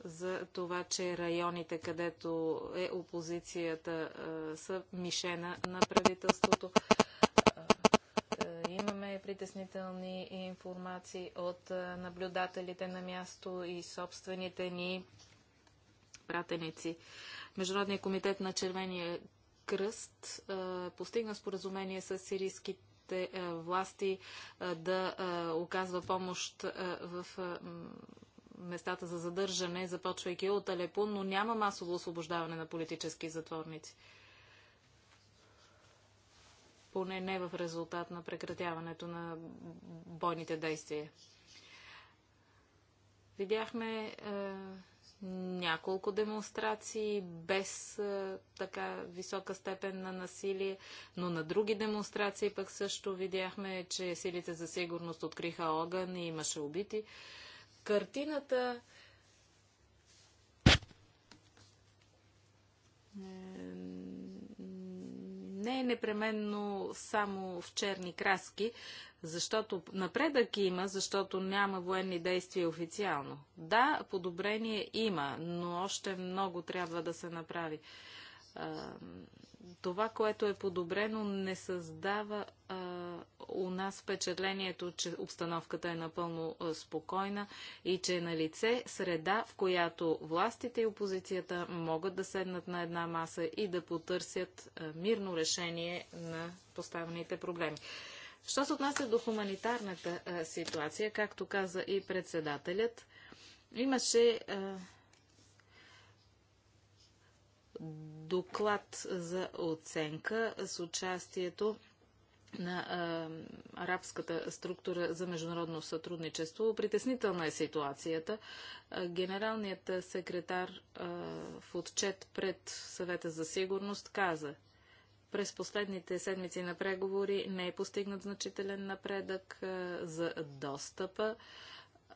за това, че районите, където е опозицията, са мишена на правителството притеснителни информации от наблюдателите на място и собствените ни пратеници. Международният комитет на Червения кръст постигна споразумение с сирийските власти да оказва помощ в местата за задържане, започвайки от Алепун, но няма масово освобождаване на политически затворници поне не в резултат на прекратяването на бойните действия. Видяхме е, няколко демонстрации без е, така висока степен на насилие, но на други демонстрации пък също видяхме, че силите за сигурност откриха огън и имаше убити. Картината е, не е непременно само в черни краски, защото напредък има, защото няма военни действия официално. Да, подобрение има, но още много трябва да се направи това, което е подобрено, не създава а, у нас впечатлението, че обстановката е напълно а, спокойна и че е на лице среда, в която властите и опозицията могат да седнат на една маса и да потърсят а, мирно решение на поставените проблеми. Що се отнася до хуманитарната а, ситуация, както каза и председателят, имаше а, доклад за оценка с участието на а, арабската структура за международно сътрудничество. Притеснителна е ситуацията. Генералният секретар а, в отчет пред съвета за сигурност каза, през последните седмици на преговори не е постигнат значителен напредък а, за достъпа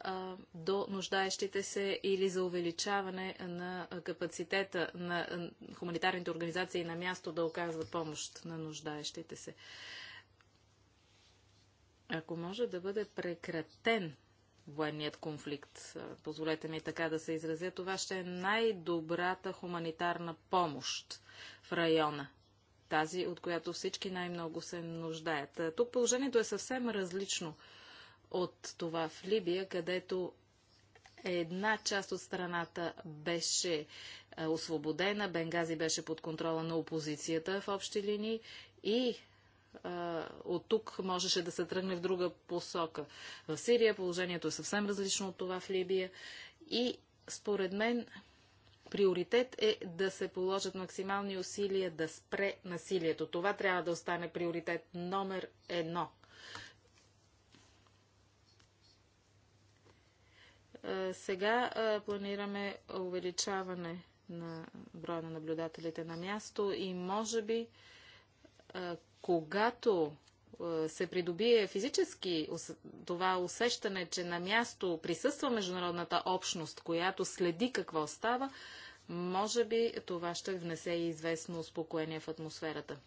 а, до нуждаещите се или за увеличаване на капацитета на хуманитарните организации на място да оказват помощ на нуждаещите се. Ако може да бъде прекратен военният конфликт, позволете ми така да се изразя, това ще е най-добрата хуманитарна помощ в района тази, от която всички най-много се нуждаят. Тук положението е съвсем различно от това в Либия, където една част от страната беше е, освободена, Бенгази беше под контрола на опозицията в общи линии и е, от тук можеше да се тръгне в друга посока. В Сирия положението е съвсем различно от това в Либия и според мен приоритет е да се положат максимални усилия да спре насилието. Това трябва да остане приоритет номер едно Е, сега е, планираме увеличаване на броя на наблюдателите на място и може би, е, когато се придобие физически това усещане, че на място присъства международната общност, която следи какво става, може би това ще внесе и известно успокоение в атмосферата.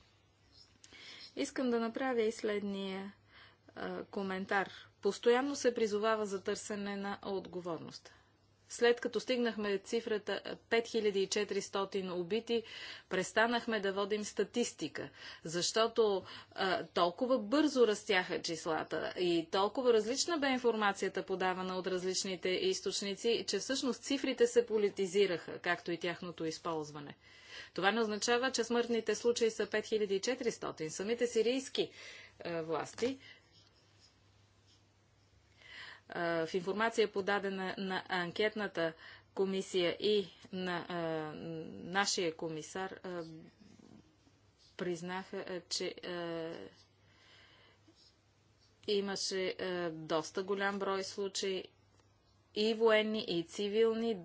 Искам да направя и следния коментар Постоянно се призовава за търсене на отговорност. След като стигнахме цифрата 5400 убити, престанахме да водим статистика, защото а, толкова бързо растяха числата и толкова различна бе информацията подавана от различните източници, че всъщност цифрите се политизираха, както и тяхното използване. Това не означава, че смъртните случаи са 5400. Самите сирийски власти в информация подадена на анкетната комисия и на нашия комисар признаха, че имаше доста голям брой случаи и военни, и цивилни,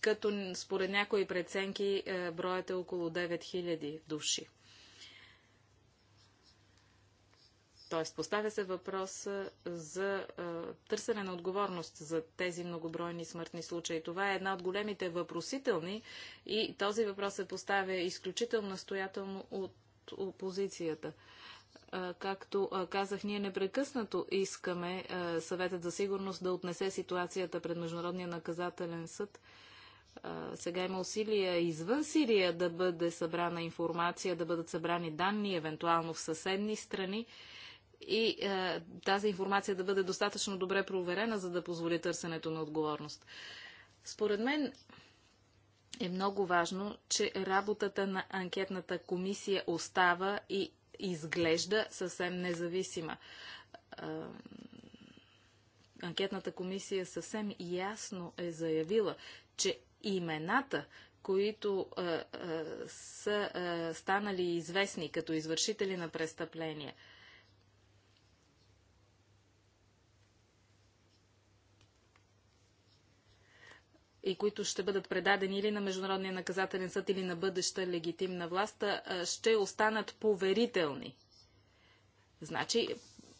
като според някои преценки броят е около 9000 души. Тоест, поставя се въпрос за а, търсене на отговорност за тези многобройни смъртни случаи. Това е една от големите въпросителни и този въпрос се поставя изключително настоятелно от опозицията. А, както а, казах, ние непрекъснато искаме а, съветът за сигурност да отнесе ситуацията пред Международния наказателен съд. Сега има усилия извън Сирия да бъде събрана информация, да бъдат събрани данни, евентуално в съседни страни и е, тази информация да бъде достатъчно добре проверена, за да позволи търсенето на отговорност. Според мен е много важно, че работата на анкетната комисия остава и изглежда съвсем независима. Е, анкетната комисия съвсем ясно е заявила, че имената, които е, е, са е, станали известни като извършители на престъпления – и които ще бъдат предадени или на Международния наказателен съд, или на бъдеща легитимна власт, ще останат поверителни. Значи,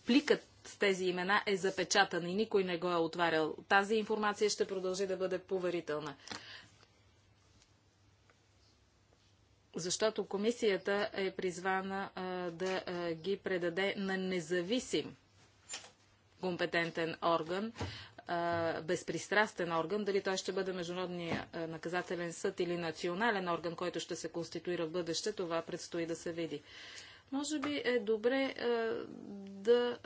пликът с тези имена е запечатан и никой не го е отварял. Тази информация ще продължи да бъде поверителна. Защото комисията е призвана а, да а, ги предаде на независим компетентен орган, безпристрастен орган, дали той ще бъде Международния наказателен съд или национален орган, който ще се конституира в бъдеще, това предстои да се види. Може би е добре да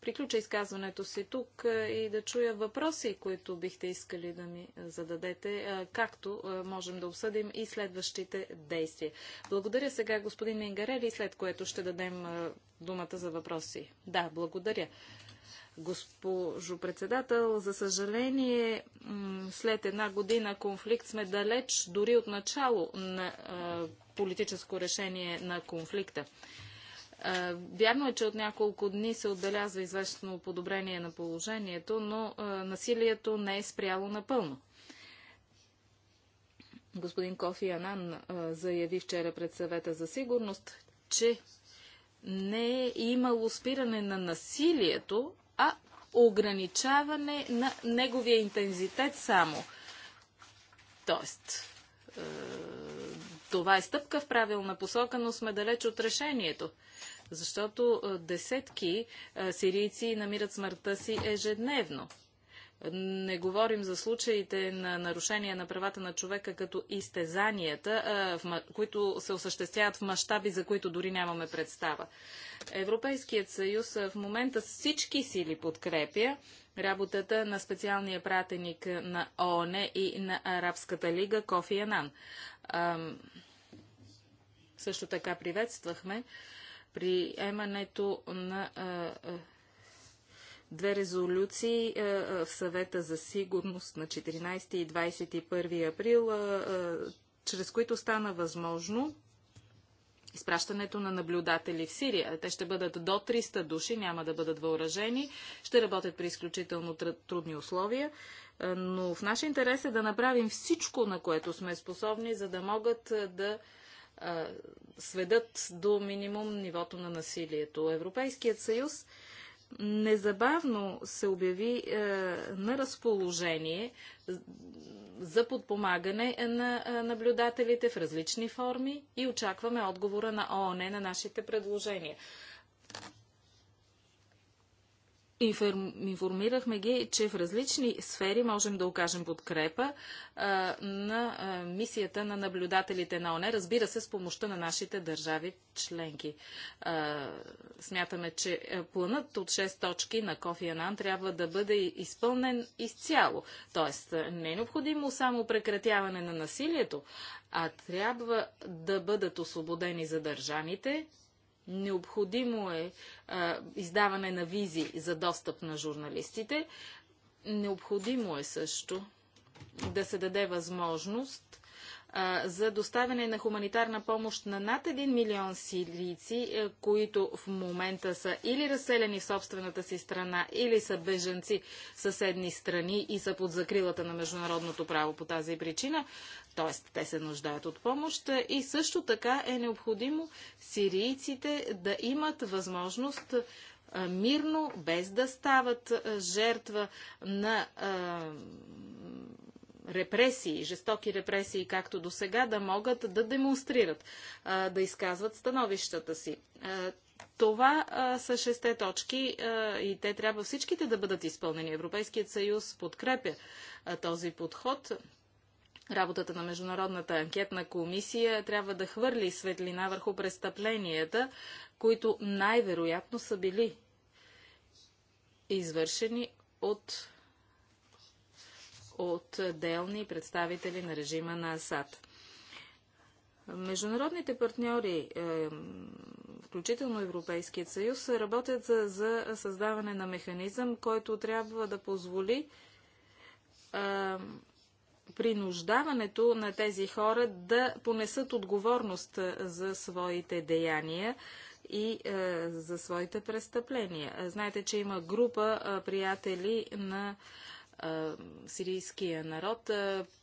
приключа изказването си тук и да чуя въпроси, които бихте искали да ми зададете, както можем да обсъдим и следващите действия. Благодаря сега господин Мингарели, след което ще дадем думата за въпроси. Да, благодаря. Госпожо председател, за съжаление, след една година конфликт сме далеч дори от начало на политическо решение на конфликта. вярно е, че от няколко дни се отбелязва известно подобрение на положението, но насилието не е спряло напълно. Господин Кофи Анан заяви вчера пред съвета за сигурност, че не е имало спиране на насилието, а ограничаване на неговия интензитет само. Тоест, е, това е стъпка в правилна посока, но сме далеч от решението. Защото е, десетки е, сирийци намират смъртта си ежедневно. Не говорим за случаите на нарушение на правата на човека като изтезанията, които се осъществяват в мащаби, за които дори нямаме представа. Европейският съюз в момента всички сили подкрепя работата на специалния пратеник на ООН и на Арабската лига Кофи Анан. Също така приветствахме приемането на а, две резолюции е, е, в съвета за сигурност на 14 и 21 април, е, чрез които стана възможно изпращането на наблюдатели в Сирия. Те ще бъдат до 300 души, няма да бъдат въоръжени, ще работят при изключително трудни условия, но в наш интерес е да направим всичко, на което сме способни, за да могат да сведат до минимум нивото на насилието. Европейският съюз незабавно се обяви е, на разположение за подпомагане на е, наблюдателите в различни форми и очакваме отговора на ООН на нашите предложения. Информирахме ги, че в различни сфери можем да окажем подкрепа а, на а, мисията на наблюдателите на ОНЕ, разбира се, с помощта на нашите държави членки. А, смятаме, че планът от 6 точки на Кофи Анан трябва да бъде изпълнен изцяло. Тоест, не е необходимо само прекратяване на насилието, а трябва да бъдат освободени задържаните, Необходимо е а, издаване на визи за достъп на журналистите. Необходимо е също да се даде възможност за доставяне на хуманитарна помощ на над 1 милион сирийци, е, които в момента са или разселени в собствената си страна, или са бежанци в съседни страни и са под закрилата на международното право по тази причина, т.е. те се нуждаят от помощ. И също така е необходимо сирийците да имат възможност мирно, без да стават жертва на репресии, жестоки репресии, както до сега, да могат да демонстрират, да изказват становищата си. това са шесте точки и те трябва всичките да бъдат изпълнени. Европейският съюз подкрепя този подход. Работата на Международната анкетна комисия трябва да хвърли светлина върху престъпленията, които най-вероятно са били извършени от отделни представители на режима на Асад. Международните партньори, включително Европейският съюз, работят за, за създаване на механизъм, който трябва да позволи а, принуждаването на тези хора да понесат отговорност за своите деяния и е, за своите престъпления. Знаете, че има група е, приятели на сирийския народ.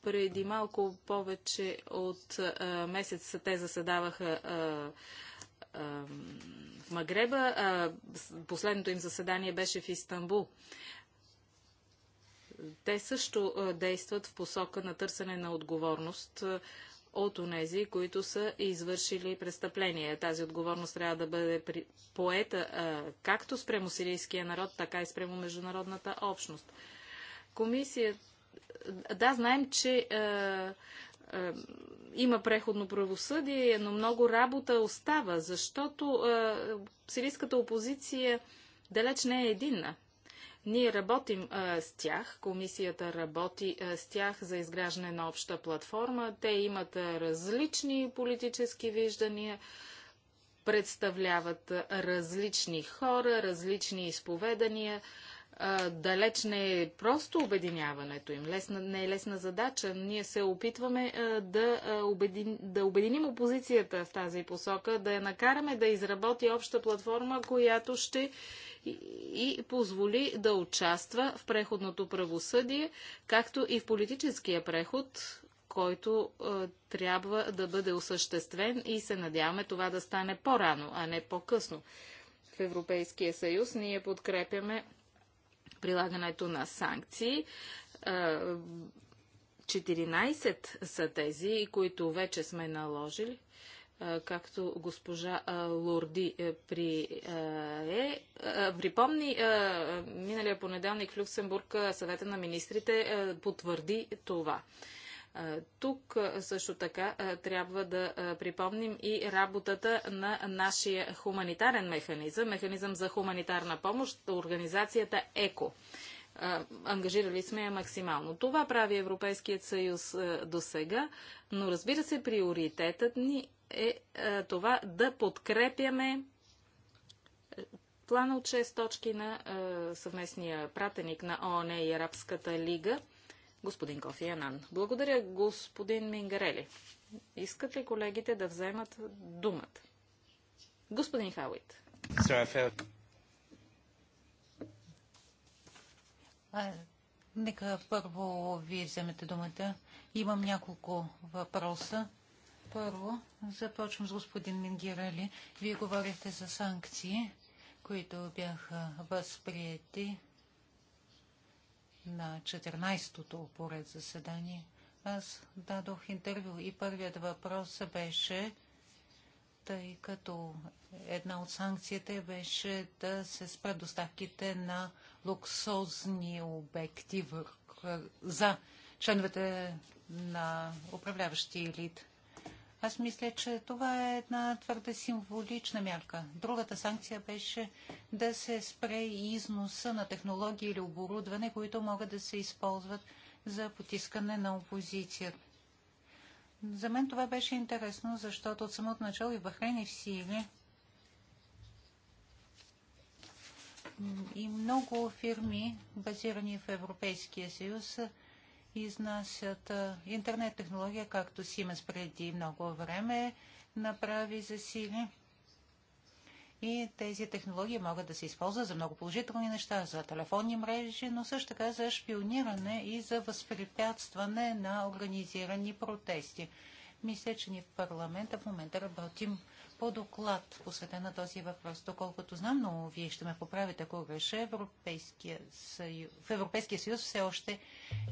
Преди малко повече от месец те заседаваха в Магреба. Последното им заседание беше в Истанбул. Те също действат в посока на търсене на отговорност от онези, които са извършили престъпления. Тази отговорност трябва да бъде поета както спрямо сирийския народ, така и спрямо международната общност. Комисия... Да, знаем, че е, е, има преходно правосъдие, но много работа остава, защото е, сирийската опозиция далеч не е единна. Ние работим а, е, с тях, комисията работи а, е, с тях за изграждане на обща платформа. Те имат а, е, различни политически виждания, представляват а, различни хора, различни изповедания, далеч не е просто обединяването им, лесна, не е лесна задача. Ние се опитваме да, обедин, да обединим опозицията в тази посока, да я накараме да изработи обща платформа, която ще и, и позволи да участва в преходното правосъдие, както и в политическия преход, който трябва да бъде осъществен и се надяваме това да стане по-рано, а не по-късно. В Европейския съюз ние подкрепяме прилагането на санкции. 14 са тези, които вече сме наложили както госпожа Лорди е, при, е, припомни, миналия понеделник в Люксембург съвета на министрите потвърди това. Тук също така трябва да припомним и работата на нашия хуманитарен механизъм, механизъм за хуманитарна помощ, организацията ЕКО. Ангажирали сме я максимално. Това прави Европейският съюз до сега, но разбира се, приоритетът ни е това да подкрепяме плана от 6 точки на съвместния пратеник на ООН и Арабската лига – господин Кофи Анан. Благодаря, господин Мингарели. Искат ли колегите да вземат думата? Господин Хауит. нека първо вие вземете думата. Имам няколко въпроса. Първо, започвам с господин Мингирали. Вие говорихте за санкции, които бяха възприяти на 14 то поред заседание, аз дадох интервю и първият въпрос беше, тъй като една от санкциите беше да се спрат доставките на луксозни обекти за членовете на управляващи елит. Аз мисля, че това е една твърде символична мярка. Другата санкция беше да се спре износа на технологии или оборудване, които могат да се използват за потискане на опозицията. За мен това беше интересно, защото от самото начало и в Бахрейн и в Сирия и много фирми, базирани в Европейския съюз, изнасят интернет технология, както Siemens преди много време направи за сили. И тези технологии могат да се използват за много положителни неща, за телефонни мрежи, но също така за шпиониране и за възпрепятстване на организирани протести. Мисля, че ни в парламента в момента работим по доклад, посветен на този въпрос. Доколкото знам, но вие ще ме поправите, ако греша, Европейския съюз, в Европейския съюз все още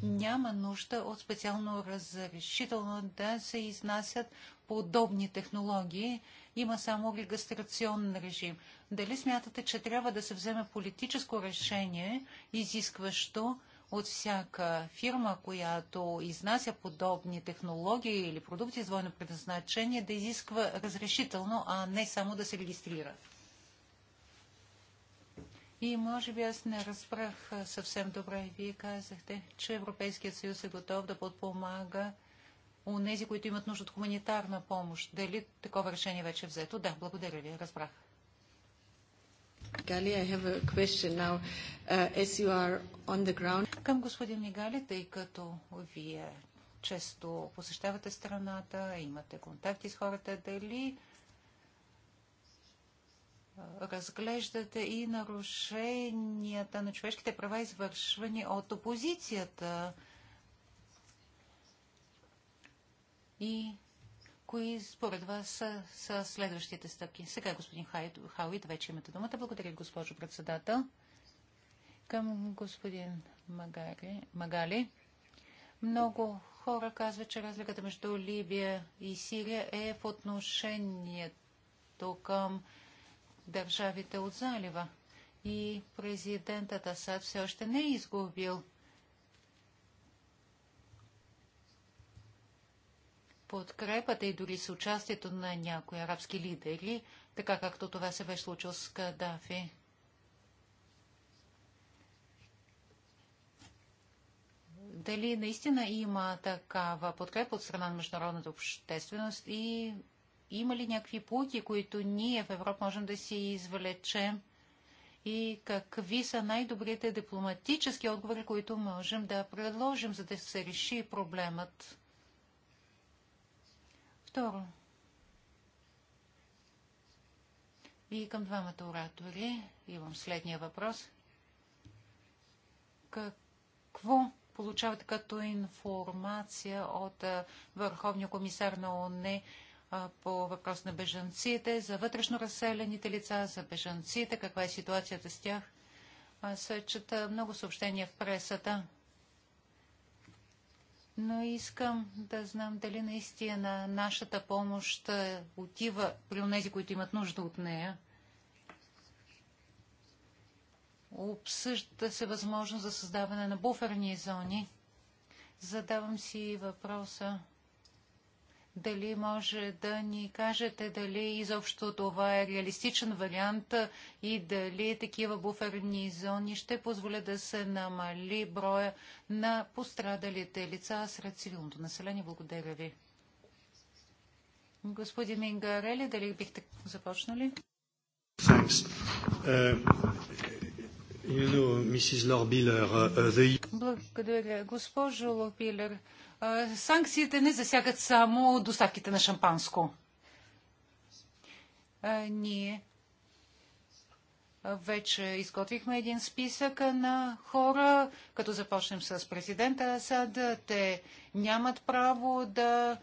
няма нужда от специално разрешително да се изнасят подобни технологии. Има само регистрационен режим. Дали смятате, че трябва да се вземе политическо решение, изискващо от всяка фирма, която изнася подобни технологии или продукти с двойно предназначение, да изисква разрешително, а не само да се регистрира. И може би аз не разбрах съвсем добре. Вие казахте, че Европейският съюз е готов да подпомага у нези, които имат нужда от хуманитарна помощ. Дали такова решение вече е взето? Да, благодаря ви, разбрах. Мигали, I have a question now. Uh, as you are on the ground... Към господин Мигали, тъй като вие често посещавате страната, имате контакти с хората, дали разглеждате и нарушенията на човешките права, извършвани от опозицията и кои според вас са, са следващите стъпки? Сега, господин Хауит, вече имате думата. Благодаря, госпожо председател. Към господин Магари, Магали. Много хора казват, че разликата между Либия и Сирия е в отношението към държавите от залива. И президентът Асад все още не е изгубил подкрепата и дори с участието на някои арабски лидери, така както това се беше случило с Кадафи. Дали наистина има такава подкрепа от страна на международната общественост и има ли някакви пути, които ние в Европа можем да си извлечем? и какви са най-добрите дипломатически отговори, които можем да предложим, за да се реши проблемът. Второ, и към двамата оратори имам следния въпрос. Какво получавате като информация от Върховния комисар на ОНЕ по въпрос на бежанците, за вътрешно разселените лица, за бежанците, каква е ситуацията с тях? Аз чета много съобщения в пресата но искам да знам дали наистина нашата помощ е, отива при тези, които имат нужда от нея. Обсъжда се възможност за създаване на буферни зони. Задавам си въпроса дали може да ни кажете дали изобщо това е реалистичен вариант и дали такива буферни зони ще позволят да се намали броя на пострадалите лица сред цивилното население? Благодаря ви. Господин Мингарели, дали бихте започнали? Uh, uh, uh, Благодаря. Госпожо Лорбилер, санкциите не засягат само доставките на шампанско. Ние вече изготвихме един списък на хора, като започнем с президента Асад. Те нямат право да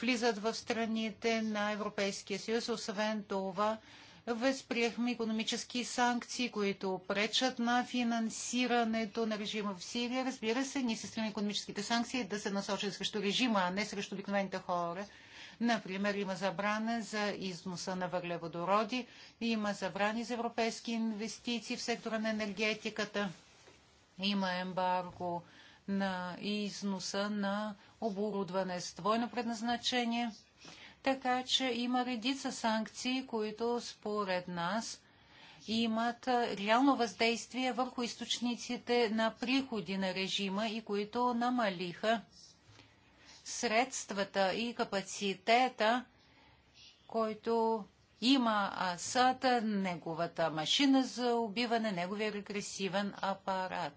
влизат в страните на Европейския съюз. Освен това, Възприехме економически санкции, които пречат на финансирането на режима в Сирия. Разбира се, ние се стремим економическите санкции да се насочат срещу режима, а не срещу обикновените хора. Например, има забрана за износа на въглеводороди, има забрани за европейски инвестиции в сектора на енергетиката, има ембарго на износа на оборудване с двойно предназначение – така че има редица санкции, които според нас имат реално въздействие върху източниците на приходи на режима и които намалиха средствата и капацитета, който има Асад, неговата машина за убиване, неговия регресивен апарат.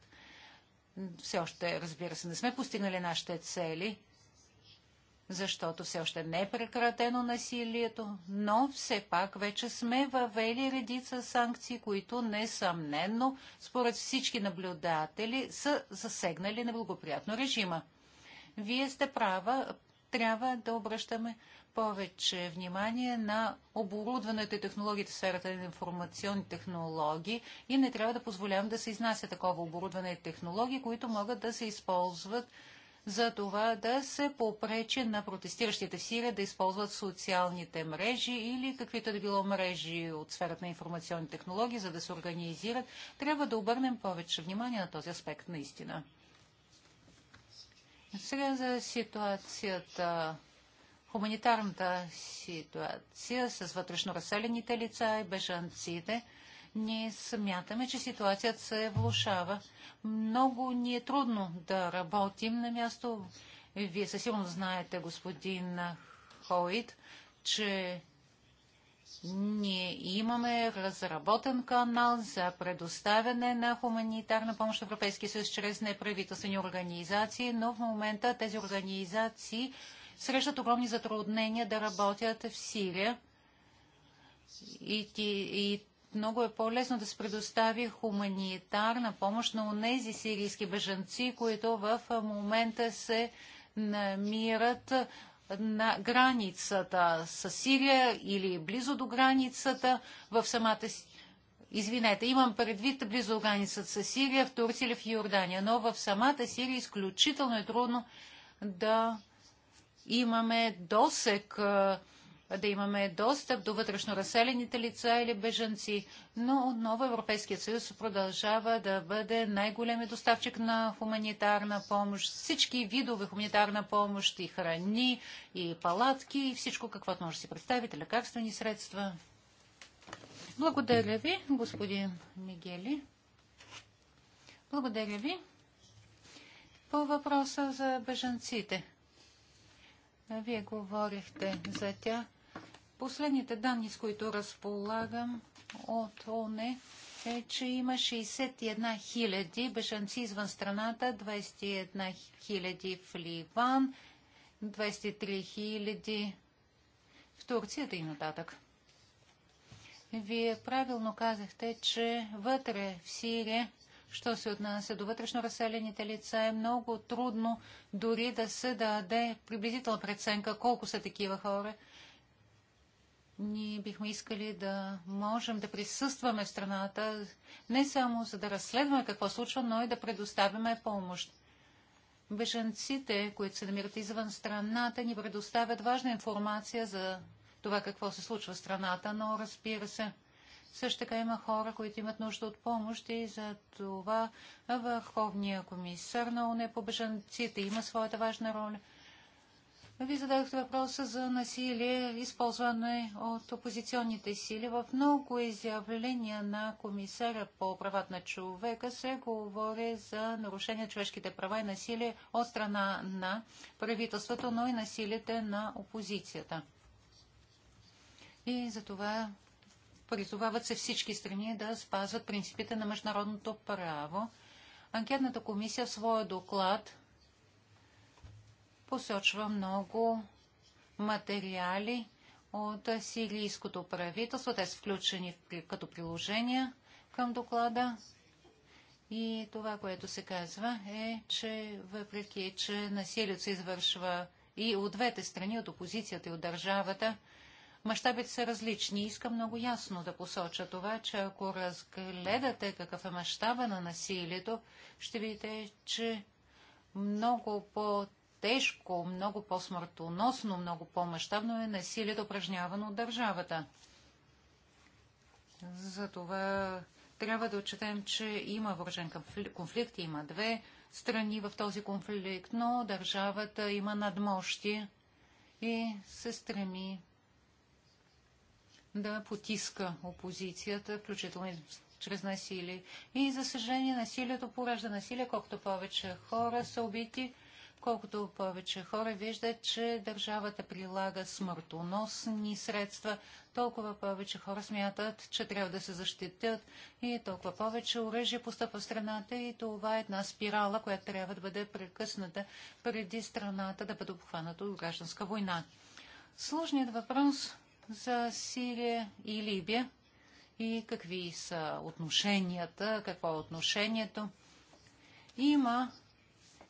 Все още, разбира се, не сме постигнали нашите цели, защото все още не е прекратено насилието, но все пак вече сме въвели редица санкции, които несъмненно, според всички наблюдатели, са засегнали неблагоприятно режима. Вие сте права, трябва да обръщаме повече внимание на оборудването и технологиите в сферата на информационни технологии и не трябва да позволявам да се изнася такова оборудване и технологии, които могат да се използват за това да се попречи на протестиращите в Сирия да използват социалните мрежи или каквито да било мрежи от сферата на информационни технологии, за да се организират. Трябва да обърнем повече внимание на този аспект наистина. Сега за ситуацията хуманитарната ситуация с вътрешно разселените лица и бежанците ние смятаме, че ситуацията се влушава. Много ни е трудно да работим на място. Вие със сигурно знаете, господин Хоид, че ние имаме разработен канал за предоставяне на хуманитарна помощ в Европейския съюз чрез неправителствени организации, но в момента тези организации срещат огромни затруднения да работят в Сирия. И, и, и много е по-лесно да се предостави хуманитарна помощ на тези сирийски бежанци, които в момента се намират на границата с Сирия или близо до границата в самата Извинете, имам предвид близо до границата с Сирия, в Турция или в Йордания, но в самата Сирия изключително е трудно да имаме досек да имаме достъп до вътрешно разселените лица или бежанци, но отново Европейският съюз продължава да бъде най-големият доставчик на хуманитарна помощ, всички видове хуманитарна помощ и храни, и палатки, и всичко каквото може да си представите, лекарствени средства. Благодаря ви, господин Мигели. Благодаря ви. По въпроса за бежанците. Вие говорихте за тях. Последните данни, с които разполагам от ОНЕ, е, че има 61 000 бежанци извън страната, 21 хиляди в Ливан, 23 хиляди в Турцията и нататък. Вие правилно казахте, че вътре в Сирия, що се отнася до вътрешно разселените лица, е много трудно дори да се даде приблизителна преценка колко са такива хора – ние бихме искали да можем да присъстваме в страната, не само за да разследваме какво случва, но и да предоставяме помощ. Беженците, които се намират извън страната, ни предоставят важна информация за това какво се случва в страната, но разбира се, също така има хора, които имат нужда от помощ и за това Върховния комисар на ОНЕ по бежанците има своята важна роля – вие зададохте въпроса за насилие, използване от опозиционните сили. В много изявления на комисаря по правата на човека се говори за нарушение на човешките права и насилие от страна на правителството, но и насилите на опозицията. И за това призовават се всички страни да спазват принципите на международното право. Анкетната комисия в своя доклад посочва много материали от сирийското правителство. Те са включени като приложения към доклада. И това, което се казва е, че въпреки, че насилието се извършва и от двете страни, от опозицията и от държавата, мащабите са различни. Искам много ясно да посоча това, че ако разгледате какъв е мащаба на насилието, ще видите, че много по по-тежко, много по-смъртоносно, много по-мащабно е насилието, упражнявано от държавата. Затова трябва да отчетем, че има въоръжен конфликт, има две страни в този конфликт, но държавата има надмощи и се стреми да потиска опозицията, включително и чрез насилие. И, за съжаление, насилието поражда насилие. Колкото повече хора са убити, колкото повече хора виждат, че държавата прилага смъртоносни средства, толкова повече хора смятат, че трябва да се защитят и толкова повече оръжие постъпва в страната и това е една спирала, която трябва да бъде прекъсната преди страната да бъде обхваната от гражданска война. Сложният въпрос за Сирия и Либия и какви са отношенията, какво е отношението. Има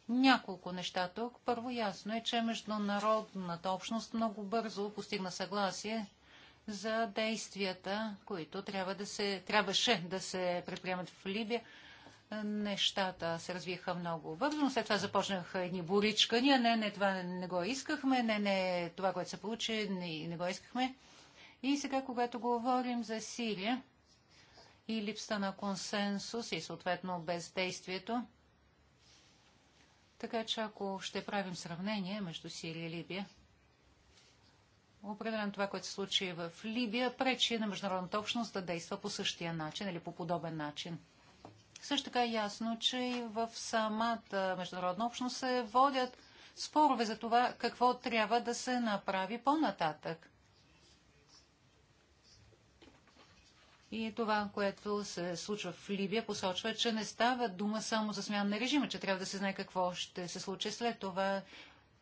няколко неща тук. Първо ясно е, че международната общност много бързо постигна съгласие за действията, които трябва да се, трябваше да се предприемат в Либия. Нещата се развиха много бързо, но след това започнаха едни боричкания. Не, не, това не го искахме, не, не, това, което се получи, не, не го искахме. И сега, когато говорим за Сирия и липса на консенсус и съответно бездействието, така че ако ще правим сравнение между Сирия и Либия, определено това, което се случи в Либия, пречи на международната общност да действа по същия начин или по подобен начин. Също така е ясно, че и в самата международна общност се водят спорове за това какво трябва да се направи по-нататък. И това, което се случва в Либия, посочва, че не става дума само за смяна на режима, че трябва да се знае какво ще се случи след това.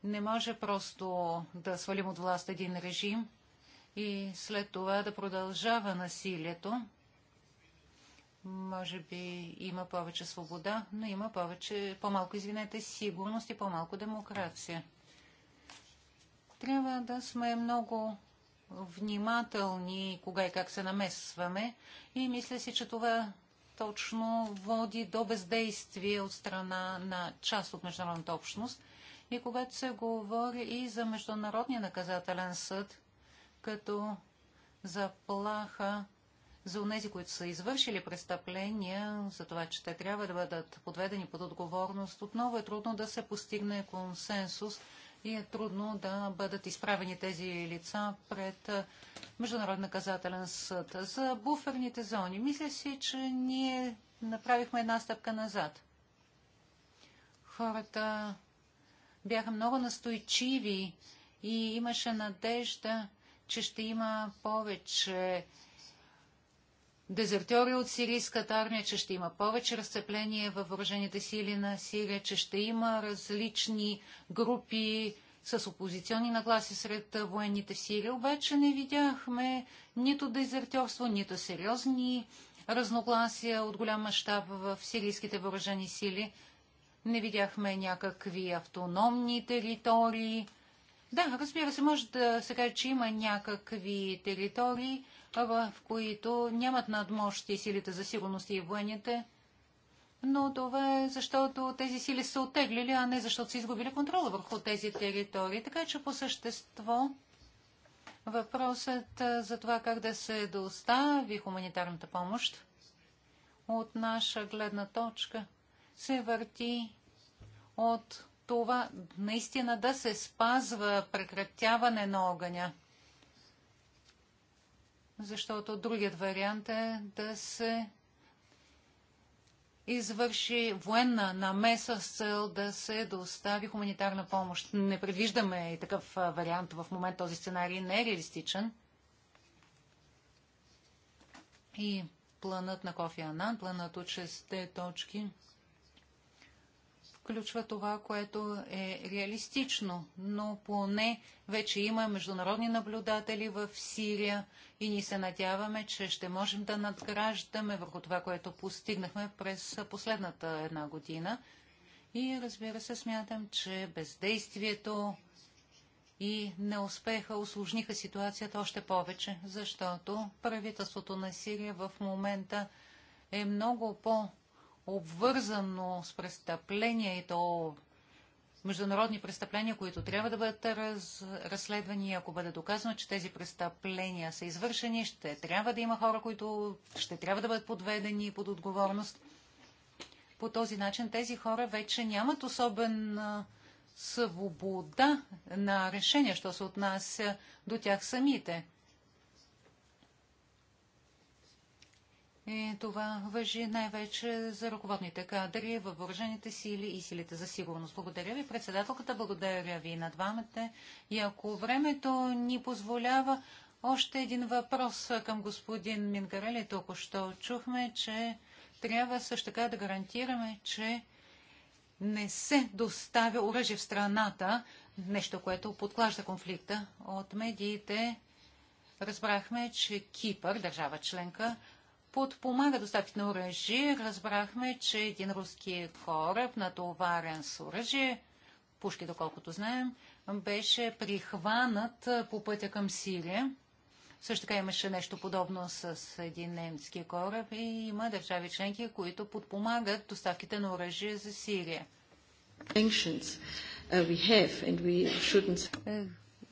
Не може просто да свалим от власт един режим и след това да продължава насилието. Може би има повече свобода, но има повече, по-малко, извинете, сигурност и по-малко демокрация. Трябва да сме много внимателни кога и как се намесваме и мисля си, че това точно води до бездействие от страна на част от международната общност. И когато се говори и за Международния наказателен съд, като заплаха за тези, които са извършили престъпления, за това, че те трябва да бъдат подведени под отговорност, отново е трудно да се постигне консенсус – и е трудно да бъдат изправени тези лица пред Международна казателен съд. За буферните зони, мисля си, че ние направихме една стъпка назад. Хората бяха много настойчиви и имаше надежда, че ще има повече дезертьори от сирийската армия, че ще има повече разцепление във въоръжените сили на Сирия, че ще има различни групи с опозиционни нагласи сред военните в Сирия. Обаче не видяхме нито дезертьорство, нито сериозни разногласия от голям мащаб в сирийските въоръжени сили. Не видяхме някакви автономни територии. Да, разбира се, може да се каже, че има някакви територии, в които нямат надмощи силите за сигурност и военните, но това е защото тези сили са отеглили, а не защото са изгубили контрола върху тези територии. Така че по същество въпросът за това как да се достави хуманитарната помощ от наша гледна точка се върти от това наистина да се спазва прекратяване на огъня защото другият вариант е да се извърши военна намеса с цел да се достави хуманитарна помощ. Не предвиждаме и такъв вариант. В момент този сценарий не е реалистичен. И планът на Кофи Анан, планът от 6 точки – включва това, което е реалистично, но поне вече има международни наблюдатели в Сирия и ни се надяваме, че ще можем да надграждаме върху това, което постигнахме през последната една година. И разбира се, смятам, че бездействието и неуспеха осложниха ситуацията още повече, защото правителството на Сирия в момента е много по- обвързано с престъпления и то международни престъпления, които трябва да бъдат раз, разследвани. Ако бъде доказано, че тези престъпления са извършени, ще трябва да има хора, които ще трябва да бъдат подведени под отговорност. По този начин тези хора вече нямат особена свобода на решение, що се отнася до тях самите. И това въжи най-вече за ръководните кадри във въоръжените сили и силите за сигурност. Благодаря ви, председателката, благодаря ви на двамата. И ако времето ни позволява, още един въпрос към господин Мингарели. Току-що чухме, че трябва също така да гарантираме, че не се доставя оръжие в страната, нещо, което подклажда конфликта. От медиите разбрахме, че Кипър, държава членка, подпомага доставките на оръжие. Разбрахме, че един руски кораб, натоварен с оръжие, пушки, доколкото знаем, беше прихванат по пътя към Сирия. Също така имаше нещо подобно с един немски кораб и има държави членки, които подпомагат доставките на оръжие за Сирия.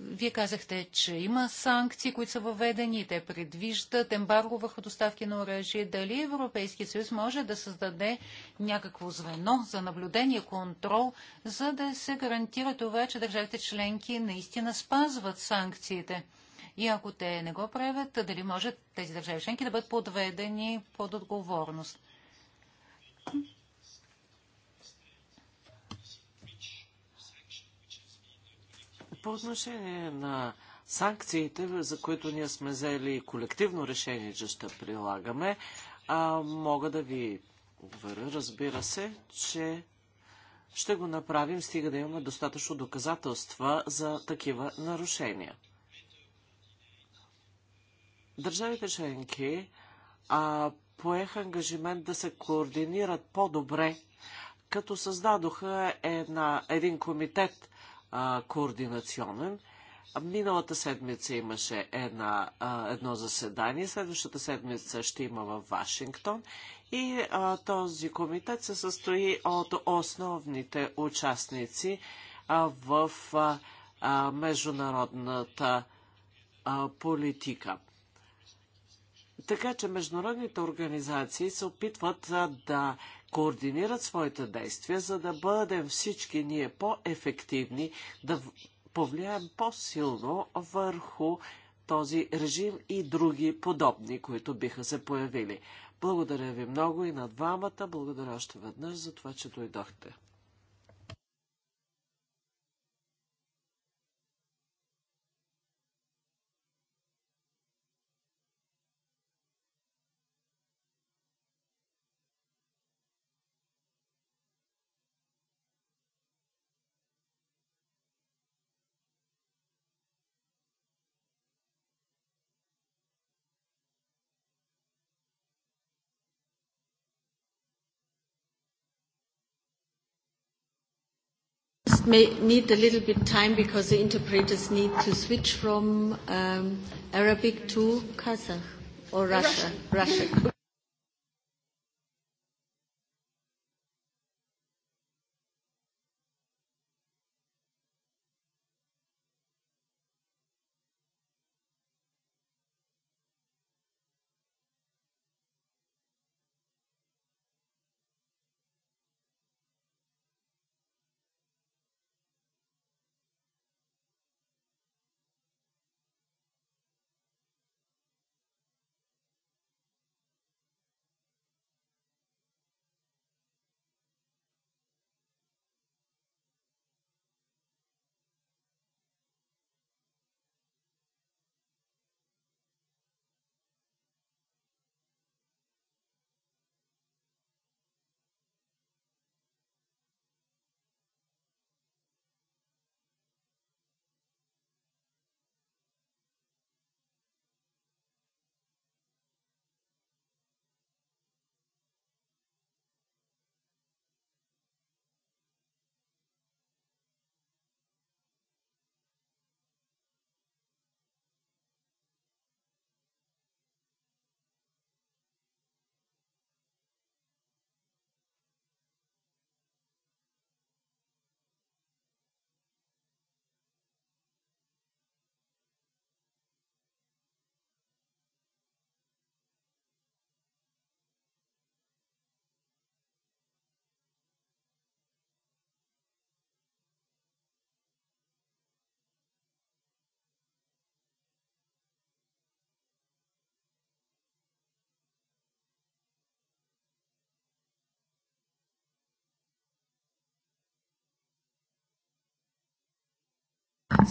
Вие казахте, че има санкции, които са въведени, те предвиждат ембарго върху доставки на оръжие. Дали Европейския съюз може да създаде някакво звено за наблюдение, контрол, за да се гарантира това, че държавите членки наистина спазват санкциите? И ако те не го правят, дали може тези държави членки да бъдат подведени под отговорност? По отношение на санкциите, за които ние сме взели колективно решение, че ще прилагаме, а, мога да ви уверя, разбира се, че ще го направим, стига да имаме достатъчно доказателства за такива нарушения. Държавите членки а, поеха ангажимент да се координират по-добре, като създадоха една, един комитет а, координационен. Миналата седмица имаше една, а, едно заседание, следващата седмица ще има в Вашингтон и а, този комитет се състои от основните участници а, в а, международната а, политика. Така че международните организации се опитват а, да координират своите действия, за да бъдем всички ние по-ефективни, да повлияем по-силно върху този режим и други подобни, които биха се появили. Благодаря ви много и на двамата. Благодаря още веднъж за това, че дойдохте. just may need a little bit time because the interpreters need to switch from um, Arabic to Kazakh or Russia. Russia.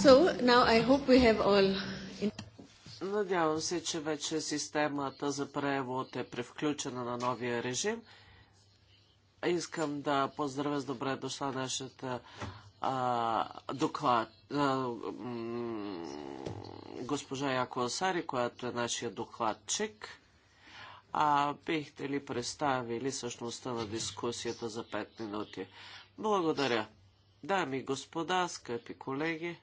So, now I hope we have all... Надявам се, че вече системата за превод е превключена на новия режим. Искам да поздравя с добре дошла нашата а, доклад, а, госпожа Яко Асари, която е нашия докладчик. А бихте ли представили същността на дискусията за 5 минути? Благодаря. Дами и господа, скъпи колеги,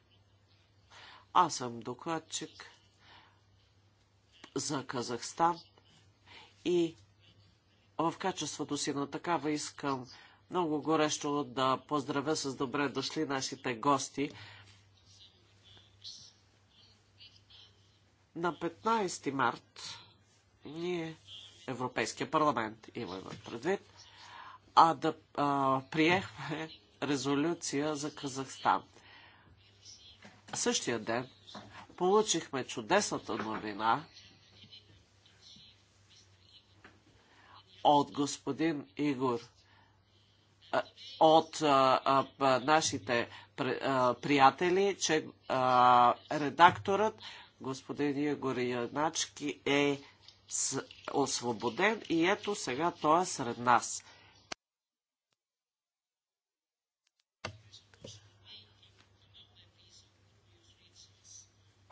аз съм докладчик за Казахстан и в качеството си на такава искам много горещо да поздравя с добре дошли нашите гости. На 15 март ние, Европейския парламент имаме предвид, а да а, приехме резолюция за Казахстан. Същия ден получихме чудесната новина от господин Игор, от нашите приятели, че редакторът господин Игор Яначки е освободен и ето сега той е сред нас.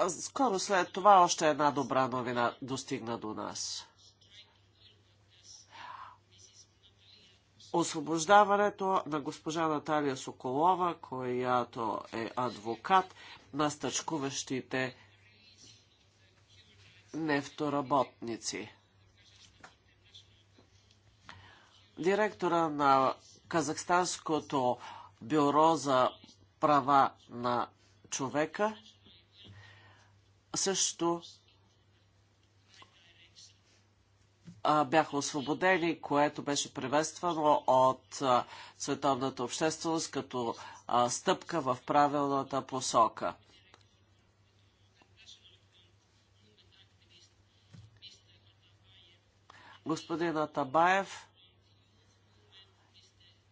Скоро след това още една добра новина достигна до нас. освобождаването на госпожа Наталия Соколова, която е адвокат на стъчкуващите нефтоработници. Директора на Казахстанското бюро за права на човека също бяха освободени, което беше приветствано от световната общественост като стъпка в правилната посока. Господин Атабаев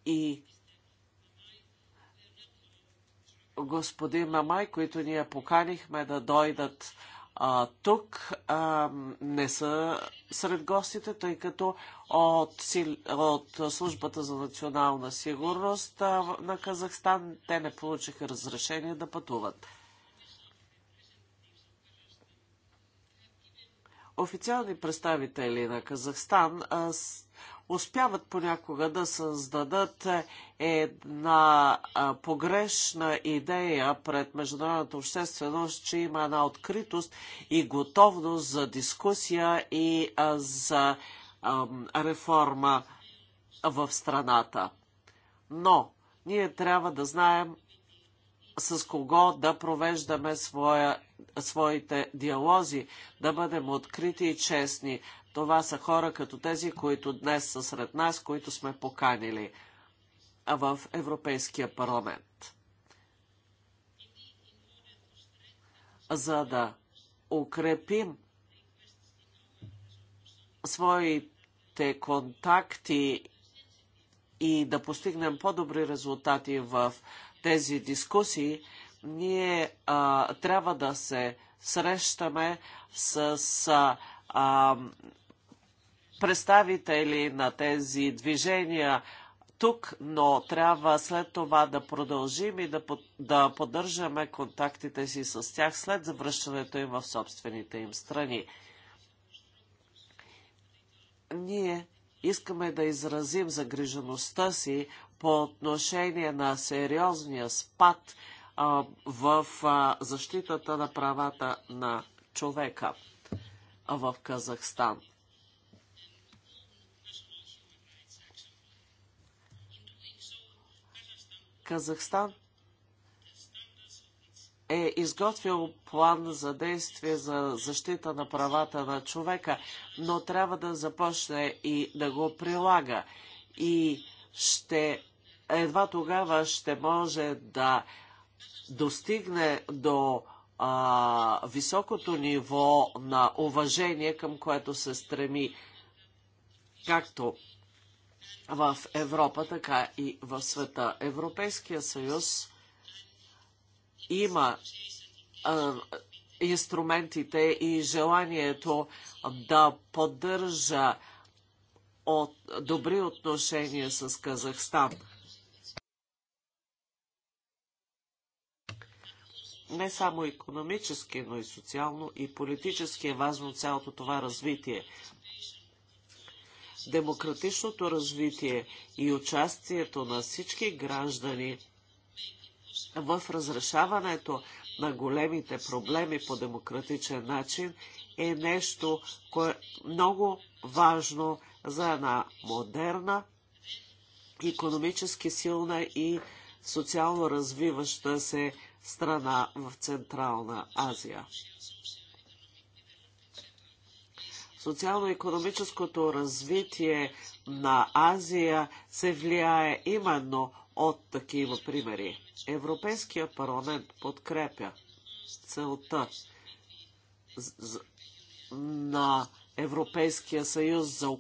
и господин Мамай, които ние поканихме да дойдат а, тук, а, не са сред гостите, тъй като от, от службата за национална сигурност а, на Казахстан те не получиха разрешение да пътуват. Официални представители на Казахстан а, с, успяват понякога да създадат една погрешна идея пред международната общественост, че има една откритост и готовност за дискусия и за реформа в страната. Но ние трябва да знаем с кого да провеждаме своя, своите диалози, да бъдем открити и честни, това са хора като тези, които днес са сред нас, които сме поканили в Европейския парламент. За да укрепим своите контакти и да постигнем по-добри резултати в тези дискусии, ние а, трябва да се срещаме с а, а, представители на тези движения тук, но трябва след това да продължим и да, да поддържаме контактите си с тях след завръщането им в собствените им страни. Ние искаме да изразим загрижеността си по отношение на сериозния спад а, в а, защитата на правата на човека в Казахстан. Казахстан е изготвил план за действие за защита на правата на човека, но трябва да започне и да го прилага. И ще, едва тогава ще може да достигне до а, високото ниво на уважение, към което се стреми както в Европа, така и в света. Европейския съюз има а, инструментите и желанието да поддържа от добри отношения с Казахстан. Не само економически, но и социално и политически е важно цялото това развитие демократичното развитие и участието на всички граждани в разрешаването на големите проблеми по демократичен начин е нещо кое е много важно за една модерна, економически силна и социално развиваща се страна в Централна Азия социално-економическото развитие на Азия се влияе именно от такива примери. Европейският парламент подкрепя целта на Европейския съюз за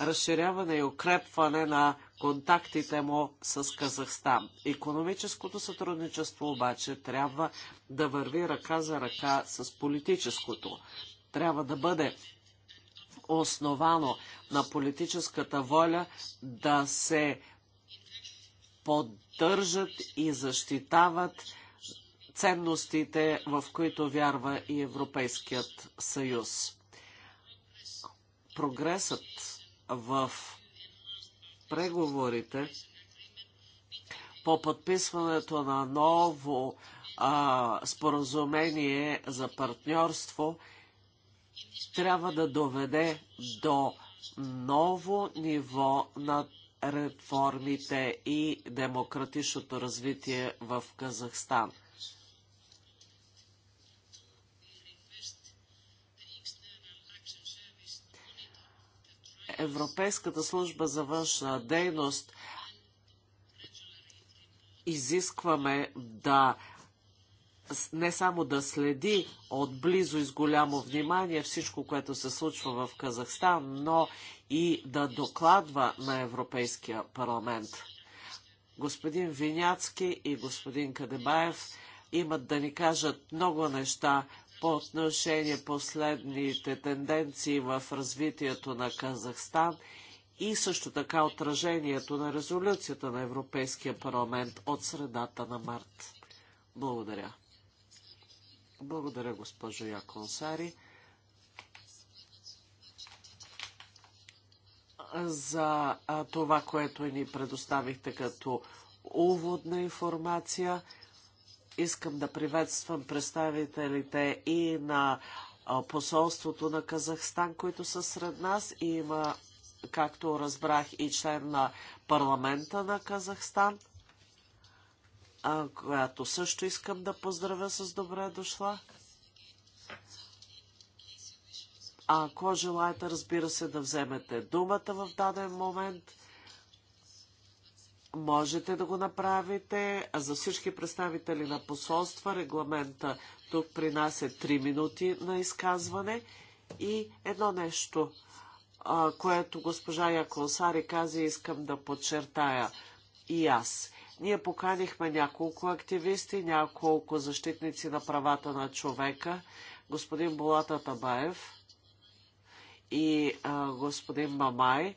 разширяване и укрепване на контактите му с Казахстан. Економическото сътрудничество обаче трябва да върви ръка за ръка с политическото. Трябва да бъде основано на политическата воля да се поддържат и защитават ценностите, в които вярва и Европейският съюз. Прогресът в преговорите по подписването на ново а, споразумение за партньорство – трябва да доведе до ново ниво на реформите и демократичното развитие в Казахстан. Европейската служба за външна дейност изискваме да не само да следи отблизо и с голямо внимание всичко, което се случва в Казахстан, но и да докладва на Европейския парламент. Господин Виняцки и господин Кадебаев имат да ни кажат много неща по отношение последните тенденции в развитието на Казахстан и също така отражението на резолюцията на Европейския парламент от средата на март. Благодаря. Благодаря, госпожо Яконсари. за това, което ни предоставихте като уводна информация. Искам да приветствам представителите и на посолството на Казахстан, които са сред нас и има, както разбрах, и член на парламента на Казахстан – а, която също искам да поздравя с добре дошла. Ако желаете, разбира се, да вземете думата в даден момент, можете да го направите. А за всички представители на посолства, регламента тук при нас е 3 минути на изказване. И едно нещо, което госпожа Яконсари каза, искам да подчертая и аз – ние поканихме няколко активисти, няколко защитници на правата на човека, господин Болата Табаев и а, господин Мамай.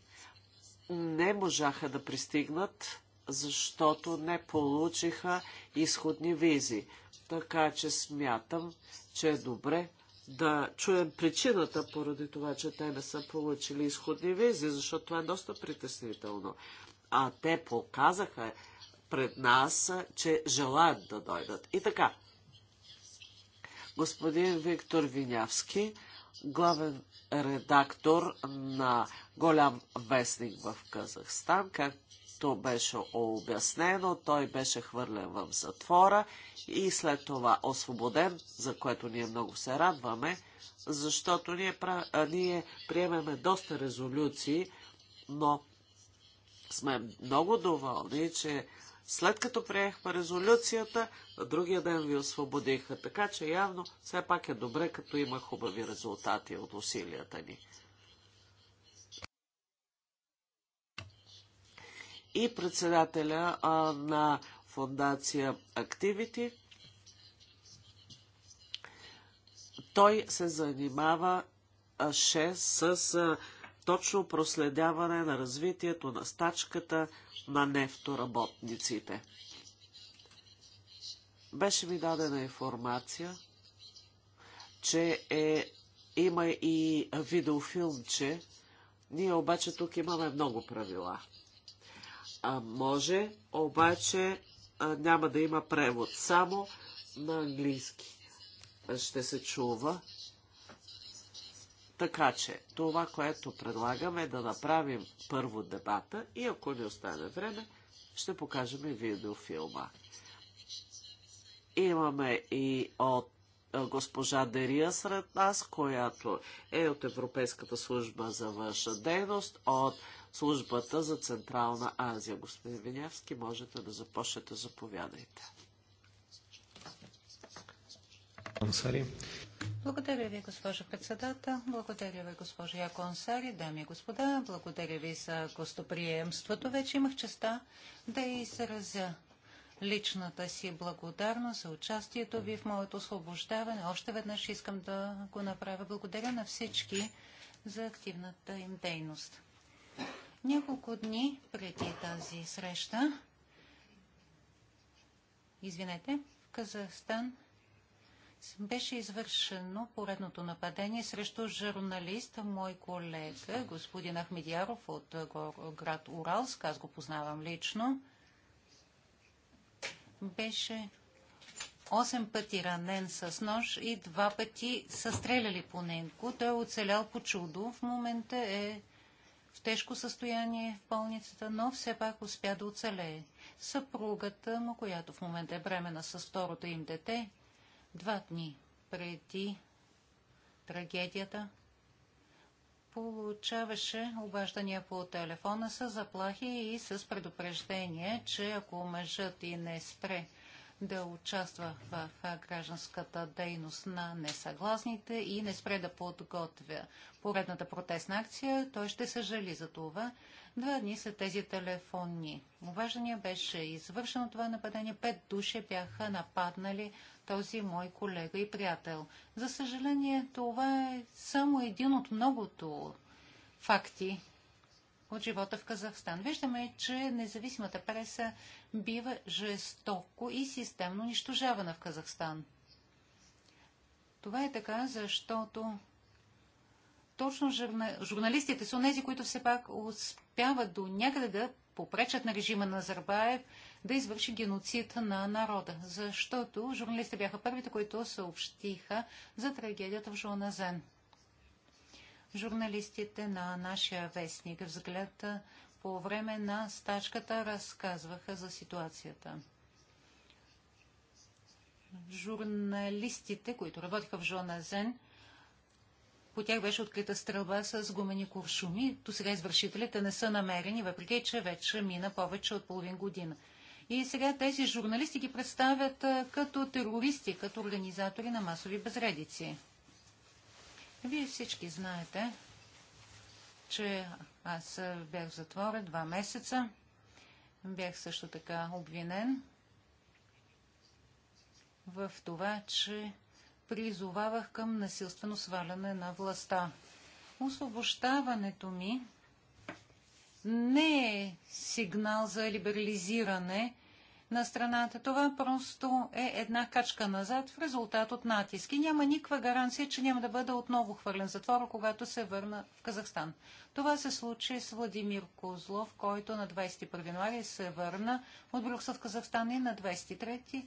Не можаха да пристигнат, защото не получиха изходни визи. Така че смятам, че е добре да чуем причината, поради това, че те не са получили изходни визи, защото това е доста притеснително. А те показаха пред нас, че желаят да дойдат. И така, господин Виктор Винявски, главен редактор на голям вестник в Казахстан, както беше обяснено, той беше хвърлен в затвора и след това освободен, за което ние много се радваме, защото ние, ние приемаме доста резолюции, но сме много доволни, че след като приехме резолюцията, на другия ден ви освободиха. Така че явно все пак е добре, като има хубави резултати от усилията ни. И председателя а, на фундация Activity, той се занимава а, ше, с а, точно проследяване на развитието на стачката на нефтоработниците. Беше ми дадена информация, че е, има и видеофилмче. Ние обаче тук имаме много правила. А може, обаче а, няма да има превод. Само на английски ще се чува така че това, което предлагаме е да направим първо дебата и ако не остане време, ще покажем и видеофилма. Имаме и от госпожа Дерия сред нас, която е от Европейската служба за външна дейност, от службата за Централна Азия. Господин Винявски, можете да започнете, заповядайте. Ансари. Благодаря ви, госпожо председател. Благодаря ви, госпожо Яконсари, дами и господа. Благодаря ви за гостоприемството. Вече имах честа да изразя личната си благодарност за участието ви в моето освобождаване. Още веднъж искам да го направя. Благодаря на всички за активната им дейност. Няколко дни преди тази среща, извинете, в Казахстан беше извършено поредното нападение срещу журналист, мой колега, господин Ахмедяров от е, град Уралск, аз го познавам лично. Беше 8 пъти ранен с нож и два пъти са стреляли по него. Той е оцелял по чудо. В момента е в тежко състояние в болницата, но все пак успя да оцелее. Съпругата му, която в момента е бремена с второто им дете, Два дни преди трагедията получаваше обаждания по телефона с заплахи и с предупреждение, че ако мъжът и не спре да участва в гражданската дейност на несъгласните и не спре да подготвя поредната протестна акция, той ще съжали за това. Два дни след тези телефонни обаждания беше извършено това нападение. Пет души бяха нападнали този мой колега и приятел. За съжаление, това е само един от многото факти от живота в Казахстан. Виждаме, че независимата преса бива жестоко и системно унищожавана в Казахстан. Това е така, защото точно журна... журналистите са тези, които все пак успяват до някъде да попречат на режима на Зарбаев да извърши геноцид на народа, защото журналистите бяха първите, които съобщиха за трагедията в Жоназен. Журналистите на нашия вестник взгляд по време на стачката разказваха за ситуацията. Журналистите, които работиха в Жоназен, по тях беше открита стрелба с гумени куршуми. До сега извършителите не са намерени, въпреки че вече мина повече от половин година. И сега тези журналисти ги представят като терористи, като организатори на масови безредици. Вие всички знаете, че аз бях в затвора два месеца. Бях също така обвинен в това, че призовавах към насилствено сваляне на властта. Освобождаването ми не е сигнал за либерализиране на страната. Това просто е една качка назад в резултат от натиски. Няма никаква гаранция, че няма да бъде отново хвърлен затвора, когато се върна в Казахстан. Това се случи с Владимир Козлов, който на 21 януари се върна от Брюксел в Казахстан и на 23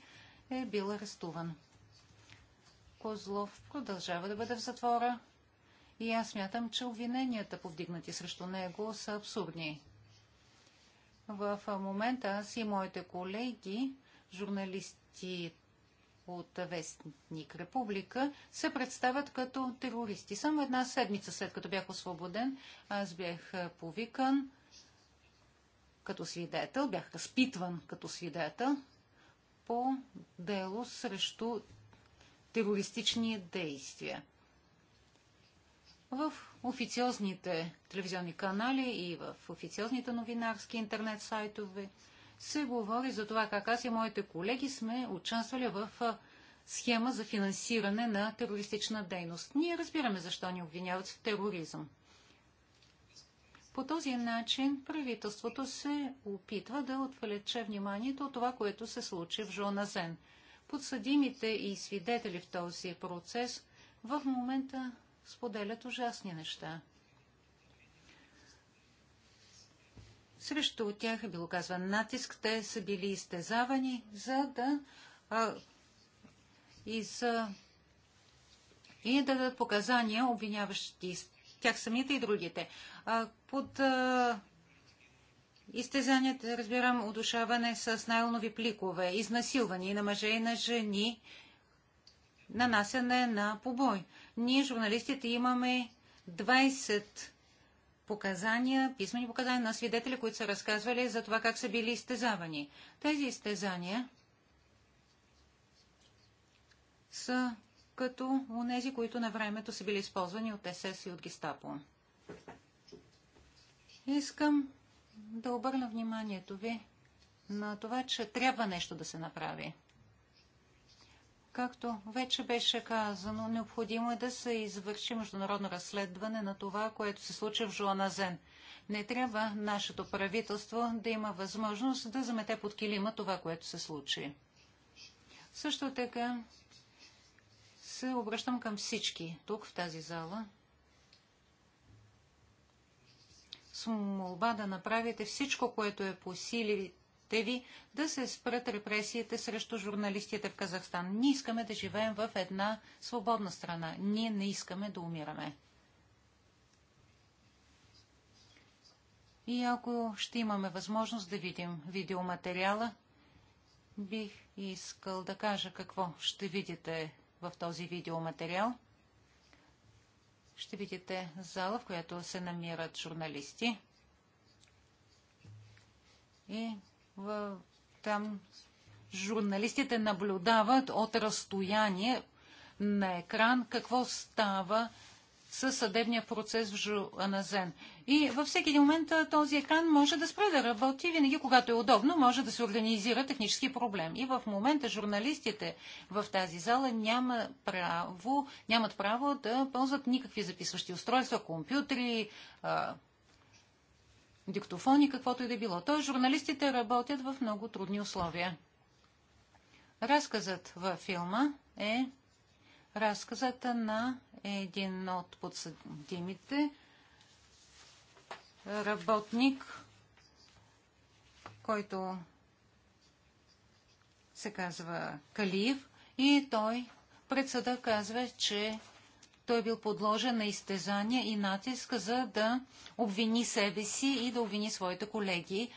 е бил арестуван. Козлов продължава да бъде в затвора и аз мятам, че обвиненията, повдигнати срещу него, са абсурдни. В момента аз и моите колеги, журналисти от вестник Република, се представят като терористи. Само една седмица след като бях освободен, аз бях повикан като свидетел, бях разпитван като свидетел по дело срещу терористични действия в официозните телевизионни канали и в официозните новинарски интернет сайтове се говори за това как аз и моите колеги сме участвали в схема за финансиране на терористична дейност. Ние разбираме защо ни обвиняват в тероризъм. По този начин правителството се опитва да отвлече вниманието от това, което се случи в Жоназен. Подсъдимите и свидетели в този процес в момента споделят ужасни неща. Срещу тях е било казван натиск, те са били изтезавани, за да а, и за и да дадат показания, обвиняващи тях самите и другите. А, под а, изтезанията разбирам удушаване с найлонови пликове, изнасилване на мъже и на жени, нанасяне на побой. Ние, журналистите, имаме 20 показания, писмени показания на свидетели, които са разказвали за това как са били изтезавани. Тези изтезания са като онези, които на времето са били използвани от СС и от Гестапо. Искам да обърна вниманието ви на това, че трябва нещо да се направи. Както вече беше казано, необходимо е да се извърши международно разследване на това, което се случи в Жуаназен. Не трябва нашето правителство да има възможност да замете под килима това, което се случи. Също така се обръщам към всички тук в тази зала с молба да направите всичко, което е по силите те ви да се спрат репресиите срещу журналистите в Казахстан. Ние искаме да живеем в една свободна страна. Ние не искаме да умираме. И ако ще имаме възможност да видим видеоматериала, бих искал да кажа какво ще видите в този видеоматериал. Ще видите зала, в която се намират журналисти. И в, там журналистите наблюдават от разстояние на екран какво става със съдебния процес в Жуаназен. И във всеки един момент този екран може да спре да работи, винаги когато е удобно, може да се организира технически проблем. И в момента журналистите в тази зала няма право, нямат право да ползват никакви записващи устройства, компютри, диктофони, каквото и да било. Той журналистите работят в много трудни условия. Разказът във филма е разказата на един от подсъдимите работник, който се казва Калиев и той пред съда казва, че той е бил подложен на изтезания и натиск, за да обвини себе си и да обвини своите колеги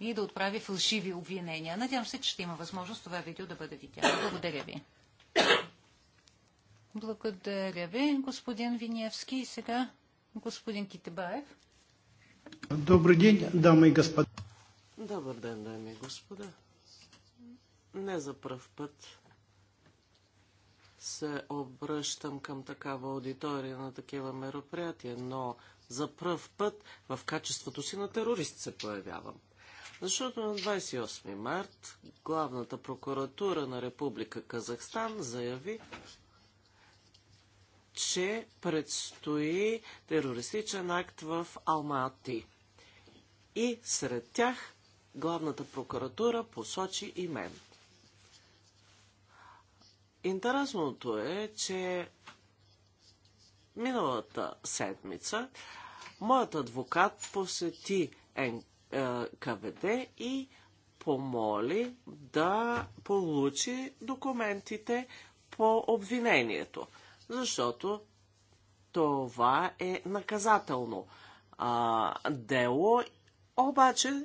и да отправи фалшиви обвинения. Надявам се, че ще има възможност това видео да бъде видяно. Благодаря ви. Благодаря ви, господин Виневски. И сега господин Китебаев. Добър ден, дами и господа. Добър ден, дами и господа. Не за пръв път се обръщам към такава аудитория на такива мероприятия, но за пръв път в качеството си на терорист се появявам. Защото на 28 март главната прокуратура на Република Казахстан заяви, че предстои терористичен акт в Алмати. И сред тях главната прокуратура посочи и мен. Интересното е, че миналата седмица моят адвокат посети НКВД е, и помоли да получи документите по обвинението, защото това е наказателно а, дело, обаче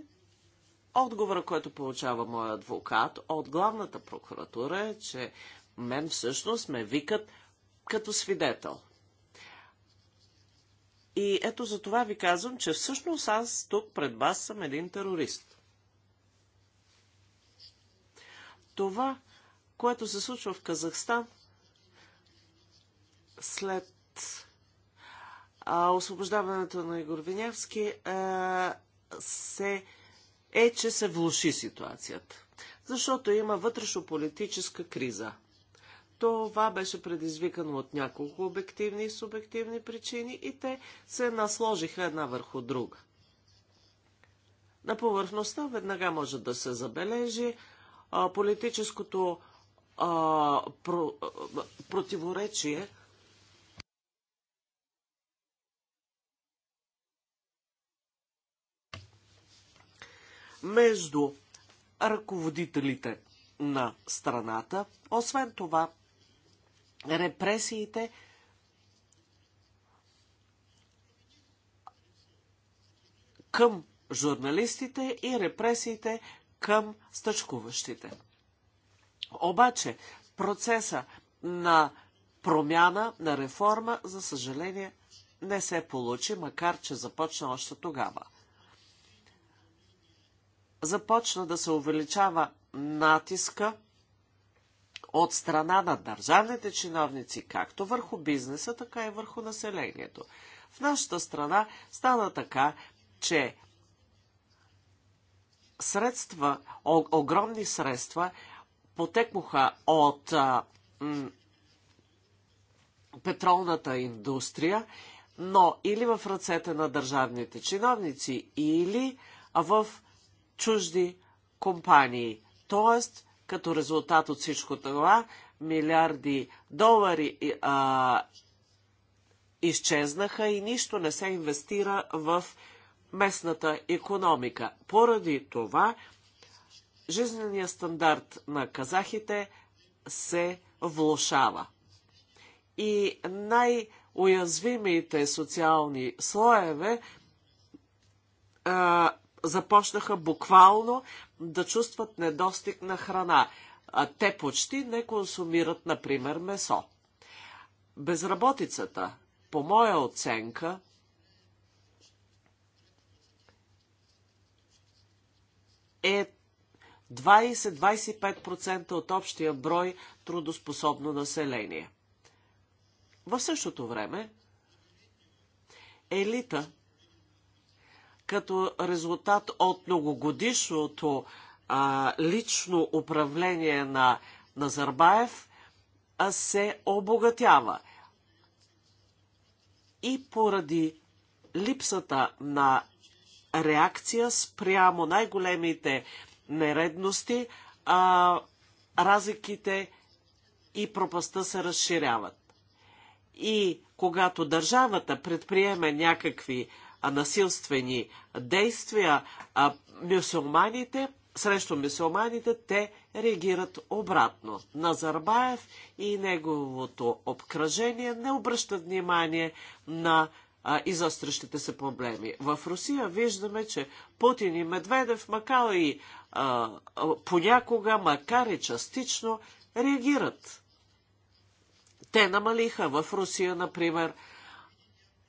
отговора, който получава моят адвокат от главната прокуратура е, че мен всъщност ме викат като свидетел. И ето за това ви казвам, че всъщност аз тук пред вас съм един терорист. Това, което се случва в Казахстан след а, освобождаването на Игор Винявски, а, се, е, че се влуши ситуацията. Защото има вътрешно-политическа криза – това беше предизвикано от няколко обективни и субективни причини и те се насложиха една върху друга. На повърхността веднага може да се забележи а, политическото а, про, а, противоречие между ръководителите на страната. Освен това, репресиите. към журналистите и репресиите към стъчкуващите. Обаче процеса на промяна, на реформа, за съжаление, не се получи, макар че започна още тогава. Започна да се увеличава натиска от страна на държавните чиновници, както върху бизнеса, така и върху населението. В нашата страна стана така, че средства, о, огромни средства потекоха от а, м, петролната индустрия, но или в ръцете на държавните чиновници, или в чужди компании. Тоест, като резултат от всичко това, милиарди долари а, изчезнаха и нищо не се инвестира в местната економика. Поради това, жизненият стандарт на казахите се влушава. И най-уязвимите социални слоеве а, започнаха буквално да чувстват недостиг на храна. А те почти не консумират, например, месо. Безработицата, по моя оценка, е 20-25% от общия брой трудоспособно население. В същото време, елита – като резултат от многогодишното а, лично управление на Назарбаев а се обогатява. И поради липсата на реакция спрямо най-големите нередности, а, разликите и пропаста се разширяват. И когато държавата предприеме някакви насилствени действия а, мюсулманите, срещу мюсулманите, те реагират обратно. Назарбаев и неговото обкръжение не обръщат внимание на а, и се проблеми. В Русия виждаме, че Путин и Медведев, макар и а, понякога, макар и частично, реагират. Те намалиха в Русия, например,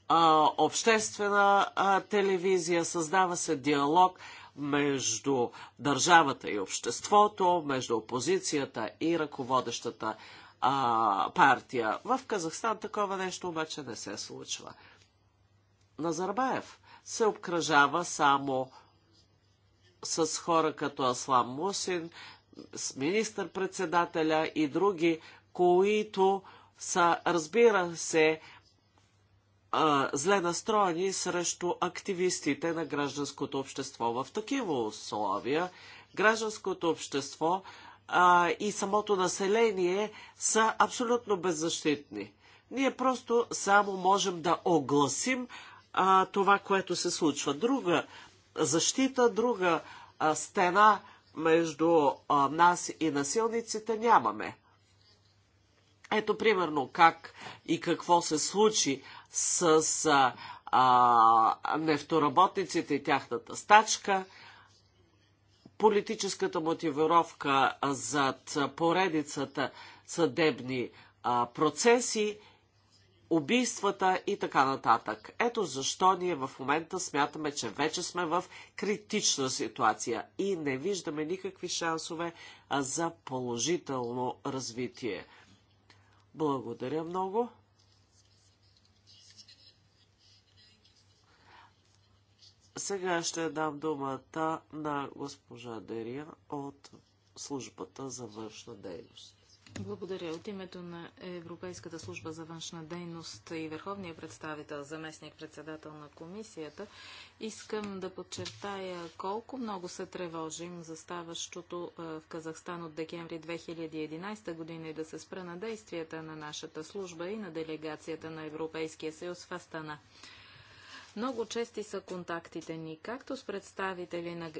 а, обществена а, телевизия, създава се диалог между държавата и обществото, между опозицията и ръководещата а, партия. В Казахстан такова нещо обаче не се случва. Назарбаев се обкръжава само с хора като Аслам Мусин, с министър-председателя и други, които са, разбира се, а, зле настроени срещу активистите на гражданското общество. В такива условия гражданското общество а, и самото население са абсолютно беззащитни. Ние просто само можем да огласим а, това, което се случва. Друга защита, друга а, стена между а, нас и насилниците нямаме. Ето примерно как и какво се случи с а, а, нефтоработниците и тяхната стачка. Политическата мотивировка зад поредицата съдебни а, процеси, убийствата и така нататък. Ето защо ние в момента смятаме, че вече сме в критична ситуация и не виждаме никакви шансове за положително развитие. Благодаря много. Сега ще дам думата на госпожа Дерия от службата за външна дейност. Благодаря. От името на Европейската служба за външна дейност и Върховния представител, заместник-председател на комисията, искам да подчертая колко много се тревожим за ставащото в Казахстан от декември 2011 година и да се спра на действията на нашата служба и на делегацията на Европейския съюз в Астана. Много чести са контактите ни, както с представители на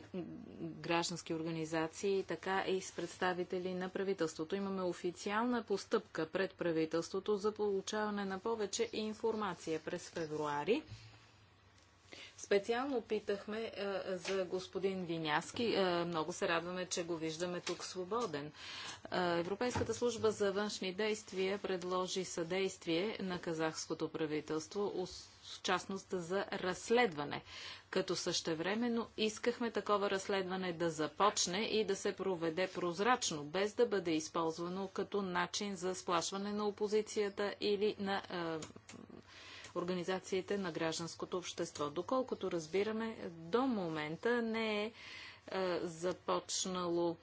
граждански организации, така и с представители на правителството. Имаме официална постъпка пред правителството за получаване на повече информация през февруари. Специално питахме а, е, за господин Виняски. А, е, много се радваме, че го виждаме тук свободен. А, е, Европейската служба за външни действия предложи съдействие на казахското правителство, в частност за разследване, като същевременно искахме такова разследване да започне и да се проведе прозрачно, без да бъде използвано като начин за сплашване на опозицията или на е, организациите на гражданското общество. Доколкото разбираме, до момента не е, е започнало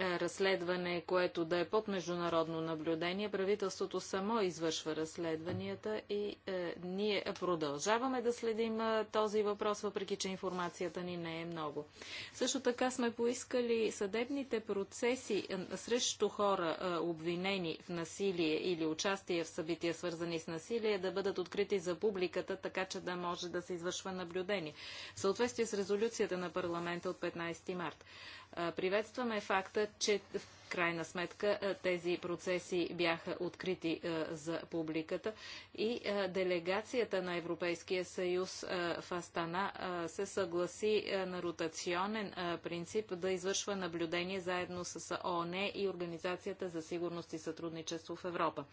е, разследване, което да е под международно наблюдение. Правителството само извършва разследванията и е, ние продължаваме да следим е, този въпрос, въпреки че информацията ни не е много. Също така сме поискали съдебните процеси е, срещу хора, е, обвинени в насилие или участие в събития, свързани с насилие, да бъдат открити за публиката, така че да може да се извършва наблюдение. В съответствие с резолюцията на парламента от 15 март. Приветстваме факта, че в крайна сметка тези процеси бяха открити за публиката и делегацията на Европейския съюз в Астана се съгласи на ротационен принцип да извършва наблюдение заедно с ООН и Организацията за сигурност и сътрудничество в Европа.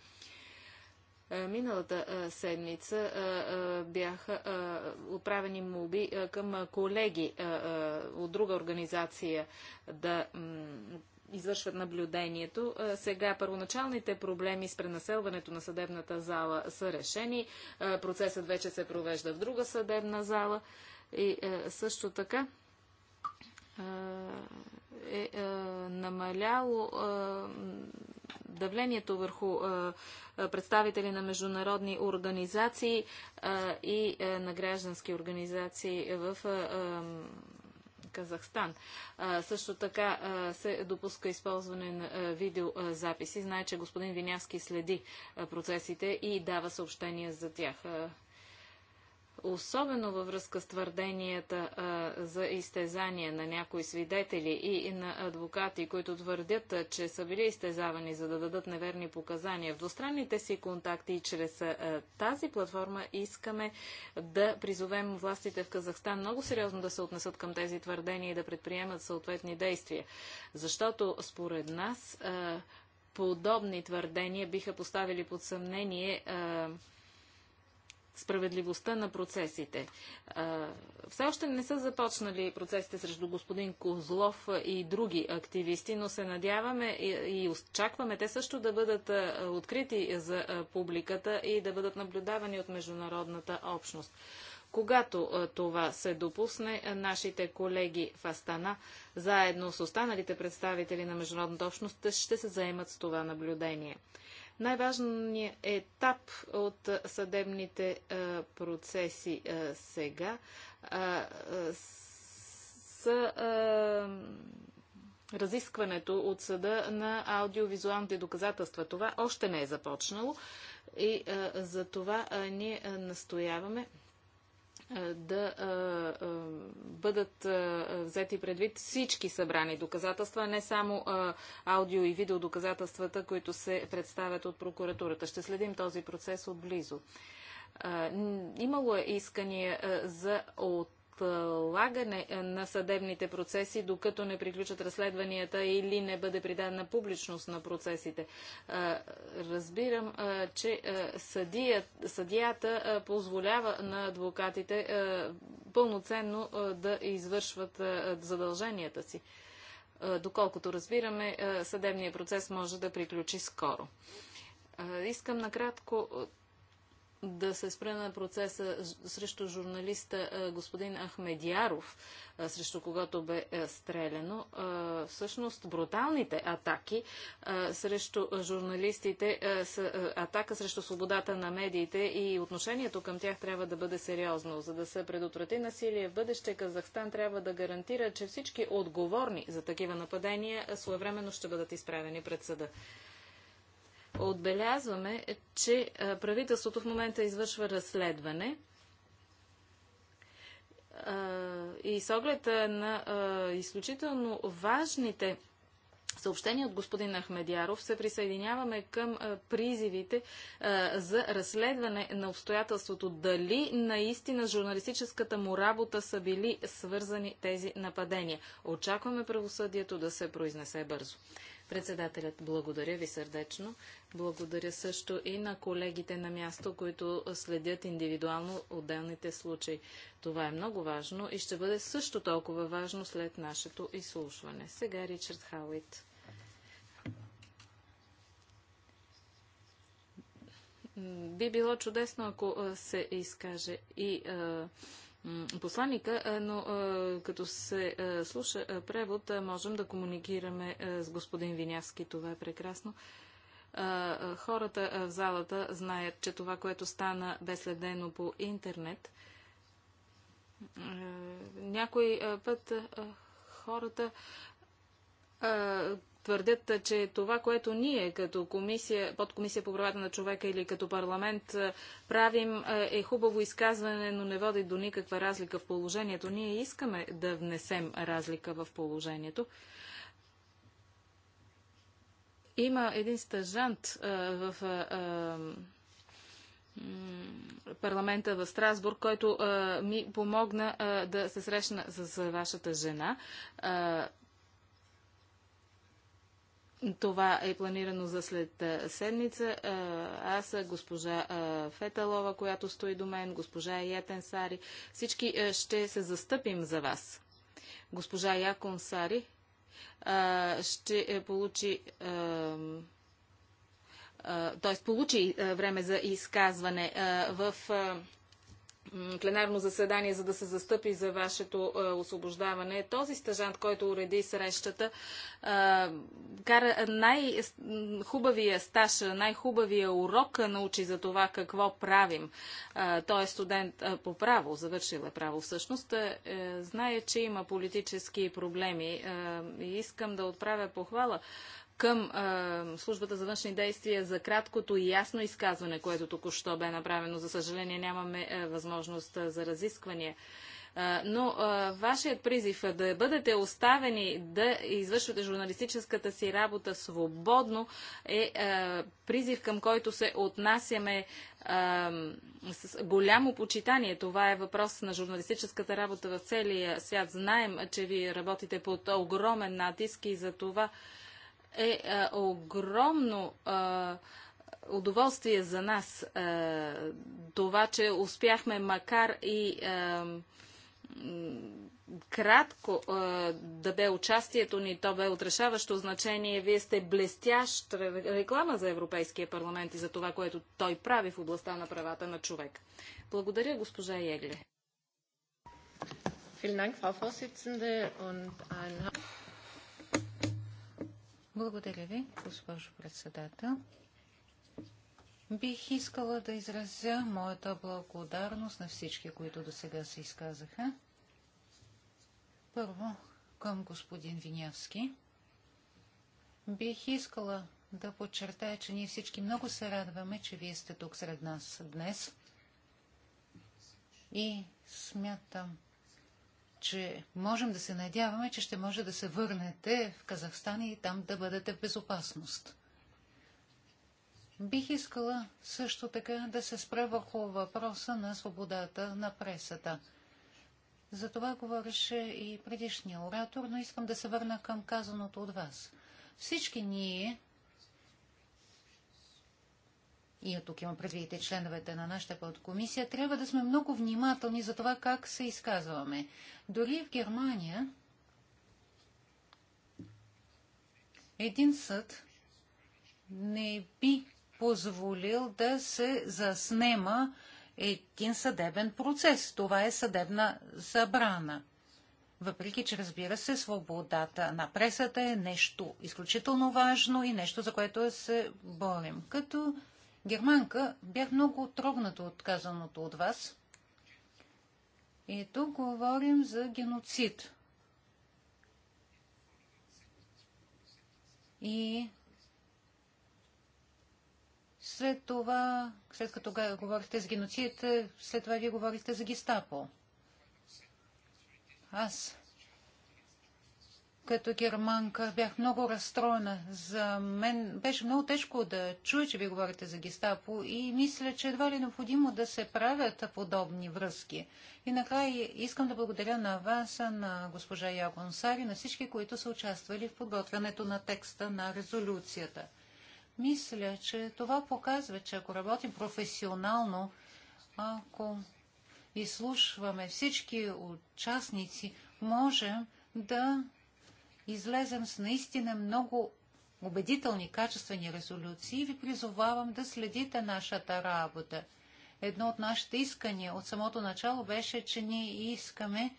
Е, миналата е, седмица е, бяха отправени молби към колеги от друга организация да извършват наблюдението. Сега първоначалните проблеми с пренаселването на съдебната зала са решени. Процесът вече се провежда в друга съдебна зала. И също така е намаляло давлението върху представители на международни организации и на граждански организации в Казахстан. също така се допуска използване на видеозаписи. Знае, че господин Винявски следи процесите и дава съобщения за тях особено във връзка с твърденията а, за изтезания на някои свидетели и, и на адвокати, които твърдят, а, че са били изтезавани, за да дадат неверни показания. В двустранните си контакти и чрез а, тази платформа искаме да призовем властите в Казахстан много сериозно да се отнесат към тези твърдения и да предприемат съответни действия. Защото според нас подобни твърдения биха поставили под съмнение справедливостта на процесите. все още не са започнали процесите срещу господин Козлов и други активисти, но се надяваме и, очакваме те също да бъдат открити за публиката и да бъдат наблюдавани от международната общност. Когато това се допусне, нашите колеги в Астана, заедно с останалите представители на международната общност, ще се заемат с това наблюдение най-важният етап от съдебните е, процеси е, сега е, са разискването от съда на аудиовизуалните доказателства. Това още не е започнало и за това ние настояваме да бъдат взети предвид всички събрани доказателства, не само аудио и видео доказателствата, които се представят от прокуратурата. Ще следим този процес отблизо. Имало е искания за от отлагане е, на съдебните процеси, докато не приключат разследванията или не бъде придадена публичност на процесите. Е, разбирам, е, че съдията позволява на адвокатите пълноценно да извършват задълженията си. Доколкото разбираме, съдебният процес може да приключи скоро. Искам накратко да се спре на процеса срещу журналиста господин Ахмедяров, срещу когато бе стреляно. Всъщност бруталните атаки срещу журналистите са атака срещу свободата на медиите и отношението към тях трябва да бъде сериозно. За да се предотврати насилие в бъдеще, Казахстан трябва да гарантира, че всички отговорни за такива нападения своевременно ще бъдат изправени пред съда отбелязваме, че правителството в момента извършва разследване и с оглед на изключително важните съобщения от господин Ахмедяров се присъединяваме към призивите за разследване на обстоятелството дали наистина журналистическата му работа са били свързани тези нападения. Очакваме правосъдието да се произнесе бързо. Председателят, благодаря ви сърдечно. Благодаря също и на колегите на място, които следят индивидуално отделните случаи. Това е много важно и ще бъде също толкова важно след нашето изслушване. Сега Ричард Хауит. Би било чудесно, ако се изкаже и а, посланника, но като се слуша превод, можем да комуникираме с господин Винявски. Това е прекрасно. Хората в залата знаят, че това, което стана безследено по интернет, някой път хората твърдят, че това, което ние като комисия, подкомисия по правата на човека или като парламент е, правим е, е хубаво изказване, но не води до никаква разлика в положението. Ние искаме да внесем разлика в положението. Има един стъжант е, в парламента в Страсбург, който ми помогна да се срещна с вашата жена. Това е планирано за след седмица. Аз, госпожа Феталова, която стои до мен, госпожа Ятен Сари, всички ще се застъпим за вас. Госпожа Якон Сари ще е, получи т.е. получи време за изказване в пленарно заседание, за да се застъпи за вашето е, освобождаване. Този стъжант, който уреди срещата, е, кара най-хубавия стаж, най-хубавия урок научи за това какво правим. Е, той е студент по право, завършил е право всъщност. Знае, че има политически проблеми и искам да отправя похвала към а, службата за външни действия за краткото и ясно изказване, което току-що бе направено. За съжаление нямаме а, възможност а, за разисквания. Но вашият призив е да бъдете оставени да извършвате журналистическата си работа свободно е призив, към който се отнасяме с голямо почитание. Това е въпрос на журналистическата работа в целия свят. Знаем, че ви работите под огромен натиск и за това е а, е, огромно а, е, удоволствие за нас а, е, това, че успяхме макар и а, кратко а, да бе участието ни, то бе отрешаващо значение. Вие сте блестящ реклама за Европейския парламент и за това, което той прави в областта на правата на човек. Благодаря, госпожа Егле. Благодаря ви, госпожо председател. Бих искала да изразя моята благодарност на всички, които до сега се изказаха. Първо към господин Винявски. Бих искала да подчертая, че ние всички много се радваме, че вие сте тук сред нас днес. И смятам, че можем да се надяваме, че ще може да се върнете в Казахстан и там да бъдете в безопасност. Бих искала също така да се спре върху въпроса на свободата на пресата. За това говореше и предишния оратор, но искам да се върна към казаното от вас. Всички ние и от тук имам предвидите членовете на нашата подкомисия, трябва да сме много внимателни за това как се изказваме. Дори в Германия един съд не би позволил да се заснема един съдебен процес. Това е съдебна забрана. Въпреки, че разбира се, свободата на пресата е нещо изключително важно и нещо, за което се борим. Като германка, бях много трогната от казаното от вас. И тук говорим за геноцид. И след това, след като говорихте за геноцид, след това вие говорихте за гестапо. Аз като германка бях много разстроена. За мен беше много тежко да чуя, че ви говорите за гестапо и мисля, че едва ли е необходимо да се правят подобни връзки. И накрая искам да благодаря на вас, на госпожа Ягон Сари, на всички, които са участвали в подготвянето на текста на резолюцията. Мисля, че това показва, че ако работим професионално, ако изслушваме всички участници, можем да излезем с наистина много убедителни, качествени резолюции и ви призовавам да следите нашата работа. Едно от нашите искания от самото начало беше, че ние искаме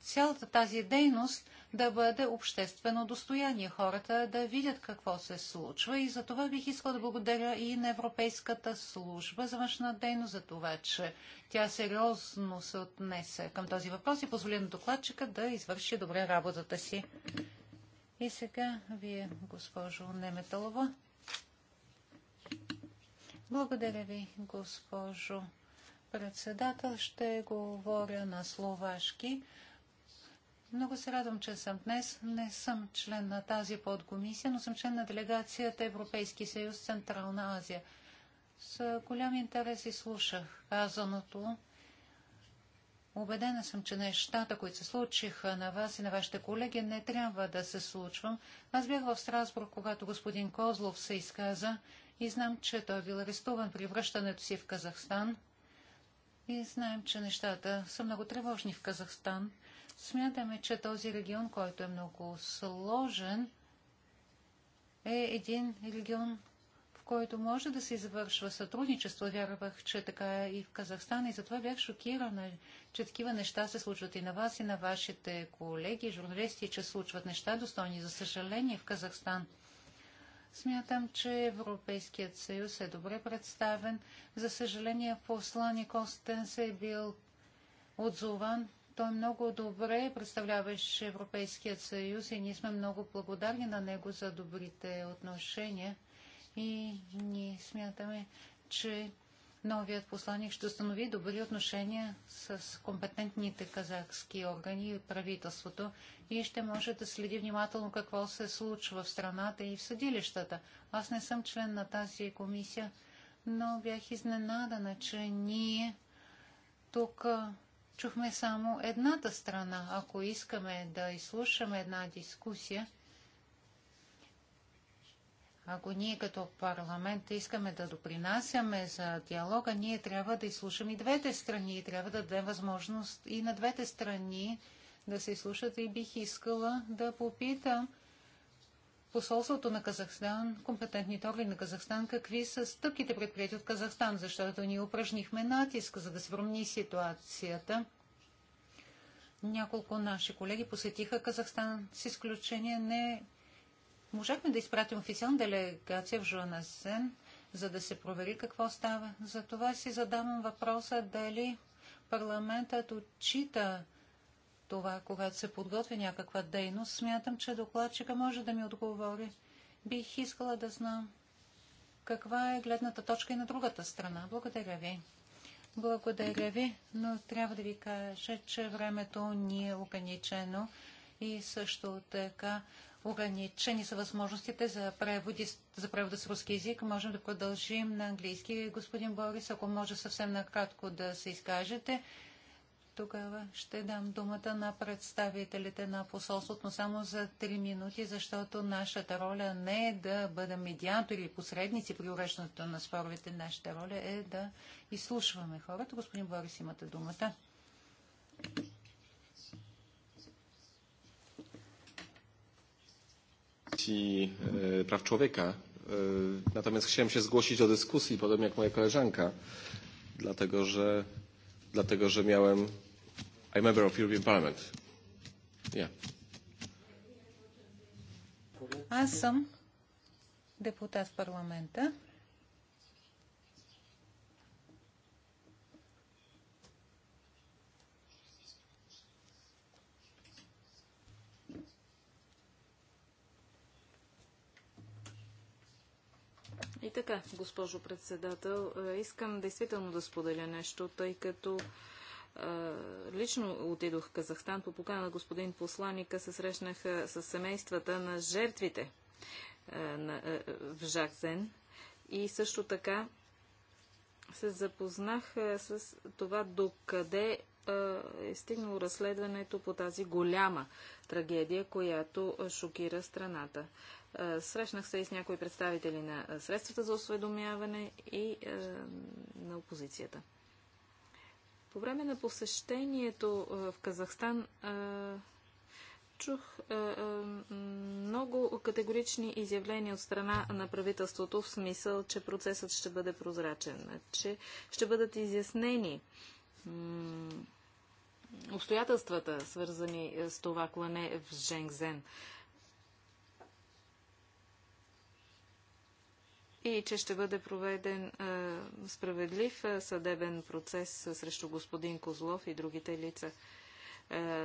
цялата тази дейност да бъде обществено достояние, хората да видят какво се случва и за това бих искал да благодаря и на Европейската служба за външна дейност, за това, че тя сериозно се отнесе към този въпрос и позволи на докладчика да извърши добре работата си. И сега вие, госпожо Неметалова. Благодаря ви, госпожо председател. Ще говоря на словашки. Много се радвам, че съм днес. Не съм член на тази подкомисия, но съм член на делегацията Европейски съюз Централна Азия. С голям интерес и слушах казаното Обедена съм, че нещата, които се случиха на вас и на вашите колеги, не трябва да се случвам. Аз бях в Страсбург, когато господин Козлов се изказа и знам, че той е бил арестуван при връщането си в Казахстан. И знаем, че нещата са много тревожни в Казахстан. Смятаме, че този регион, който е много сложен, е един регион, който може да се извършва сътрудничество. Вярвах, че така е и в Казахстан и затова бях шокирана, че такива неща се случват и на вас, и на вашите колеги, журналисти, че случват неща достойни за съжаление в Казахстан. Смятам, че Европейският съюз е добре представен. За съжаление, Костен се е бил отзован. Той много добре представляваше Европейският съюз и ние сме много благодарни на него за добрите отношения и ние смятаме, че новият посланник ще установи добри отношения с компетентните казахски органи и правителството и ще може да следи внимателно какво се случва в страната и в съдилищата. Аз не съм член на тази комисия, но бях изненадана, че ние тук чухме само едната страна. Ако искаме да изслушаме една дискусия, ако ние като парламент искаме да допринасяме за диалога, ние трябва да изслушаме и двете страни. Трябва да дадем възможност и на двете страни да се изслушат. И бих искала да попитам посолството на Казахстан, компетентните органи на Казахстан, какви са стъпките предприяти от Казахстан, защото ние упражнихме натиск, за да се промени ситуацията. Няколко наши колеги посетиха Казахстан, с изключение не можахме да изпратим официална делегация в Жуанасен, за да се провери какво става. Затова си задавам въпроса дали парламентът отчита това, когато се подготвя някаква дейност. Смятам, че докладчика може да ми отговори. Бих искала да знам каква е гледната точка и на другата страна. Благодаря ви. Благодаря ви, но трябва да ви кажа, че времето ни е ограничено и също така ограничени са възможностите за, преводи, за превода с руски язик. Можем да продължим на английски. Господин Борис, ако може съвсем накратко да се изкажете, тогава ще дам думата на представителите на посолството, но само за 3 минути, защото нашата роля не е да бъдем медиатори или посредници при уреждането на споровете. Нашата роля е да изслушваме хората. Господин Борис, имате думата. Komisji Praw Człowieka. Natomiast chciałem się zgłosić do dyskusji, podobnie jak moja koleżanka, dlatego że, dlatego, że miałem I member of European Parliament. Yeah. Awesome. Deputat депутат И така, госпожо председател, е, искам действително да споделя нещо, тъй като е, лично отидох в Казахстан по покана на господин посланика, се срещнах с семействата на жертвите е, в Жакзен и също така се запознах с това докъде е стигнало разследването по тази голяма трагедия, която шокира страната. Е, срещнах се и с някои представители на е, средствата за осведомяване и е, на опозицията. По време на посещението в Казахстан чух много категорични изявления от страна на правителството в смисъл, че процесът ще бъде прозрачен, че ще бъдат изяснени обстоятелствата, свързани с това клане в Женгзен. и че ще бъде проведен справедлив съдебен процес срещу господин Козлов и другите лица.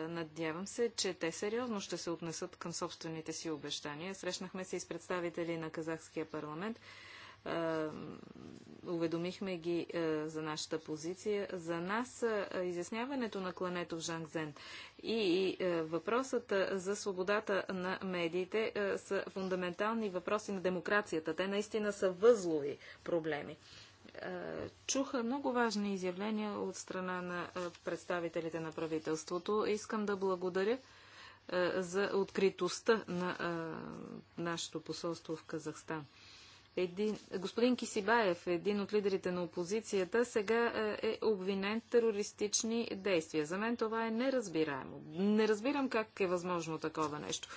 Надявам се, че те сериозно ще се отнесат към собствените си обещания. Срещнахме се и с представители на Казахския парламент. Е, уведомихме ги е, за нашата позиция. За нас е, изясняването на клането в Жангзен и, въпросът за свободата на медиите са фундаментални въпроси на демокрацията. Те наистина са възлови проблеми. Чуха много важни изявления от страна на представителите на правителството. Искам да благодаря за откритостта на нашето посолство в Казахстан. Един, господин Кисибаев, един от лидерите на опозицията, сега е, е обвинен в терористични действия. За мен това е неразбираемо. Не разбирам как е възможно такова нещо.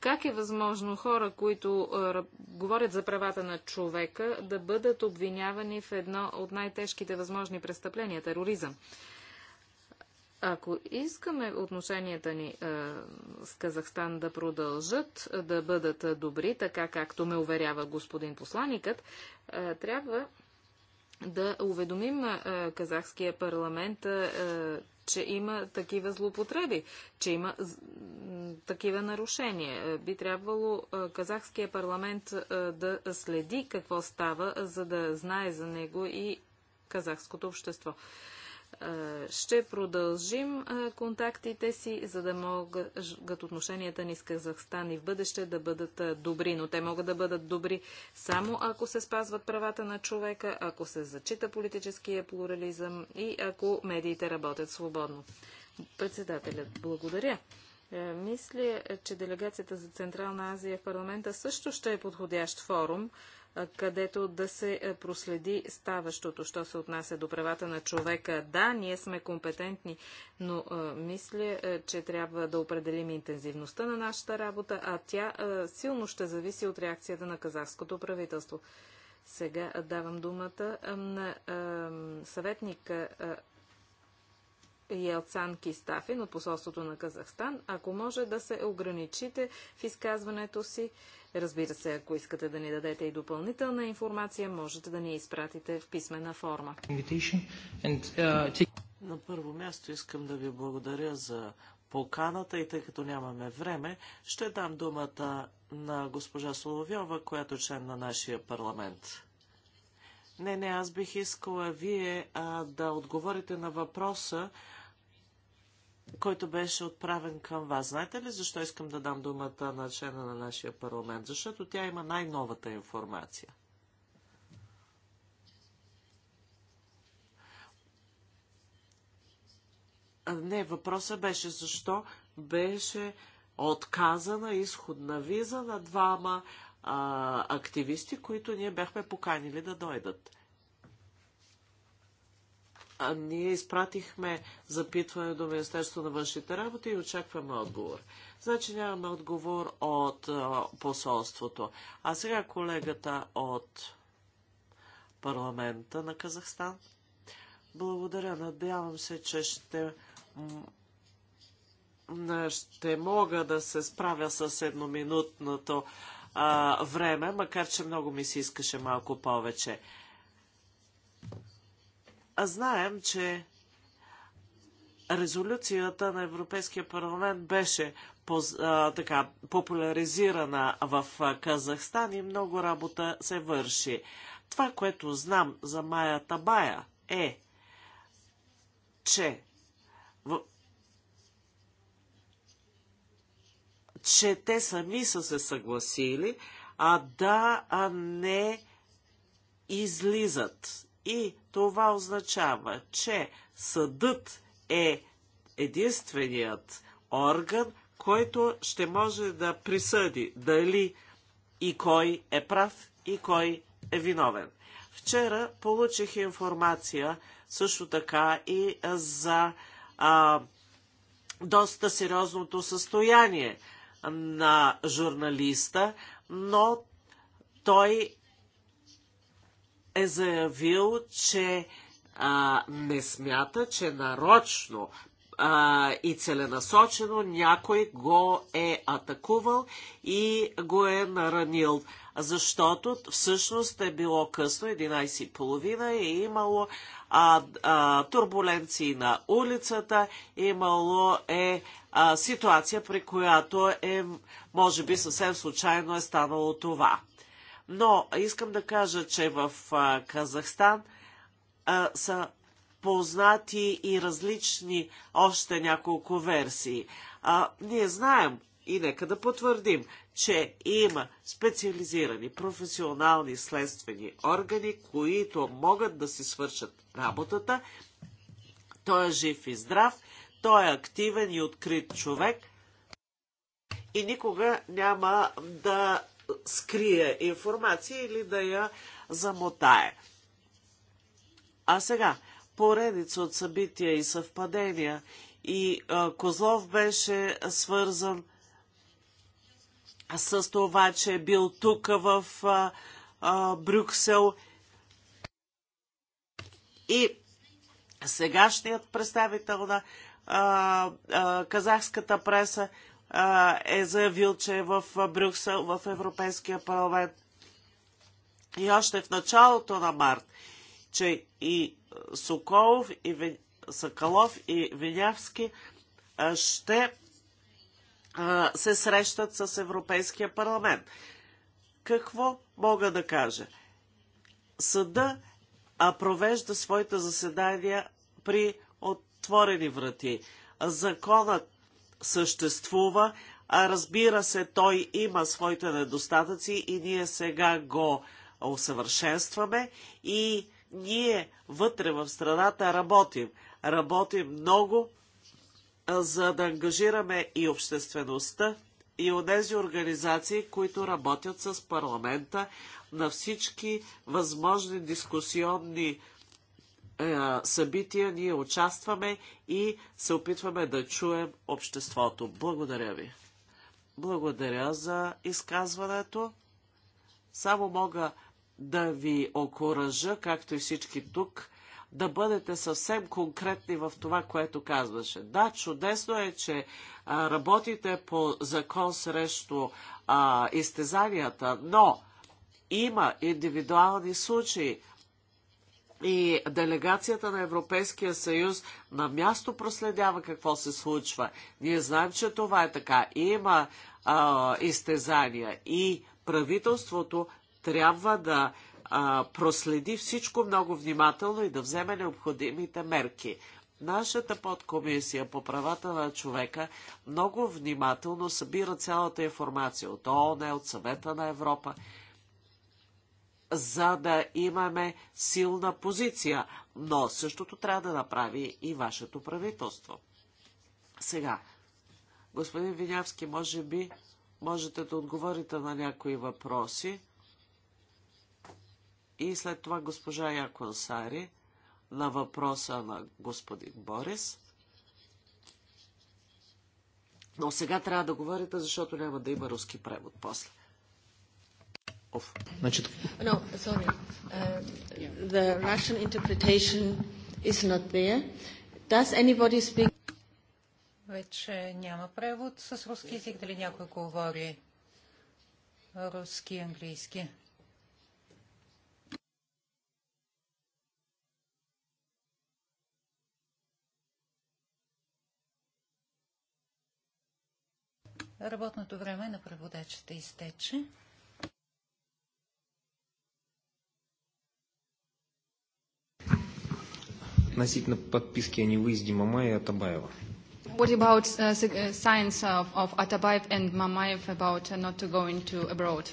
Как е възможно хора, които а, е, говорят за правата на човека, да бъдат обвинявани в едно от най-тежките възможни престъпления – тероризъм? Ако искаме отношенията ни а, е, с Казахстан да продължат е, да бъдат е, добри, така както ме уверява господин посланикът, а, трябва да уведомим а, казахския парламент, че има такива злоупотреби, че има такива нарушения. Би трябвало казахския парламент да следи какво става, за да знае за него и казахското общество. Ще продължим контактите си, за да могат отношенията ни с Казахстан и в бъдеще да бъдат добри, но те могат да бъдат добри само ако се спазват правата на човека, ако се зачита политическия плурализъм и ако медиите работят свободно. Председателят, благодаря. Е, мисля, че делегацията за Централна Азия в парламента също ще е подходящ форум където да се е, проследи ставащото, що се отнася до правата на човека. Да, ние сме компетентни, но а, е, мисля, а, е, че трябва да определим интензивността на нашата работа, а тя а, силно ще зависи от реакцията на казахското правителство. Сега давам думата на съветника Елцан Кистафин от посолството на Казахстан. Ако може да се ограничите в изказването си Разбира се, ако искате да ни дадете и допълнителна информация, можете да ни изпратите в писмена форма. Uh, на първо място искам да ви благодаря за поканата и тъй като нямаме време, ще дам думата на госпожа Соловьова, която е член на нашия парламент. Не, не, аз бих искала вие а, да отговорите на въпроса, който беше отправен към вас. Знаете ли защо искам да дам думата на члена на нашия парламент? Защото тя има най-новата информация. Не, въпросът беше защо беше отказана изходна виза на двама а, активисти, които ние бяхме поканили да дойдат. А ние изпратихме запитване до Министерство на външните работи и очакваме отговор. Значи нямаме отговор от а, посолството. А сега колегата от парламента на Казахстан. Благодаря. Надявам се, че ще, ще мога да се справя с едноминутното а, време, макар че много ми се искаше малко повече знаем, че резолюцията на Европейския парламент беше по, а, така, популяризирана в Казахстан и много работа се върши. Това, което знам за Майя Табая е, че в... че те сами са се съгласили, а да а не излизат и това означава, че съдът е единственият орган, който ще може да присъди дали и кой е прав и кой е виновен. Вчера получих информация също така и за а, доста сериозното състояние на журналиста, но той е заявил, че а, не смята, че нарочно а, и целенасочено някой го е атакувал и го е наранил. Защото всъщност е било късно, 11.30 и е имало а, а, турбуленции на улицата, имало е а, ситуация, при която е, може би съвсем случайно е станало това. Но искам да кажа, че в Казахстан а, са познати и различни още няколко версии. А, ние знаем и нека да потвърдим, че има специализирани професионални следствени органи, които могат да си свършат работата. Той е жив и здрав, той е активен и открит човек и никога няма да скрие информация или да я замотае. А сега, поредица от събития и съвпадения и а, Козлов беше свързан с това, че е бил тук в а, а, Брюксел и сегашният представител на а, а, казахската преса е заявил, че е в Брюксел, в Европейския парламент. И още в началото на март, че и Соколов, и Вен... Сакалов, и Винявски ще се срещат с Европейския парламент. Какво мога да кажа? Съда провежда своите заседания при отворени врати. Законът съществува, а разбира се, той има своите недостатъци и ние сега го усъвършенстваме и ние вътре в страната работим. Работим много, за да ангажираме и обществеността, и тези организации, които работят с парламента на всички възможни дискусионни е, събития ние участваме и се опитваме да чуем обществото. Благодаря ви. Благодаря за изказването. Само мога да ви окоръжа, както и всички тук, да бъдете съвсем конкретни в това, което казваше. Да, чудесно е, че а, работите по закон срещу а, изтезанията, но има индивидуални случаи, и делегацията на Европейския съюз на място проследява какво се случва. Ние знаем, че това е така. Има а, изтезания и правителството трябва да а, проследи всичко много внимателно и да вземе необходимите мерки. Нашата подкомисия по правата на човека много внимателно събира цялата информация от ООН, от Съвета на Европа за да имаме силна позиция. Но същото трябва да направи и вашето правителство. Сега, господин Винявски, може би можете да отговорите на някои въпроси. И след това госпожа Яконсари на въпроса на господин Борис. Но сега трябва да говорите, защото няма да има руски превод после of Значит... No, sorry. Uh, the Russian interpretation is not there. Does anybody speak? Вече няма превод с руски език. Дали някой говори руски, английски? Работното време на преводачите изтече. относительно подписки о невыезде Мамая и Атабаева. What about uh, science uh, of, of Atabayev and Mamaev about uh, not to go into abroad?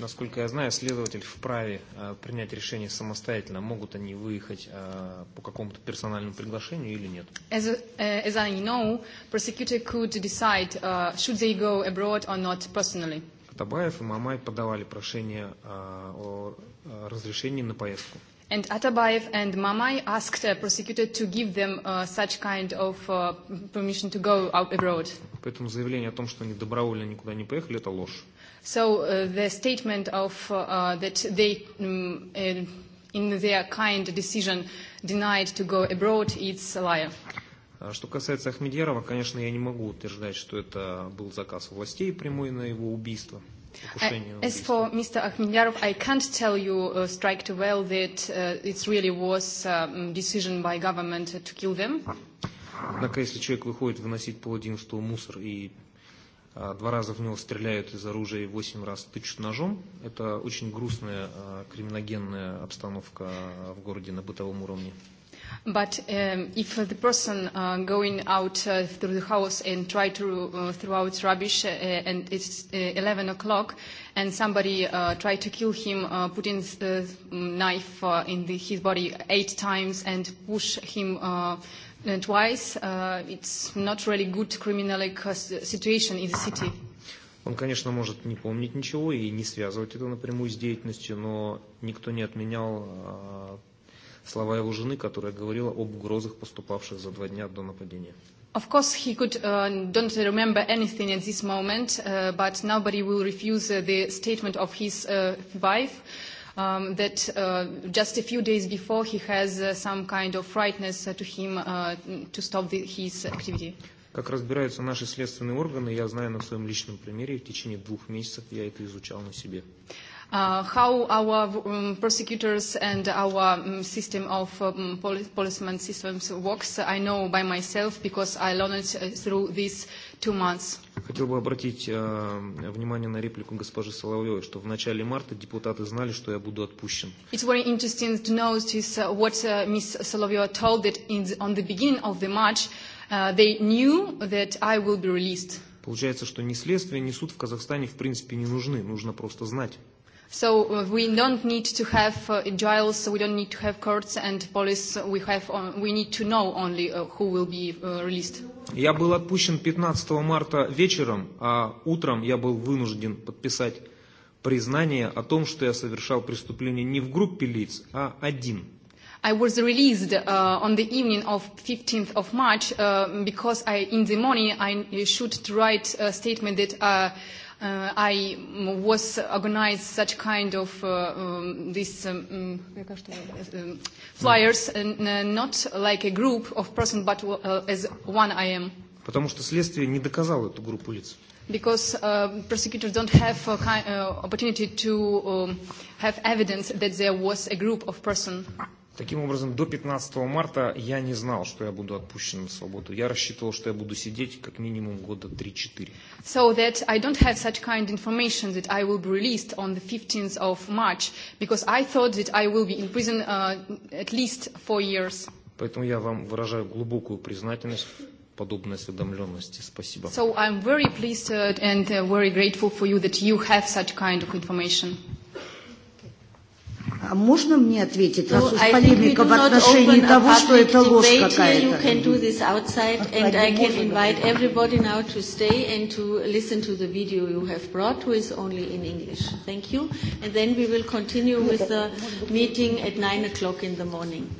Насколько я знаю, следователь вправе uh, принять решение самостоятельно, могут они выехать uh, по какому-то персональному приглашению или нет. As, uh, as I know, prosecutor could decide uh, should they go abroad or not personally. Атабаев и Мамай подавали прошение uh, о разрешении на поездку. And Atabayev and Mamai asked a prosecutor to give them uh, such kind of uh, permission to go out abroad. Поэтому заявление о том, что они добровольно никуда не поехали, это ложь. So uh, the statement of uh, that they um, uh, in their kind decision denied to go abroad, it's a lie. Что касается Ахмедьярова, конечно, я не могу утверждать, что это был заказ властей прямой на его убийство. As for Mr. Akhmedyarov, I can't tell you uh, strike to well that uh, it really was a um, decision by government to kill them. Однако, если человек выходит выносить по 11 мусор и а, два раза в него стреляют из оружия и восемь раз тычут ножом, это очень грустная а, криминогенная обстановка в городе на бытовом уровне. But um, if the person uh, going out uh, through the house and try to uh, throw out rubbish uh, and it's uh, 11 o'clock and somebody uh, try to kill him, uh, putting the knife uh, in the, his body eight times and push him uh, twice, uh, it's not really good criminal situation in the city. Он, конечно, может не помнить ничего и не связывать это напрямую с деятельностью, но никто не отменял Uh, слова его жены, которая говорила об угрозах, поступавших за два дня до нападения. Of course, he could uh, don't remember anything at this moment, uh, but nobody will refuse uh, the statement of his uh, wife um, that uh, just a few days before he has uh, some kind of frightness to him uh, to stop the, his activity. Как разбираются наши следственные органы, я знаю на своем личном примере. В течение двух месяцев я это изучал на себе. Uh, uh, how our um, prosecutors and our um, system of um, pol policeman systems works, I know by myself because I learned through these two months. Хотел бы обратить э, внимание на реплику госпожи Соловьевой, что в начале марта депутаты знали, что я буду отпущен. It's very interesting to notice what uh, Ms. Solovyova told that in the, on the beginning of the March uh, they knew that I will be released. Получается, что ни следствие, ни суд в Казахстане в принципе не нужны, нужно просто знать. So we don't need to have uh, jails, we don't need to have courts and police. We have on, we need to know only uh, who will be uh, released. Я был отпущен 15 марта вечером, а утром я был вынужден подписать признание о том, что я совершал преступление не в группе лиц, а один. I was released uh, on the evening of 15th of March uh, because I, in the morning I should write a statement that uh, uh, I was organized such kind of uh, um, these um, um, flyers, and, uh, not like a group of person, but uh, as one I am. Потому что следствие не доказало эту группу лиц. Because uh, prosecutors don't have uh, opportunity to um, have evidence that there was a group of person. Таким образом, до 15 марта я не знал, что я буду отпущен на свободу. Я рассчитывал, что я буду сидеть как минимум года 3-4. So that I don't have such kind information that I will be released on the 15th of March, because I thought that I will be in prison uh, at least four years. Поэтому я вам выражаю глубокую признательность подобной осведомленности. Спасибо. So I'm very pleased and very grateful for you that you have such kind of information. А можно мне ответить, раз уж полемика в отношении того, что это ложь какая-то? to to to video you have brought, who is only in English. Thank you. And then we will continue with the meeting at 9 o'clock in the morning.